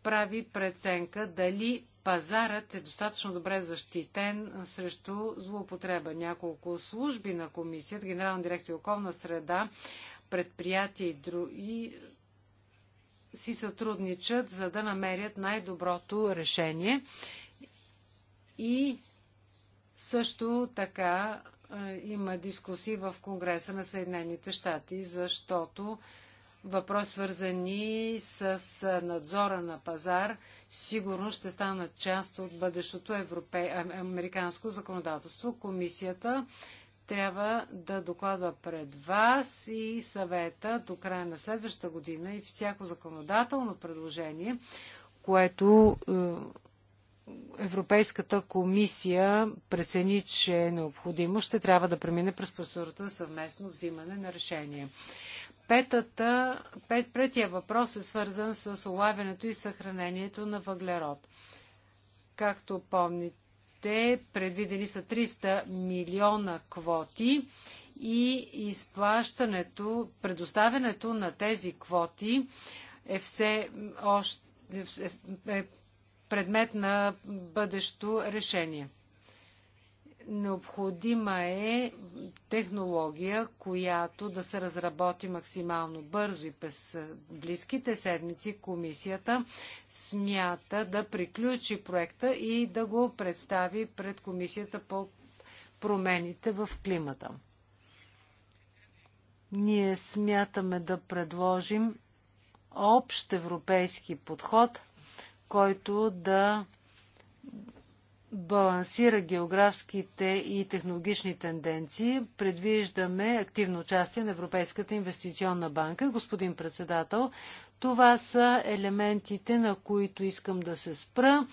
Speaker 4: прави преценка дали пазарът е достатъчно добре защитен срещу злоупотреба. Няколко служби на комисията, Генерална дирекция околна среда, предприятия и други си сътрудничат, за да намерят най-доброто решение. И също така е, има дискусии в Конгреса на Съединените щати, защото въпрос, свързани с надзора на пазар, сигурно ще станат част от бъдещото европе... американско законодателство. Комисията трябва да докладва пред вас и съвета до края на следващата година и всяко законодателно предложение, което е, Европейската комисия прецени, че е необходимо, ще трябва да премине през процедурата съвместно взимане на решение. Петата, пет, въпрос е свързан с улавянето и съхранението на въглерод. Както помните, предвидени са 300 милиона квоти и изплащането, предоставянето на тези квоти е все още е, е, е предмет на бъдещо решение. Необходима е технология, която да се разработи максимално бързо и през близките седмици комисията смята да приключи проекта и да го представи пред комисията по промените в климата. Ние смятаме да предложим общ европейски подход, който да балансира географските и технологични тенденции. Предвиждаме активно участие на Европейската инвестиционна банка. Господин председател, това са елементите, на които искам да се спра.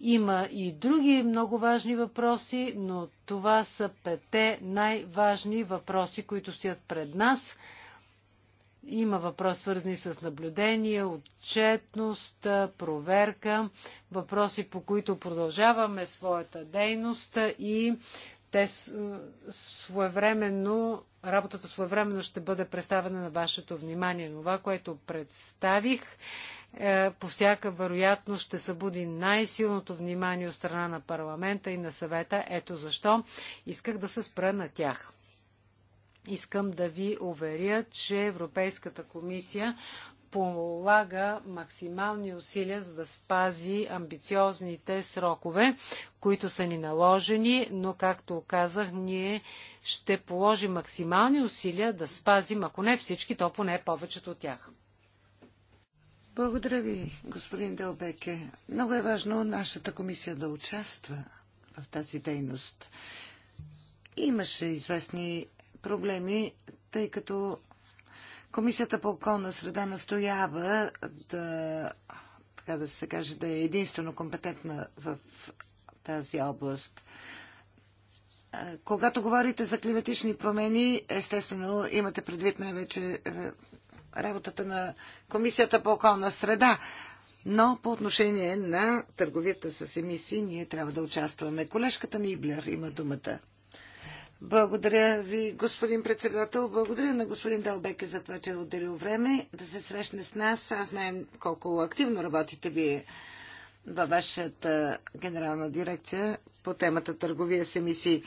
Speaker 4: Има и други много важни въпроси, но това са пете най-важни въпроси, които стоят пред нас – има въпрос свързани с наблюдение, отчетност, проверка, въпроси по които продължаваме своята дейност и те своевременно, работата своевременно ще бъде представена на вашето внимание. Това, което представих, е, по всяка вероятност ще събуди най-силното внимание от страна на парламента и на съвета. Ето защо исках да се спра на тях. Искам да ви уверя, че Европейската комисия полага максимални усилия, за да спази амбициозните срокове, които са ни наложени, но, както казах, ние ще положим максимални усилия да спазим, ако не всички, то поне повечето от тях.
Speaker 1: Благодаря ви, господин Делбеке. Много е важно нашата комисия да участва в тази дейност. Имаше известни проблеми, тъй като Комисията по околна среда настоява да, така да се каже, да е единствено компетентна в тази област. Когато говорите за климатични промени, естествено имате предвид най-вече е, работата на Комисията по околна среда. Но по отношение на търговията с емисии, ние трябва да участваме. Колежката Ниблер има думата. Благодаря ви, господин председател. Благодаря на господин Далбеке за това, че е отделил време да се срещне с нас. Аз знаем колко активно работите вие във вашата генерална дирекция по темата търговия с емисии.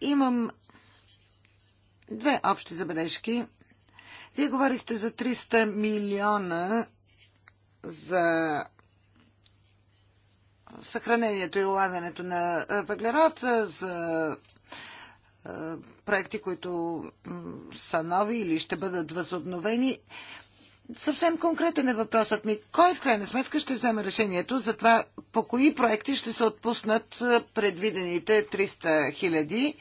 Speaker 1: Имам две общи забележки. Вие говорихте за 300 милиона за съхранението и улавянето на въглерод, за проекти, които са нови или ще бъдат възобновени. Съвсем конкретен е въпросът ми. Кой в крайна сметка ще вземе решението за това по кои проекти ще се отпуснат предвидените 300 хиляди?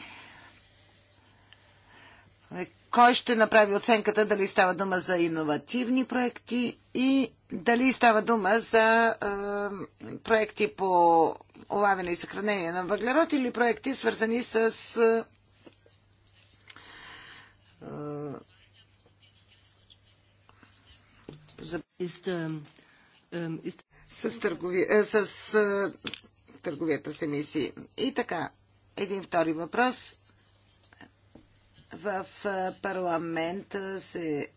Speaker 1: Е, кой ще направи оценката дали става дума за иновативни проекти и дали става дума за е, проекти по улавяне и съхранение на въглерод или проекти свързани с с, търгови... Е, с е, търговията с емисии. И така, един втори въпрос. В е, парламента се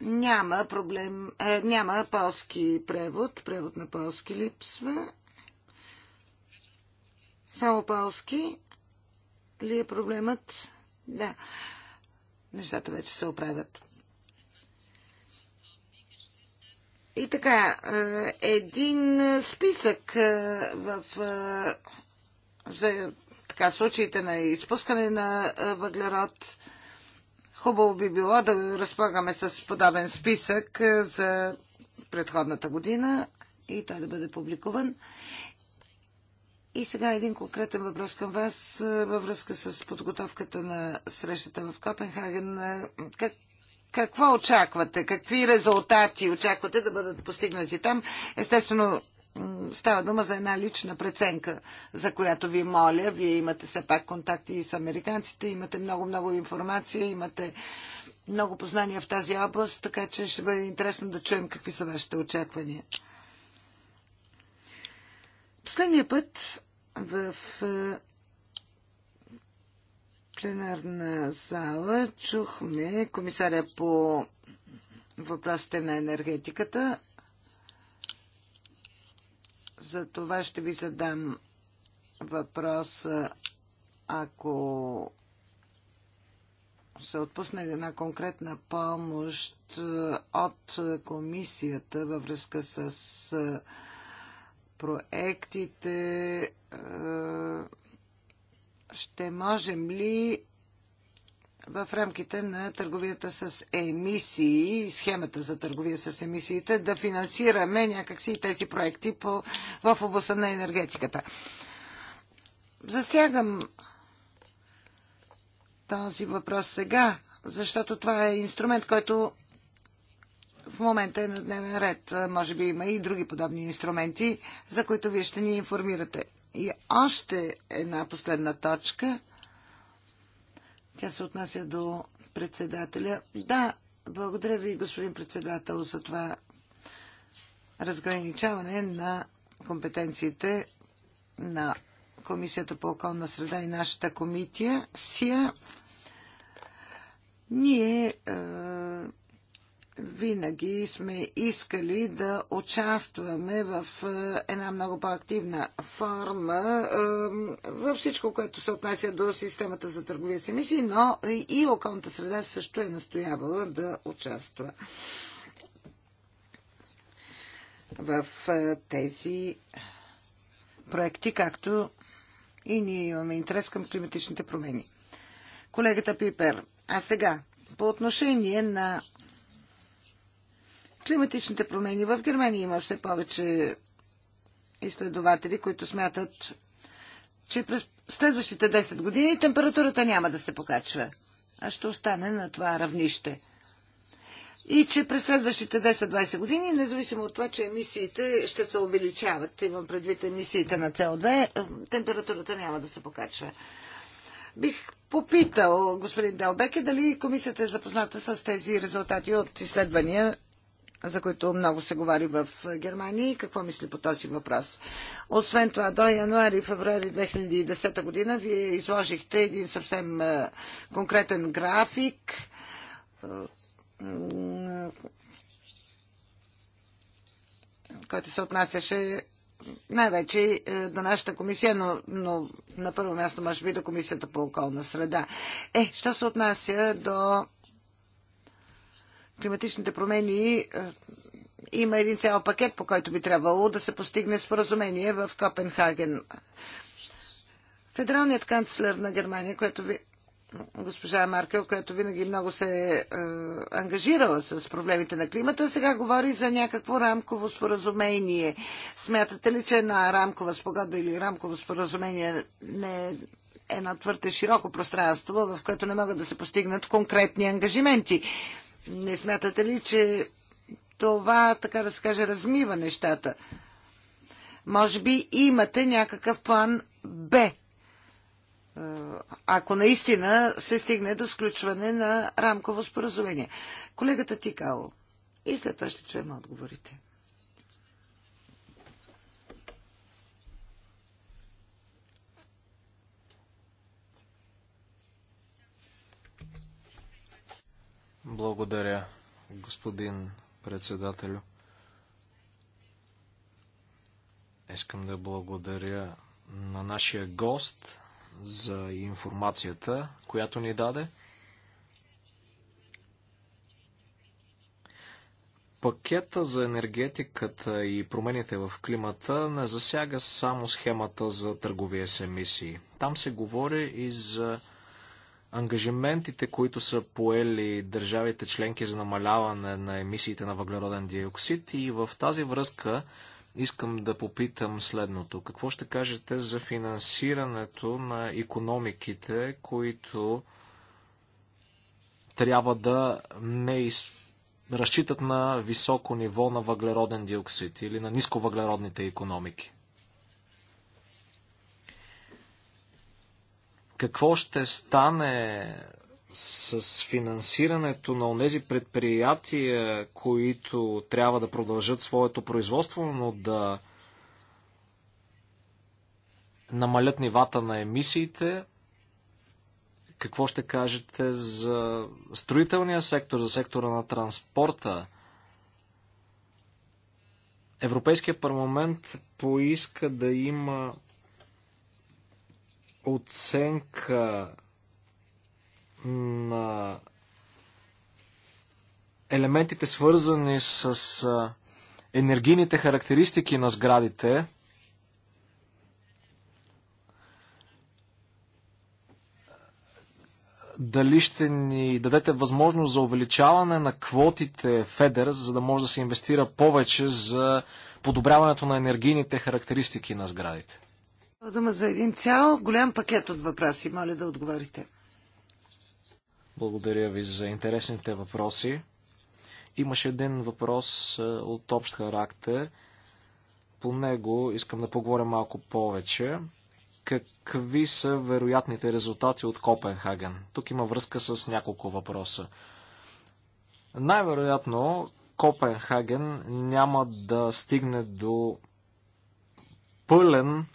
Speaker 1: няма проблем, няма полски превод, превод на полски липсва. Само полски ли е проблемът? Да. Нещата вече се оправят. И така, е, един списък е, в е, за така, случаите на изпускане на въглерод. Хубаво би било да разполагаме с подобен списък за предходната година и той да бъде публикуван. И сега един конкретен въпрос към вас във връзка с подготовката на срещата в Копенхаген. Как, какво очаквате? Какви резултати очаквате да бъдат постигнати там? Естествено, става дума за една лична преценка, за която ви моля. Вие имате все пак контакти и с американците, имате много-много информация, имате много познания в тази област, така че ще бъде интересно да чуем какви са вашите очаквания. Последния път в е, пленарна зала чухме комисаря по въпросите на енергетиката. За това ще ви задам въпроса, ако се отпусне една конкретна помощ е, от комисията във връзка с е, проектите, ще можем ли в рамките на търговията с емисии, схемата за търговия с емисиите, да финансираме някакси и тези проекти по, в областта на енергетиката. Засягам този въпрос сега, защото това е инструмент, който в момента е на дневен ред. Може би има и други подобни инструменти, за които вие ще ни информирате. И още една последна точка. Тя се отнася до председателя. Да, благодаря ви, господин председател, за това разграничаване на компетенциите на Комисията по околна среда и нашата комисия. Ние е, винаги сме искали да участваме в е, една много по-активна форма е, във всичко, което се отнася до системата за търговия с емисии, но и околната среда също е настоявала да участва в е, тези проекти, както и ние имаме интерес към климатичните промени. Колегата Пипер, а сега по отношение на климатичните промени. В Германия има все повече изследователи, които смятат, че през следващите 10 години температурата няма да се покачва, а ще остане на това равнище. И че през следващите 10-20 години, независимо от това, че емисиите ще се увеличават, имам предвид емисиите на со 2 е, температурата няма да се покачва. Бих попитал господин Делбеке дали комисията е запозната с тези резултати от изследвания за които много се говори в Германия и какво мисли по този въпрос. Освен това, до януари и февруари 2010 година вие изложихте един съвсем конкретен график, който се отнасяше най-вече до нашата комисия, но, но на първо място може би до комисията по околна среда. Е, що се отнася до климатичните промени е, има един цял пакет, по който би трябвало да се постигне споразумение в Копенхаген. Федералният канцлер на Германия, което ви, госпожа Маркел, която винаги много се е, ангажирала с проблемите на климата, сега говори за някакво рамково споразумение. Смятате ли, че една рамкова спогодба или рамково споразумение не е едно твърде широко пространство, в което не могат да се постигнат конкретни ангажименти? Не смятате ли, че това, така да се каже, размива нещата? Може би имате някакъв план Б, е, ако наистина се стигне до сключване на рамково споразумение. Колегата Тикало, И след това ще чуем отговорите.
Speaker 2: Благодаря, господин председателю. Искам да благодаря на нашия гост за информацията, която ни даде. Пакета за енергетиката и промените в климата не засяга само схемата за търговия с емисии. Там се говори и за ангажиментите, които са поели държавите членки за намаляване на емисиите на въглероден диоксид и в тази връзка искам да попитам следното. Какво ще кажете за финансирането на економиките, които трябва да не из... разчитат на високо ниво на въглероден диоксид или на нисковъглеродните економики? Какво ще стане с финансирането на тези предприятия, които трябва да продължат своето производство, но да намалят нивата на емисиите? Какво ще кажете за строителния сектор, за сектора на транспорта? Европейския парламент поиска да има оценка на елементите свързани с енергийните характеристики на сградите, дали ще ни дадете възможност за увеличаване на квотите ФЕДЕР, за да може да се инвестира повече за подобряването на енергийните характеристики на сградите?
Speaker 1: дума за един цял голям пакет от въпроси. Моля да отговорите.
Speaker 2: Благодаря ви за интересните въпроси. Имаше един въпрос е, от общ характер. По него искам да поговоря малко повече. Какви са вероятните резултати от Копенхаген? Тук има връзка с няколко въпроса. Най-вероятно Копенхаген няма да стигне до пълен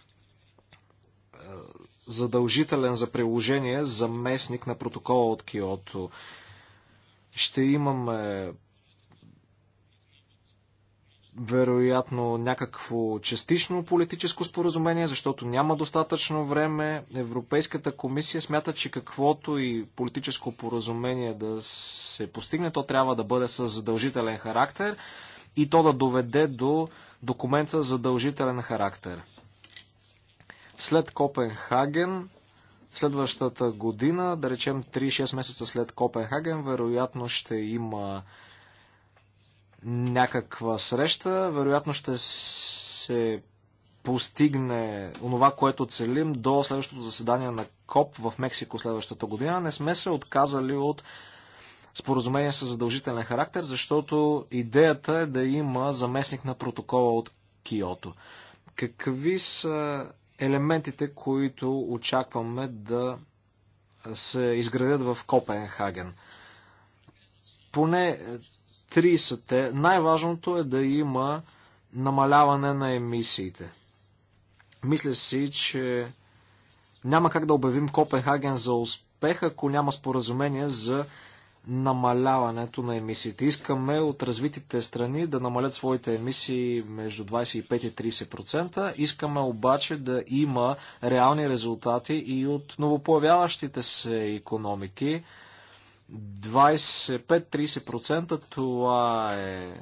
Speaker 2: задължителен за приложение заместник на протокола от Киото. Ще имаме вероятно някакво частично политическо споразумение, защото няма достатъчно време. Европейската комисия смята, че каквото и политическо поразумение да се постигне, то трябва да бъде с задължителен характер и то да доведе до документ с задължителен характер след Копенхаген, следващата година, да речем 3-6 месеца след Копенхаген, вероятно ще има някаква среща, вероятно ще се постигне онова, което целим до следващото заседание на КОП в Мексико следващата година. Не сме се отказали от споразумение с задължителен характер, защото идеята е да има заместник на протокола от Киото. Какви са елементите, които очакваме да се изградят в Копенхаген. Поне 30-те. Най-важното е да има намаляване на емисиите. Мисля си, че няма как да обявим Копенхаген за успех, ако няма споразумение за намаляването на емисиите. Искаме от развитите страни да намалят своите емисии между 25 и 30%. Искаме обаче да има реални резултати и от новопоявяващите се економики. 25-30% това е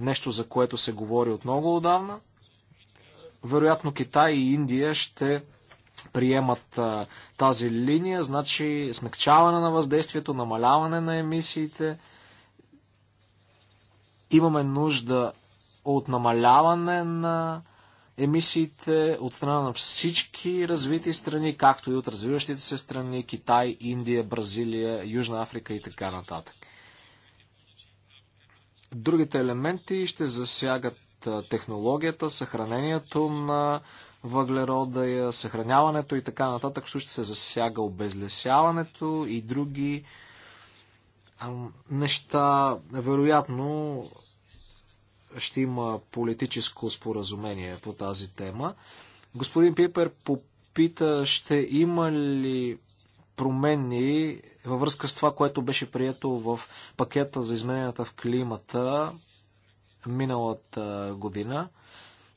Speaker 2: нещо, за което се говори от много отдавна. Вероятно Китай и Индия ще приемат а, тази линия, значи смягчаване на въздействието, намаляване на емисиите. Имаме нужда от намаляване на емисиите от страна на всички развити страни, както и от развиващите се страни Китай, Индия, Бразилия, Южна Африка и така нататък. Другите елементи ще засягат технологията, съхранението на въглерода, я, е съхраняването и така нататък, също се засяга обезлесяването и други неща. Вероятно ще има политическо споразумение по тази тема. Господин Пипер попита, ще има ли промени във връзка с това, което беше прието в пакета за измененията в климата миналата година.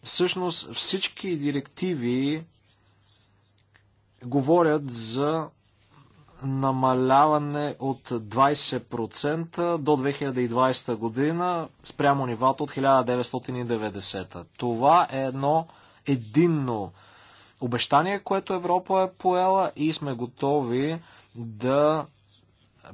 Speaker 2: Всъщност всички директиви говорят за намаляване от 20% до 2020 година спрямо нивата от 1990. Това е едно единно обещание, което Европа е поела и сме готови да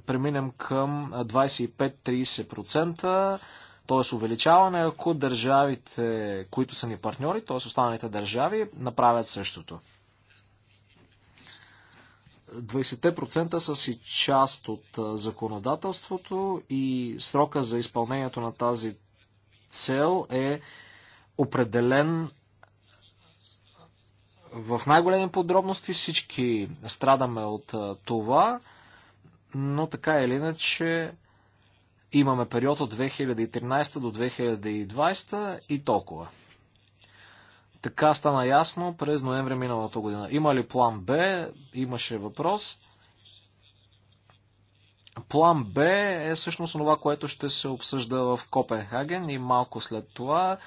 Speaker 2: преминем към 25-30%. Тоест увеличаване, ако държавите, които са ни партньори, т.е. останалите държави, направят същото. 20% са си част от законодателството и срока за изпълнението на тази цел е определен в най-големи подробности. Всички страдаме от това, но така или иначе Имаме период от 2013 до 2020 и толкова. Така стана ясно през ноември миналата година. Има ли план Б? Имаше въпрос. План Б е всъщност това, което ще се обсъжда в Копенхаген и малко след това,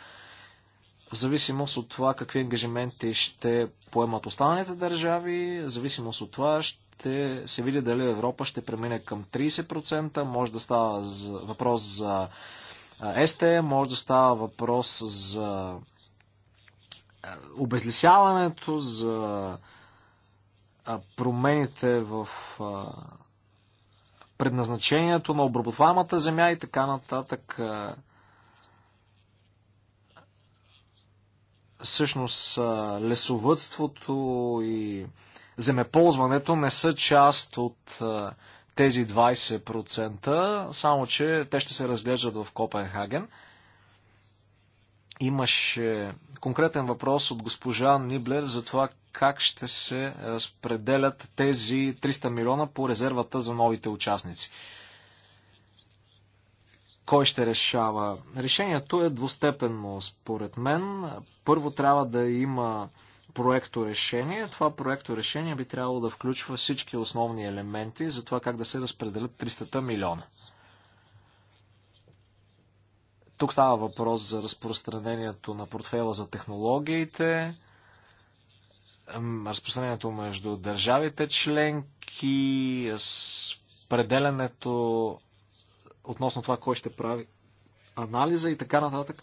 Speaker 2: в зависимост от това какви ангажименти ще поемат останалите държави, в зависимост от това ще ще се види дали Европа ще премине към 30%, може да става за, въпрос за СТ, може да става въпрос за обезлисяването, за промените в предназначението на обработваемата земя и така нататък. Всъщност лесовътството и земеползването не са част от тези 20%, само че те ще се разглеждат в Копенхаген. Имаше конкретен въпрос от госпожа Ниблер за това как ще се разпределят тези 300 милиона по резервата за новите участници кой ще решава. Решението е двустепенно, според мен. Първо трябва да има проекто решение. Това проекто решение би трябвало да включва всички основни елементи за това как да се разпределят 300 милиона. Тук става въпрос за разпространението на портфела за технологиите, разпространението между държавите членки, разпределянето относно това кой ще прави анализа и така нататък.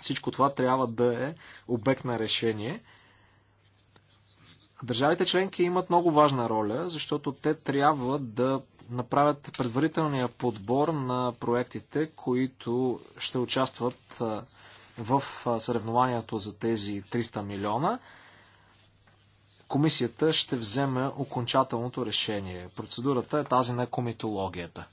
Speaker 2: Всичко това трябва да е обект на решение. Държавите членки имат много важна роля, защото те трябва да направят предварителния подбор на проектите, които ще участват в съревнованието за тези 300 милиона. Комисията ще вземе окончателното решение. Процедурата е тази на комитологията.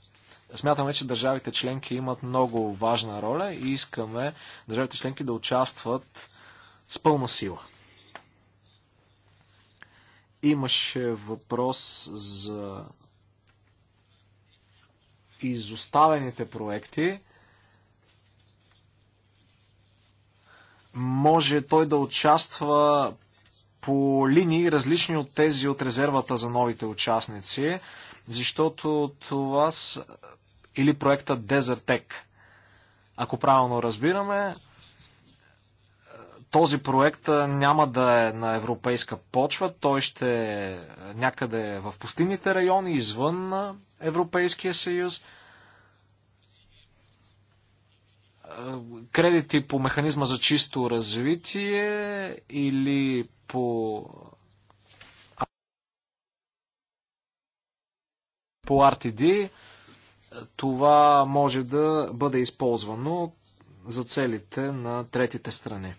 Speaker 2: Смятаме, че държавите членки имат много важна роля и искаме държавите членки да участват с пълна сила. Имаше въпрос за изоставените проекти. Може той да участва по линии различни от тези от резервата за новите участници, защото това са или проекта Desertec. Ако правилно разбираме, този проект няма да е на европейска почва, той ще е някъде в пустинните райони, извън Европейския съюз. Кредити по механизма за чисто развитие или по по RTD това може да бъде използвано за целите на третите страни.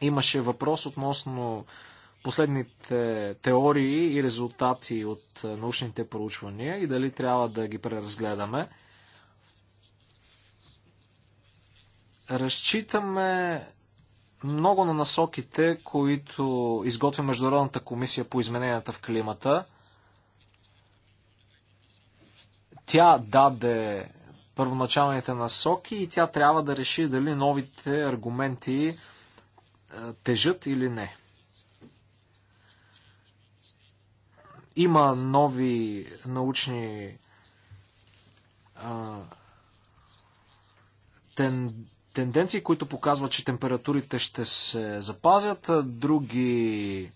Speaker 2: Имаше въпрос относно последните теории и резултати от е, научните проучвания и дали трябва да ги преразгледаме. Разчитаме много на насоките, които изготвя Международната комисия по измененията в климата – тя даде първоначалните насоки и тя трябва да реши дали новите аргументи е, тежат или не. Има нови научни а, тен, тенденции, които показват, че температурите ще се запазят, други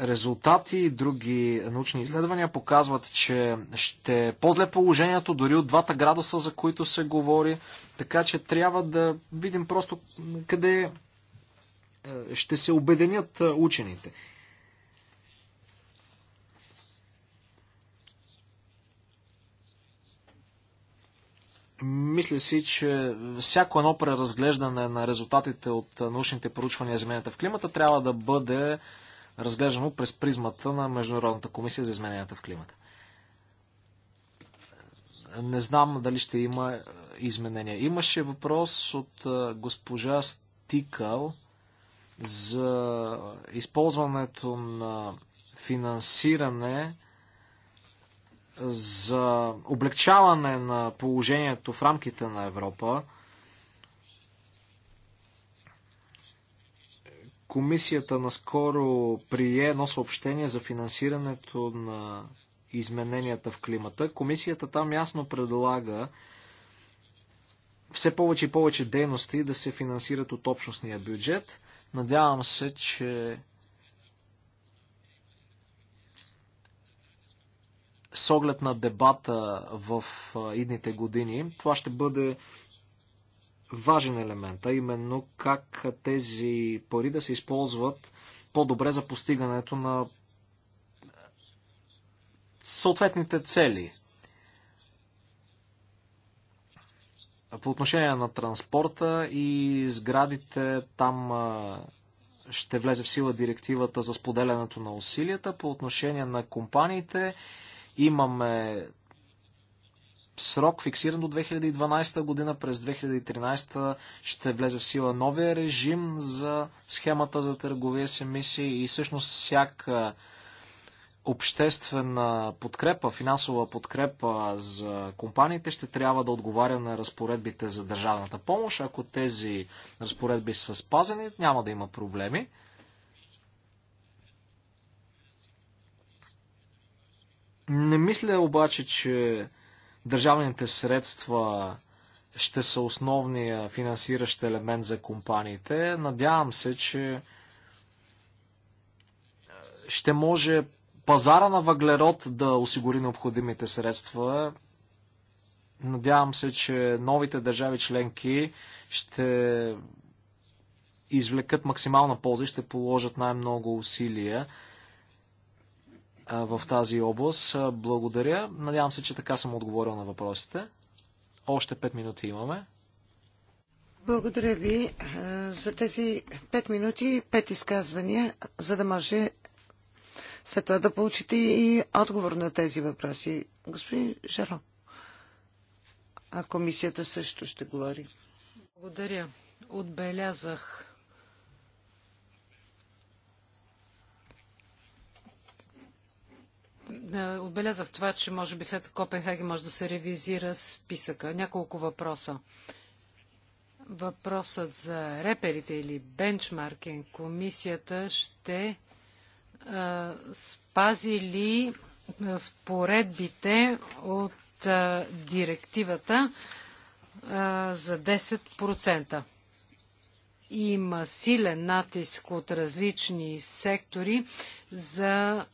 Speaker 2: резултати и други научни изследвания показват, че ще е по-зле положението дори от двата градуса, за които се говори. Така че трябва да видим просто къде е, ще се обеденят е, учените. Мисля си, че всяко едно преразглеждане на резултатите от научните проучвания за в климата трябва да бъде разглеждано през призмата на Международната комисия за измененията в климата. Не знам дали ще има е, изменения. Имаше въпрос от е, госпожа Стикал за използването на финансиране за облегчаване на положението в рамките на Европа. Комисията наскоро прие едно съобщение за финансирането на измененията в климата. Комисията там ясно предлага все повече и повече дейности да се финансират от общностния бюджет. Надявам се, че с оглед на дебата в идните години, това ще бъде важен елемент, а именно как тези пари да се използват по-добре за постигането на съответните цели. По отношение на транспорта и сградите, там ще влезе в сила директивата за споделянето на усилията. По отношение на компаниите, имаме срок фиксиран до 2012 година. През 2013 ще влезе в сила новия режим за схемата за търговия с емисии и всъщност всяка обществена подкрепа, финансова подкрепа за компаниите ще трябва да отговаря на разпоредбите за държавната помощ. Ако тези разпоредби са спазени, няма да има проблеми. Не мисля обаче, че Държавните средства ще са основния финансиращ елемент за компаниите. Надявам се, че ще може пазара на въглерод да осигури необходимите средства. Надявам се, че новите държави членки ще извлекат максимална полза и ще положат най-много усилия в тази област. Благодаря. Надявам се, че така съм отговорил на въпросите. Още 5 минути имаме.
Speaker 1: Благодаря ви за тези 5 минути, 5 изказвания, за да може след това да получите и отговор на тези въпроси. Господин Жаро, а комисията също ще говори.
Speaker 4: Благодаря. Отбелязах Е, отбелязах това, че може би след Копенхаген може да се ревизира списъка. Няколко въпроса. Въпросът за реперите или бенчмаркинг. Комисията ще а, е, спази ли е, споредбите от а, директивата а, за 10%? има силен натиск от различни сектори за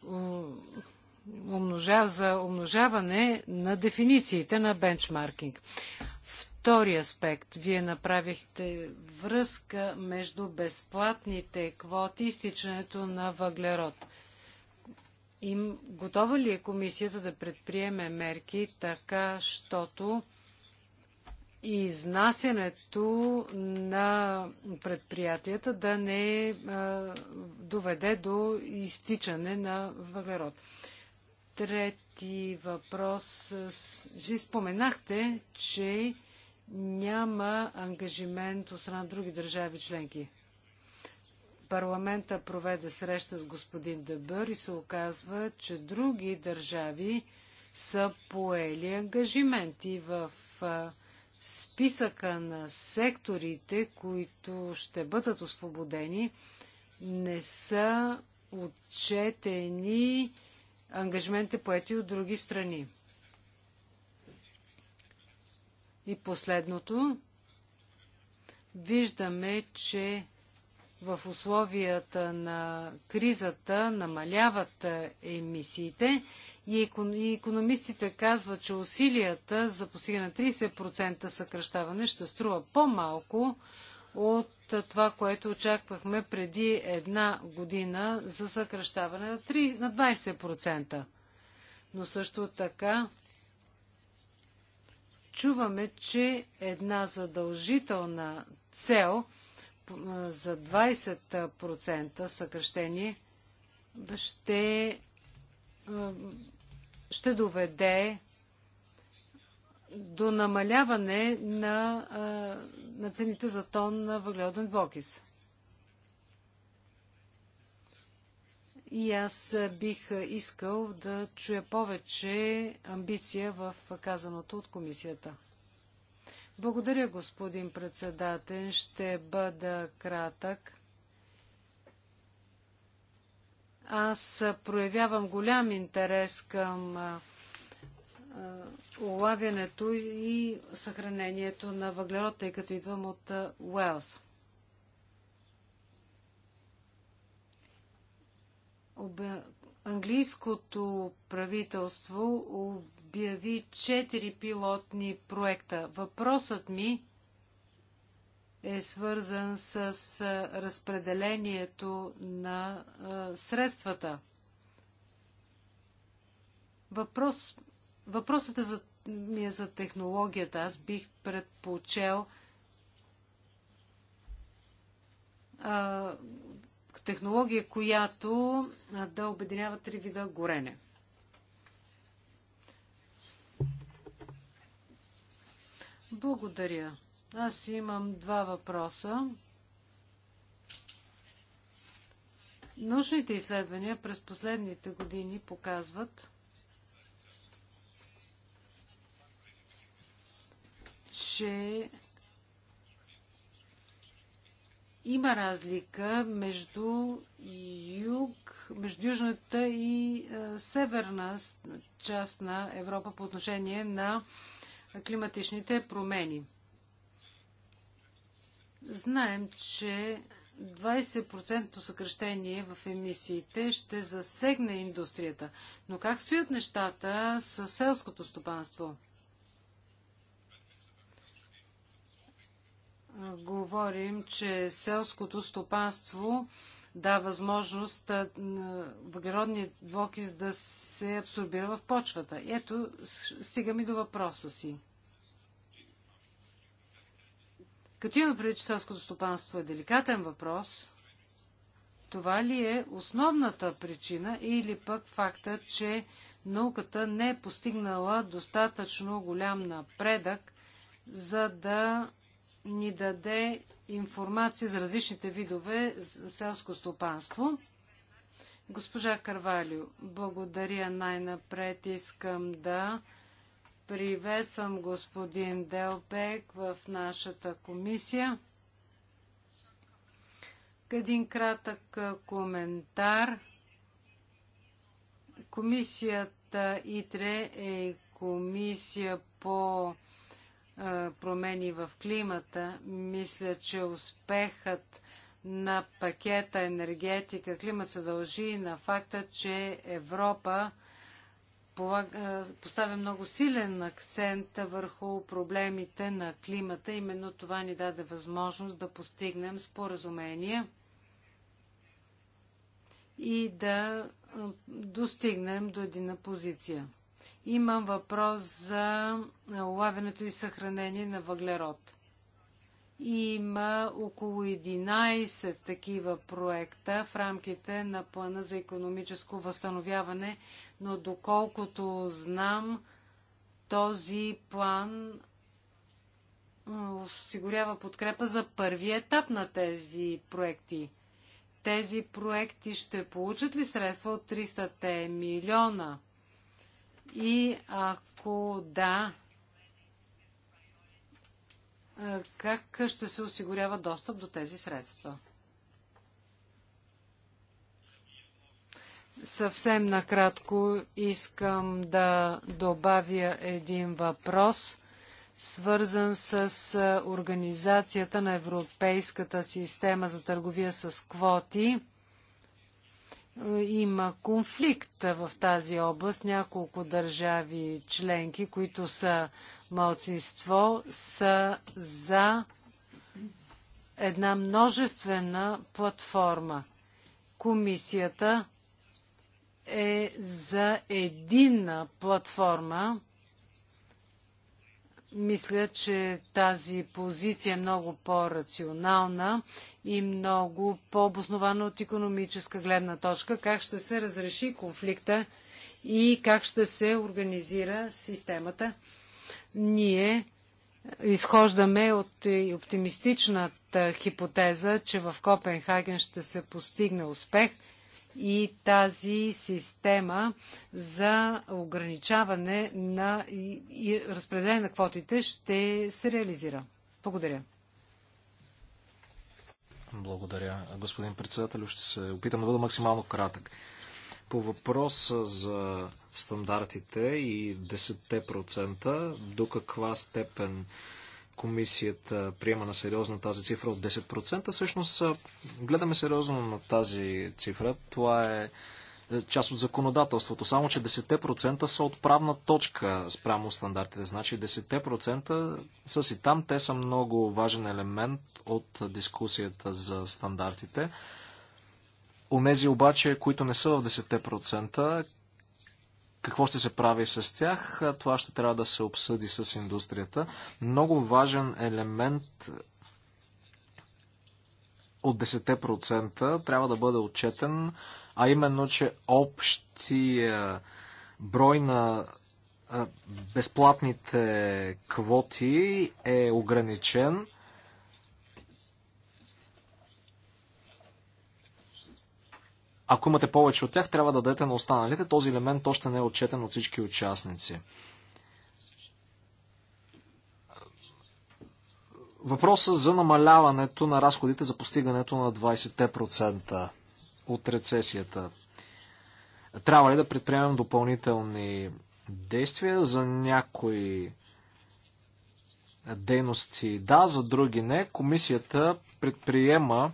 Speaker 4: за умножаване на дефинициите на бенчмаркинг. Втори аспект. Вие направихте връзка между безплатните квоти и изтичането на въглерод. Им, готова ли е комисията да предприеме мерки така, щото изнасянето на предприятията да не доведе до изтичане на въглерод? Трети въпрос. Жи споменахте, че няма ангажимент от страна на други държави членки. Парламента проведе среща с господин Дебър и се оказва, че други държави са поели ангажименти в списъка на секторите, които ще бъдат освободени, не са отчетени ангажменти поети от други страни. И последното, виждаме, че в условията на кризата намаляват е, емисиите и економистите казват, че усилията за постигане на 30% съкръщаване ще струва по-малко от това, което очаквахме преди една година за съкръщаване на, 3, на 20%. Но също така чуваме, че една задължителна цел за 20% съкръщение ще, ще доведе до намаляване на на цените за тон на въглероден двокис. И аз бих искал да чуя повече амбиция в казаното от комисията. Благодаря, господин председател. Ще бъда кратък. Аз проявявам голям интерес към е, улавянето и съхранението на въглерод, тъй като идвам от е, Уелс. Английското правителство обяви 4 пилотни проекта. Въпросът ми е свързан с е, разпределението на средствата. Въпрос Въпросът е за, ми е за технологията. Аз бих предпочел а, технология, която а, да обединява три вида горене. Благодаря. Аз имам два въпроса. Научните изследвания през последните години показват, че има разлика между юг, между южната и е, северна част на Европа по отношение на климатичните промени. Знаем, че 20% съкръщение в емисиите ще засегне индустрията. Но как стоят нещата с селското стопанство? говорим, че селското стопанство да възможност въглеродният двокис да се абсорбира в почвата. Ето, ми до въпроса си. Като имаме преди, че селското стопанство е деликатен въпрос, това ли е основната причина или пък факта, че науката не е постигнала достатъчно голям напредък, за да ни даде информация за различните видове селско стопанство. Госпожа Карвалио, благодаря най-напред. Искам да приветствам господин Делбек в нашата комисия. Един кратък коментар. Комисията ИТРЕ е комисия по промени в климата. Мисля, че успехът на пакета енергетика климат се дължи на факта, че Европа поставя много силен акцент върху проблемите на климата. Именно това ни даде възможност да постигнем споразумение и да достигнем до една позиция. Имам въпрос за улавянето и съхранение на въглерод. Има около 11 такива проекта в рамките на плана за економическо възстановяване, но доколкото знам, този план осигурява подкрепа за първи етап на тези проекти. Тези проекти ще получат ли средства от 300 милиона? И ако да, как ще се осигурява достъп до тези средства? Съвсем накратко искам да добавя един въпрос, свързан с организацията на Европейската система за търговия с квоти има конфликт в тази област. Няколко държави членки, които са малцинство, са за една множествена платформа. Комисията е за единна платформа мисля, че тази позиция е много по-рационална и много по-обоснована от економическа гледна точка. Как ще се разреши конфликта и как ще се организира системата. Ние изхождаме от оптимистичната хипотеза, че в Копенхаген ще се постигне успех – и тази система за ограничаване на и, разпределение на квотите ще се реализира. Благодаря.
Speaker 2: Благодаря, господин председател. Ще се опитам да бъда максимално кратък. По въпроса за стандартите и 10% до каква степен комисията приема на сериозно тази цифра от 10%. Всъщност гледаме сериозно на тази цифра. Това е, е част от законодателството. Само, че 10% са отправна точка спрямо стандартите. Значи 10% са си там. Те са много важен елемент от дискусията за стандартите. Онези обаче, които не са в 10%, какво ще се прави с тях, това ще трябва да се обсъди с индустрията. Много важен елемент от 10% трябва да бъде отчетен, а именно, че общия брой на безплатните квоти е ограничен. Ако имате повече от тях, трябва да дадете на останалите. Този елемент още не е отчетен от всички участници. Въпросът за намаляването на разходите за постигането на 20% от рецесията. Трябва ли да предприемем допълнителни действия за някои дейности? Да, за други не. Комисията предприема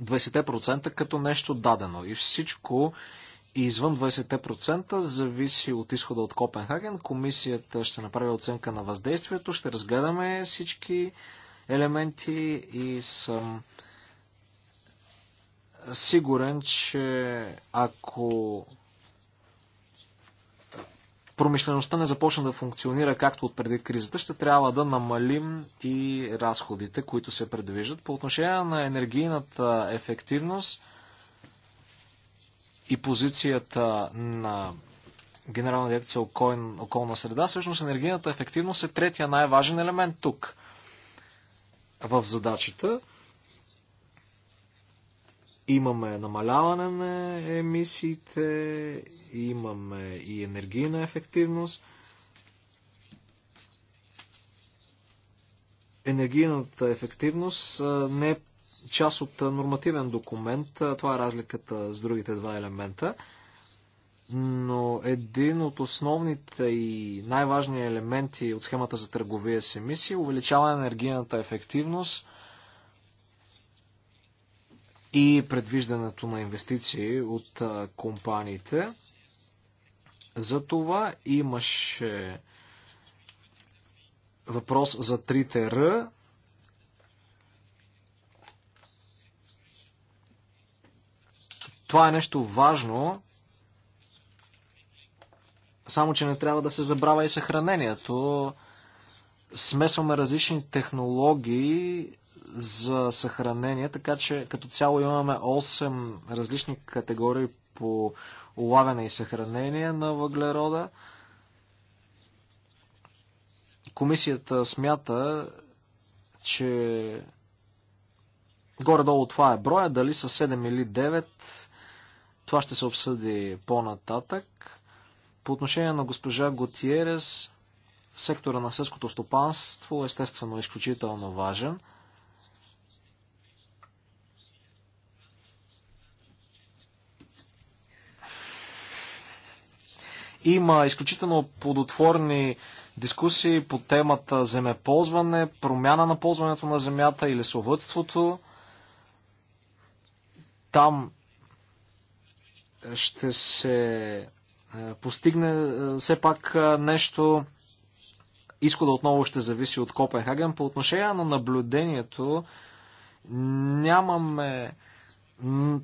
Speaker 2: 20% като нещо дадено. И всичко извън 20% зависи от изхода от Копенхаген. Комисията ще направи оценка на въздействието, ще разгледаме всички елементи и съм сигурен, че ако промишлеността не започне да функционира както от преди кризата, ще трябва да намалим и разходите, които се предвиждат. По отношение на енергийната ефективност и позицията на Генерална дирекция околна среда, всъщност енергийната ефективност е третия най-важен елемент тук в задачата. Имаме намаляване на емисиите, имаме и енергийна ефективност. Енергийната ефективност не е част от нормативен документ. Това е разликата с другите два елемента. Но един от основните и най-важни елементи от схемата за търговия с емисии е увеличаване на енергийната ефективност – и предвиждането на инвестиции от компаниите. За това имаше въпрос за 3 ТР. Това е нещо важно, само че не трябва да се забравя и съхранението. Смесваме различни технологии за съхранение, така че като цяло имаме 8 различни категории по улавяне и съхранение на въглерода. Комисията смята, че горе-долу това е броя, дали са 7 или 9, това ще се обсъди по-нататък. По отношение на госпожа Готиерес, сектора на сълското стопанство естествено е изключително важен – Има изключително плодотворни дискусии по темата земеползване, промяна на ползването на земята и лесовътството. Там е, ще се е, постигне е, все пак нещо. Изхода отново ще зависи от Копенхаген. По отношение на наблюдението, нямаме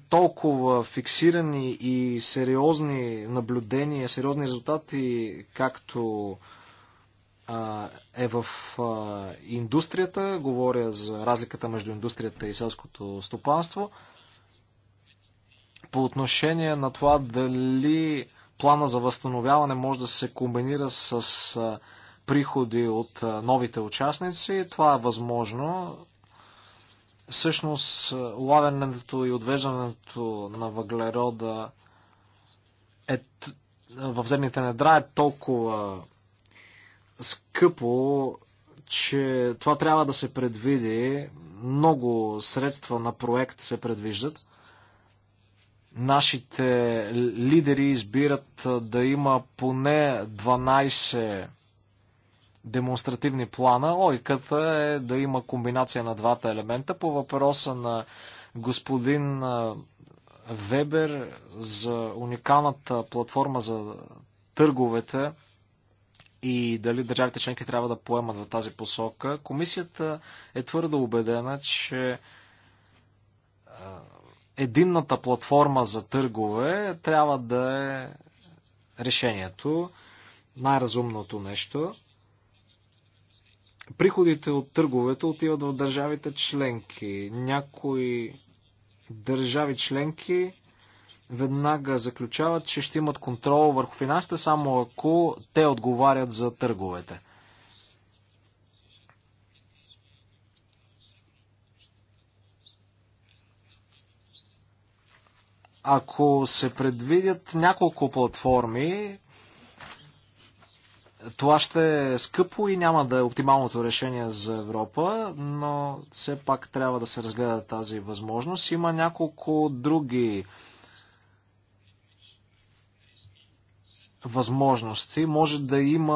Speaker 2: толкова фиксирани и сериозни наблюдения, сериозни резултати, както е в индустрията. Говоря за разликата между индустрията и селското стопанство. По отношение на това дали плана за възстановяване може да се комбинира с приходи от новите участници, това е възможно. Всъщност, лавянето и отвеждането на въглерода е, в земните недра е толкова скъпо, че това трябва да се предвиди. Много средства на проект се предвиждат. Нашите лидери избират да има поне 12 демонстративни плана. Логиката е да има комбинация на двата елемента. По въпроса на господин Вебер за уникалната платформа за търговете и дали държавите членки трябва да поемат в тази посока, комисията е твърдо убедена, че единната платформа за търгове трябва да е решението, най-разумното нещо приходите от търговете отиват в държавите членки. Някои държави членки веднага заключават, че ще имат контрол върху финансите, само ако те отговарят за търговете. Ако се предвидят няколко платформи, това ще е скъпо и няма да е оптималното решение за Европа, но все пак трябва да се разгледа тази възможност. Има няколко други възможности. Може да има